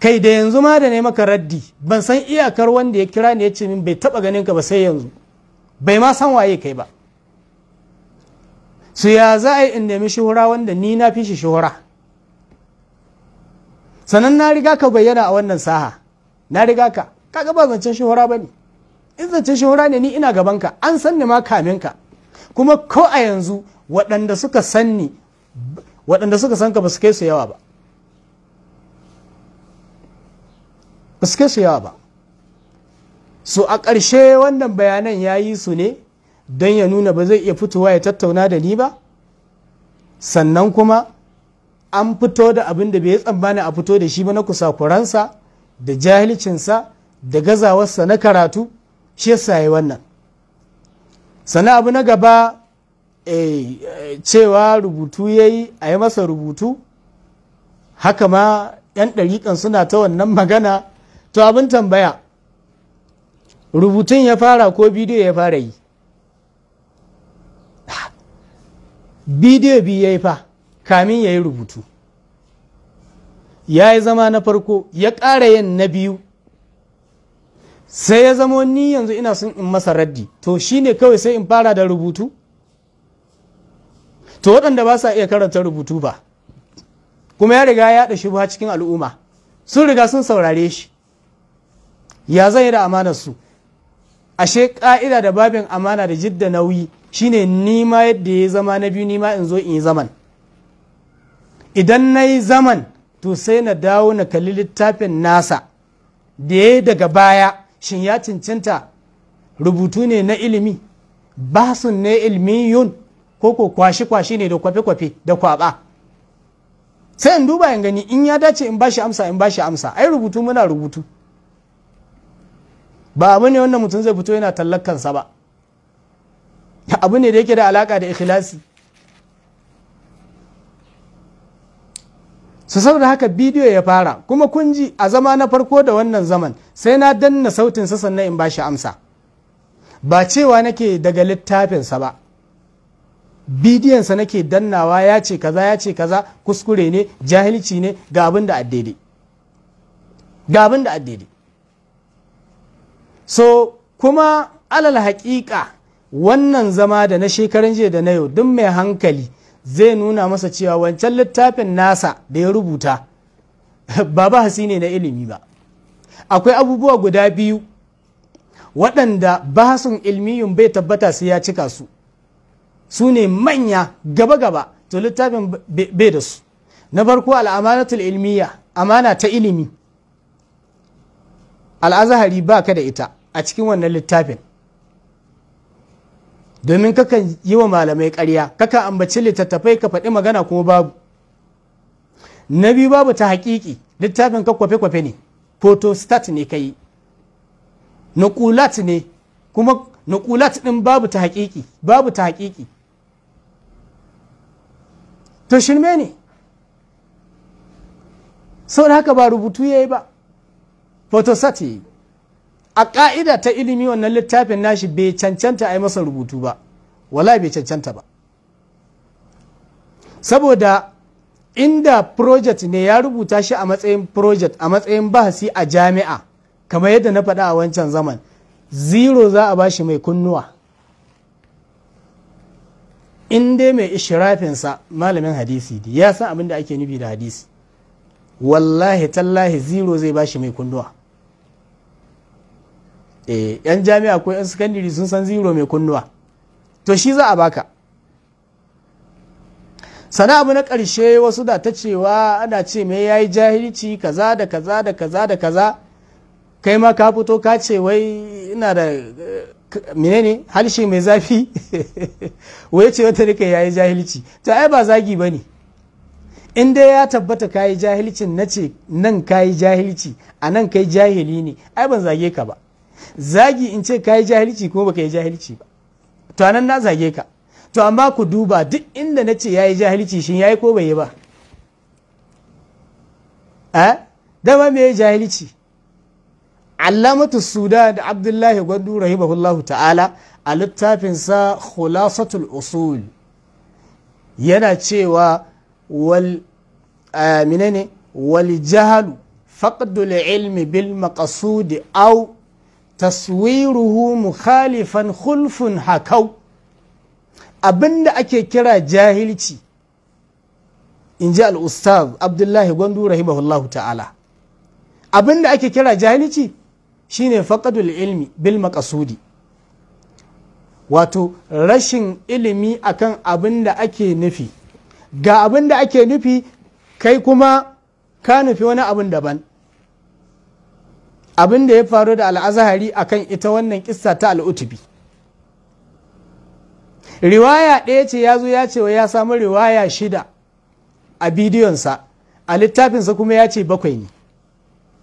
kai da yanzu ma da ne maka raddi ban san iyakar wanda ya kira ne ya ce min bai taba ganin ka ba sai yanzu bai ma san waye kai ba su ya za a yi in nemi shuhura wanda ni na fi shi shuhura sannan na riga ka bayyana a wannan saha na riga ka kaga ba zancen shuhura ba ne in zancen shuhura ne ni ina gabanka. an san ni ma kamin ka kuma ko a yanzu waɗanda suka san ni waɗanda suka san ka ba su kai su yawa ba ba su kai su yawa ba a ƙarshe wannan bayanan ya yi su ne don ya nuna ba zai iya fitowa ya tattauna da ni ba sannan kuma an fito da abin da bai tsammani a fito da shi ba na kusakuransa da jahilcinsa da gazawarsa na karatu shi yasa yi wannan sannan abu na gaba eh, cewa rubutu ya yi a yi masa rubutu haka ma 'yan ɗariƙan suna ta wannan magana to abin tambaya rubutun ya fara ko bidiyo ya fara yi bidiyo bi ya yi fa kamin ya yi rubutu ya yi zama na farko ya ƙara yin na biyu sai ya zama ni yanzu ina sun in masa raddi to shine kawai sai in fara da rubutu to waɗanda ba sa iya karanta rubutu ba kuma ya riga ya shi ba cikin al'umma sun riga sun saurare shi ya zai da amanar su ashe ƙa'ida da babin amana da jidda nauyi shine nima yadda ya zama na biyu nima in zo in yi zaman idan na yi zaman to sai na dawo na kalli littafin nasa da ya daga baya shin ya cancanta rubutu ne na ilimi basun ne ilmiyun ko ko kwashi-kwashi ne da kwafe-kwafe da kwaba sai in duba in gani in ya dace in bashi amsa in bashi amsa ai rubutu muna rubutu ba abu ne wanda mutum zai fito yana tallar kansa ba abu ne da yake da alaka da ikhlasi su saboda haka bidiyo ya fara kuma kun ji a zama na farko da wannan zaman sai na danna sautin sa sannan in shi amsa ba cewa nake daga littafinsa ba bidiyonsa nake dannawa ya ce kaza ya ce kaza kuskure ne jahilci ne ga abin da addede so kuma alal haƙiƙa wannan zama da na shekaran jiya da na yau duk mai hankali zai nuna masa cewa wancan littafin nasa da ya rubuta ba ba hasi ne na ilimi ba akwai abubuwa guda biyu waɗanda bahasin ilmiyun bai tabbata sai ya cika su su ne manya gaba-gaba to littafin bai da su na farko al'amanatul ilmiya amana ta ilimi al'azahari ba ka da ita a cikin wannan littafin domin kakan yi wa malamai ƙarya kakan ambaci littattafai ka faɗi magana kuma babu na biyu babu ta haƙiƙi littafin ka kwafe-kwafe ne photostat ne ka yi nukulat ne kuma nukulat ɗin babu ta haƙiƙi babu ta haƙiƙi to shirme ne Sau da haka ba rubutu ya yi ba photostat ya yi a ƙa'ida ta ilimi wannan littafin nashi bai cancanta a yi masa rubutu ba wala bai cancanta ba saboda inda project ne ya rubuta shi a matsayin project a matsayin bahasi a jami'a kamar yadda na faɗa a wancan zaman zero za a bashi mai kunnuwa in dai mai ishirafinsa malamin hadisi ya san abin da ake nufi da hadisi wallahi tallahi zero zai bashi mai kunnuwa eh yan jami'a ko yan sakandiri sun san zero mai kunnuwa to shi za a baka sana abu na ƙarshe wasu da ta cewa ana ce me yayi jahilci kaza da kaza da kaza da kaza kai ma ka fito ka ce wai ina da eh, menene harshe mai zafi wai ce wata rika yayi jahilci to ai ba zagi bane in dai ya tabbata ka yi jahilcin na ce nan ka yi jahilci a nan kai jahili ne ai ban zage ka ba zagi in ce ka yi jahilci kuma baka yi jahilci ba to anan na zage ka to amma ku duba duk inda na ce ya yi jahilci shin ya yi ko bai yi ba a eh? dama me ya jahilci allamatu suda da abdullahi gwandu rahimahullahu ta'ala a littafinsa khulasatul usul yana cewa wal eh, menene wal jahalu faqdul ilmi bil maqsudi aw taswiruhu mukhalifan khulfun hakau abinda ake kira jahilci in ji al'ustaz abdullahi gwandu rahimahullahu ta'ala abinda ake kira jahilci shine faqadul ilmi bil maqasudi wato rashin ilimi akan abinda ake nufi ga abinda ake nufi kai kuma ka nufi wani abin daban abin da ya faru da al'azahari a kan ita wannan kissa ta al'utubi riwaya ɗaya ce ya zo ya ce wa ya samu riwaya shida a bidiyonsa a littafinsa kuma ya ce bakwai ne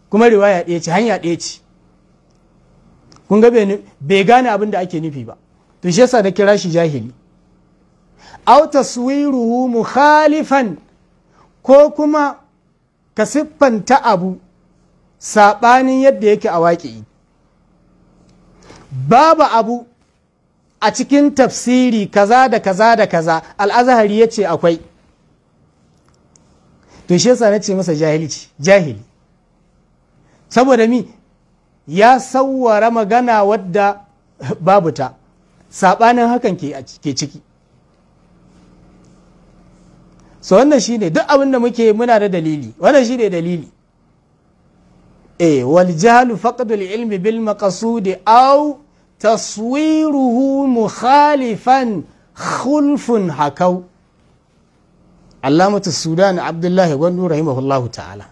kuma riwaya ɗaya ce hanya ɗaya ce kun ga bai gane abin da ake nufi ba to shi yasa na kira shi jahili aw taswiruhu mukhalifan ko kuma ka siffanta abu saɓanin yadda yake a waƙi babu abu a cikin tafsiri kaza da kaza da kaza al'azahari ya ce akwai to shi yasa na ce masa jahilci jahili saboda mi ya sauwara magana wadda babu ta saɓanin hakan ke ciki so wannan shine duk abin da muke muna da dalili wannan shine dalili E wal jahlu faqdul ilmi bil maqsudi aw taswiruhu mukhalifan khulfun hakau alamatu sudan abdullahi gwandu rahimahullahu ta'ala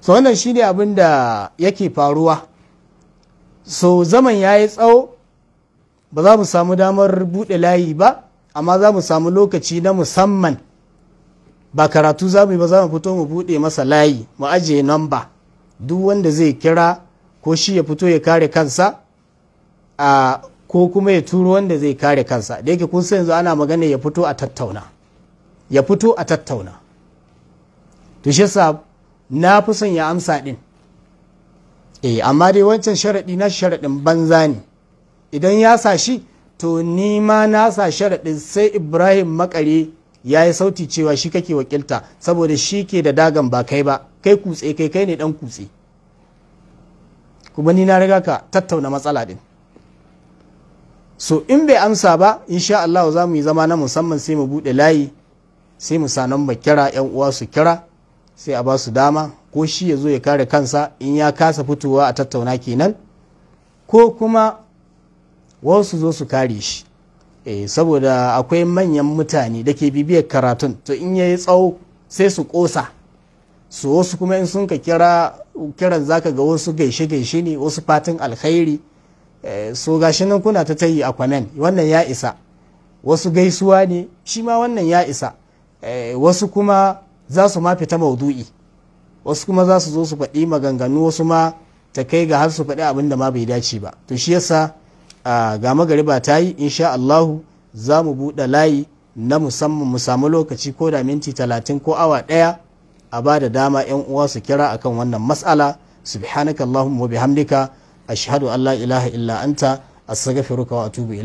so wannan shine abin da yake faruwa so zaman yayi yi tsawo ba za mu samu damar buɗe layi ba amma za mu samu lokaci na musamman ba karatu za mu yi ba za mu fito mu buɗe masa layi mu ajiye namba duk wanda zai kira ko shi ya fito ya kare kansa a ko kuma ya turo wanda zai kare kansa da yake kun san yanzu ana magana ya fito a tattauna ya fito a tattauna to shi yasa na fi son ya amsa din eh amma dai wancan sharadi na sharadin banza ne idan ya sa shi to ni ma na sa sharadin sai Ibrahim makare ya yi sauti cewa shi kake wakilta saboda shi ke da dagan ba kai ba kai kutse kai kai ne dan kutse kuma ni na riga ka tattauna matsala din so in bai amsa ba insha Allah za mu yi zama na musamman sai mu bude layi sai mu sanan ba kira yan uwa su kira sai a ba su dama ko shi ya zo ya kare kansa in ya kasa fitowa a tattauna kenan ko kuma wasu zo su kare shi eh saboda akwai manyan mutane da ke bibiyar karatun to in yayi tsawo sai su ƙosa. su wasu kuma in sun ka kira kiran zaka ga wasu gaishe gaishe ne wasu fatin alkhairi eh, so gashi nan kuna ta tayi a kwamen wannan ya isa wasu gaisuwa ne shi ma wannan ya isa eh, wasu kuma za su ma fita maudu'i wasu kuma za su zo su faɗi maganganu wasu ma ta kai ga har su faɗi abin da ma bai dace ba to shi yasa ga ba ta yi insha Allahu za mu buɗe layi na musamman mu samu lokaci ko da minti talatin ko awa ɗaya a ba da dama 'yan uwa su kira akan wannan matsala subhanakallahumma wa bihamdika ashhadu an la ilaha illa anta astaghfiruka wa atubu ilayk